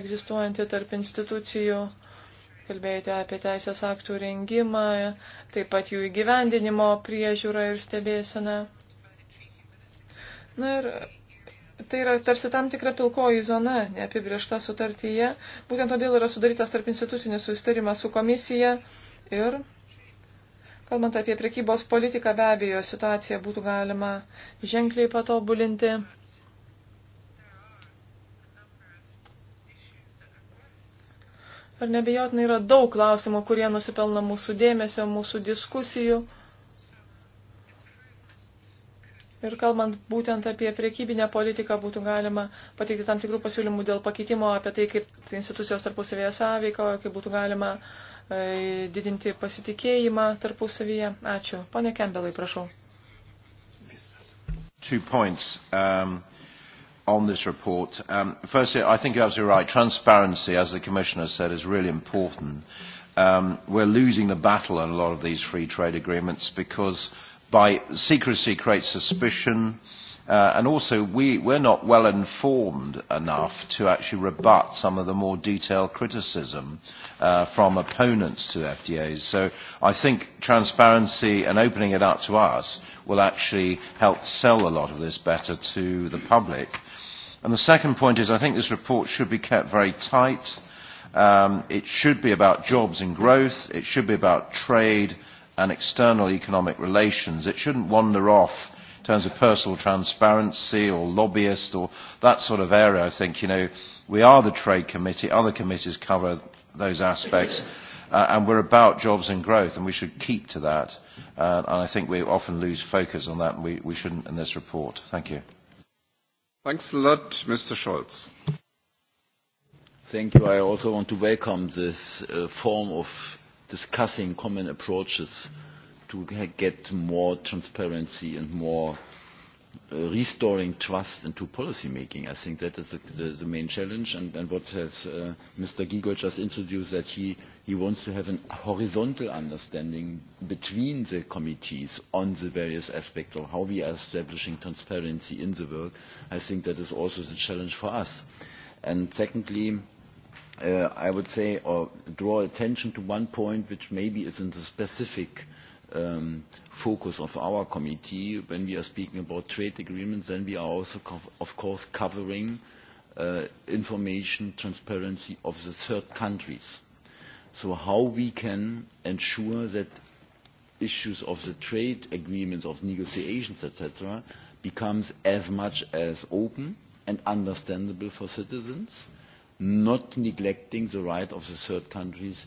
egzistuojantį tarp institucijų, kalbėjote apie teisės aktų rengimą, taip pat jų įgyvendinimo priežiūrą ir stebėseną. Na ir tai yra tarsi tam tikra pilkoji zona, neapibriešta sutartyje. Būtent todėl yra sudarytas tarp institucinis susitarimas su komisija ir Kalbant apie prekybos politiką, be abejo, situaciją būtų galima ženkliai patobulinti. Ar nebejotinai yra daug klausimų, kurie nusipelna mūsų dėmesio, mūsų diskusijų. Ir kalbant būtent apie priekybinę politiką, būtų galima pateikti tam tikrų pasiūlymų dėl pakeitimo apie tai, kaip institucijos tarpusavėje sąveikauja, kaip būtų galima uh, E, didinti pasitikėjimą tarpusavyje. Ačiū. Pone Kembelai, prašau. Two points. Um on this report. Um, firstly, I think you're absolutely right. Transparency, as the Commissioner said, is really important. Um, we're losing the battle on a lot of these free trade agreements because by secrecy creates suspicion. Mm-hmm Uh, and also, we, we're not well informed enough to actually rebut some of the more detailed criticism uh, from opponents to FDAs. So I think transparency and opening it up to us will actually help sell a lot of this better to the public. And the second point is I think this report should be kept very tight. Um, it should be about jobs and growth. It should be about trade and external economic relations. It shouldn't wander off terms of personal transparency or lobbyist or that sort of area, I think, you know, we are the trade committee. Other committees cover those aspects. Uh, and we're about jobs and growth, and we should keep to that. Uh, and I think we often lose focus on that, and we, we shouldn't in this report. Thank you. Thanks a lot, Mr. Scholz. Thank you. I also want to welcome this uh, form of discussing common approaches. Mm-hmm to get more transparency and more uh, restoring trust into policymaking. I think that is the, the, the main challenge, and, and what has uh, Mr. Giegold just introduced, that he, he wants to have a horizontal understanding between the committees on the various aspects of how we are establishing transparency in the work. I think that is also the challenge for us. And secondly, uh, I would say, or draw attention to one point which maybe is in the specific uh, um, focus of our committee when we are speaking about trade agreements, then we are also, of course, covering uh, information transparency of the third countries. So how we can ensure that issues of the trade agreements, of negotiations, etc., becomes as much as open and understandable for citizens, not neglecting the right of the third countries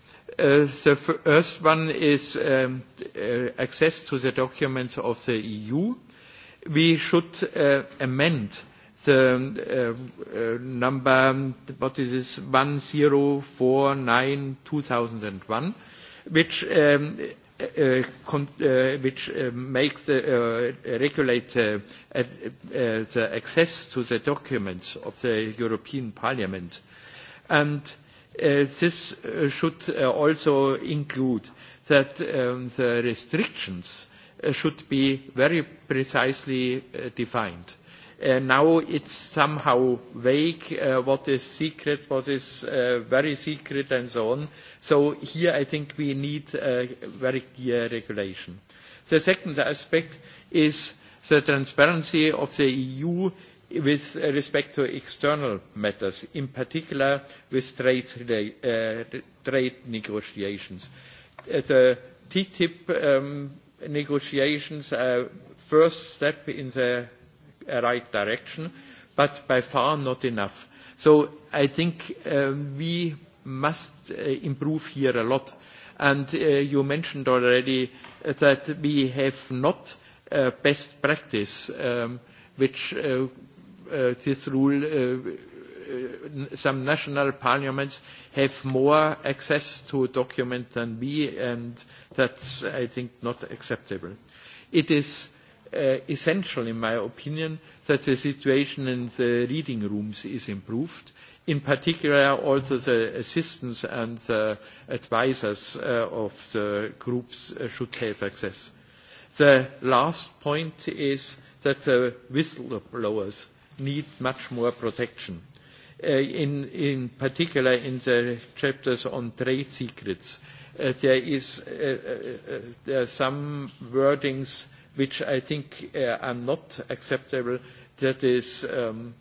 Uh, the first one is um, uh, access to the documents of the EU. We should uh, amend the uh, uh, number, what is this, 1049-2001, which, um, uh, con uh, which uh, makes the, uh, regulates uh, uh, the access to the documents of the European Parliament. And Uh, this uh, should uh, also include that um, the restrictions uh, should be very precisely uh, defined. Uh, now it's somehow vague uh, what is secret, what is uh, very secret and so on. So here I think we need uh, very clear regulation. The second aspect is the transparency of the EU with respect to external matters, in particular with trade, uh, trade negotiations. Uh, the TTIP um, negotiations are first step in the right direction, but by far not enough. So I think uh, we must uh, improve here a lot. And uh, you mentioned already that we have not uh, best practice um, which uh, uh, this rule, uh, uh, some national parliaments have more access to documents than we, and that's, I think, not acceptable. It is uh, essential, in my opinion, that the situation in the reading rooms is improved. In particular, also the assistants and the advisors uh, of the groups uh, should have access. The last point is that the whistleblowers need much more protection, uh, in, in particular in the chapters on trade secrets. Uh, there is uh, uh, uh, there are some wordings which I think uh, are not acceptable. That is, um,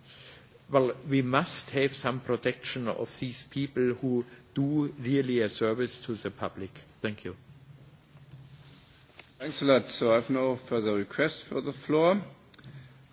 well, we must have some protection of these people who do really a service to the public. Thank you. Thanks a lot. So I have no further requests for the floor.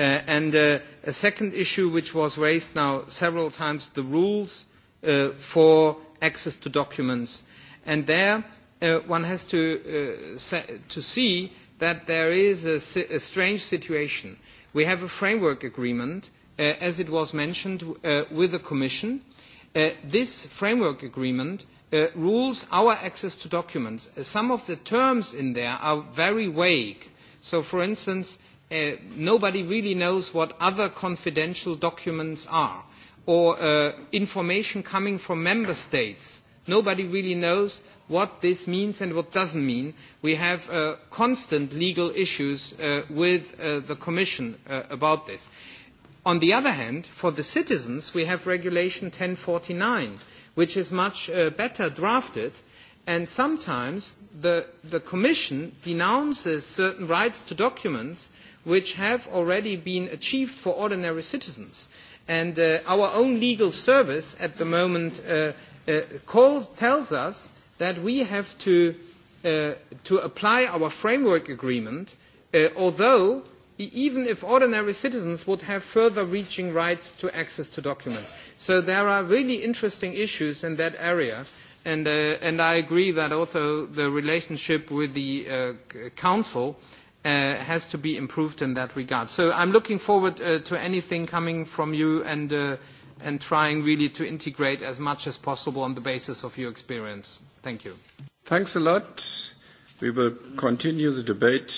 Uh, and uh, a second issue which was raised now several times, the rules uh, for access to documents. And there uh, one has to, uh, se- to see that there is a, si- a strange situation. We have a framework agreement, uh, as it was mentioned, uh, with the Commission. Uh, this framework agreement uh, rules our access to documents. Uh, some of the terms in there are very vague. So, for instance, uh, uh, nobody really knows what other confidential documents are, or uh, information coming from member states. Nobody really knows what this means and what doesn't mean. We have uh, constant legal issues uh, with uh, the Commission uh, about this. On the other hand, for the citizens, we have Regulation 1049, which is much uh, better drafted, and sometimes the, the Commission denounces certain rights to documents uh, which have already been achieved for ordinary citizens. And uh, our own legal service at the moment uh, uh, calls, tells us that we have to, uh, to apply our framework agreement, uh, although e-, even if ordinary citizens would have further reaching rights to access to documents. So there are really interesting issues in that area. And, uh, and I agree that also the relationship with the uh, Council uh, uh, has to be improved in that regard. So I'm looking forward uh, to anything coming from you and, uh, and trying really to integrate as much as possible on the basis of your experience. Thank you. Thanks a lot. We will continue the debate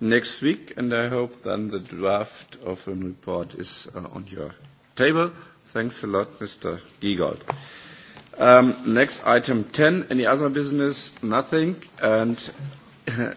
next week, and I hope then the draft of a report is uh, on your table. Thanks a lot, Mr. Giegold. Um, next item 10, any other business? Nothing. And [LAUGHS]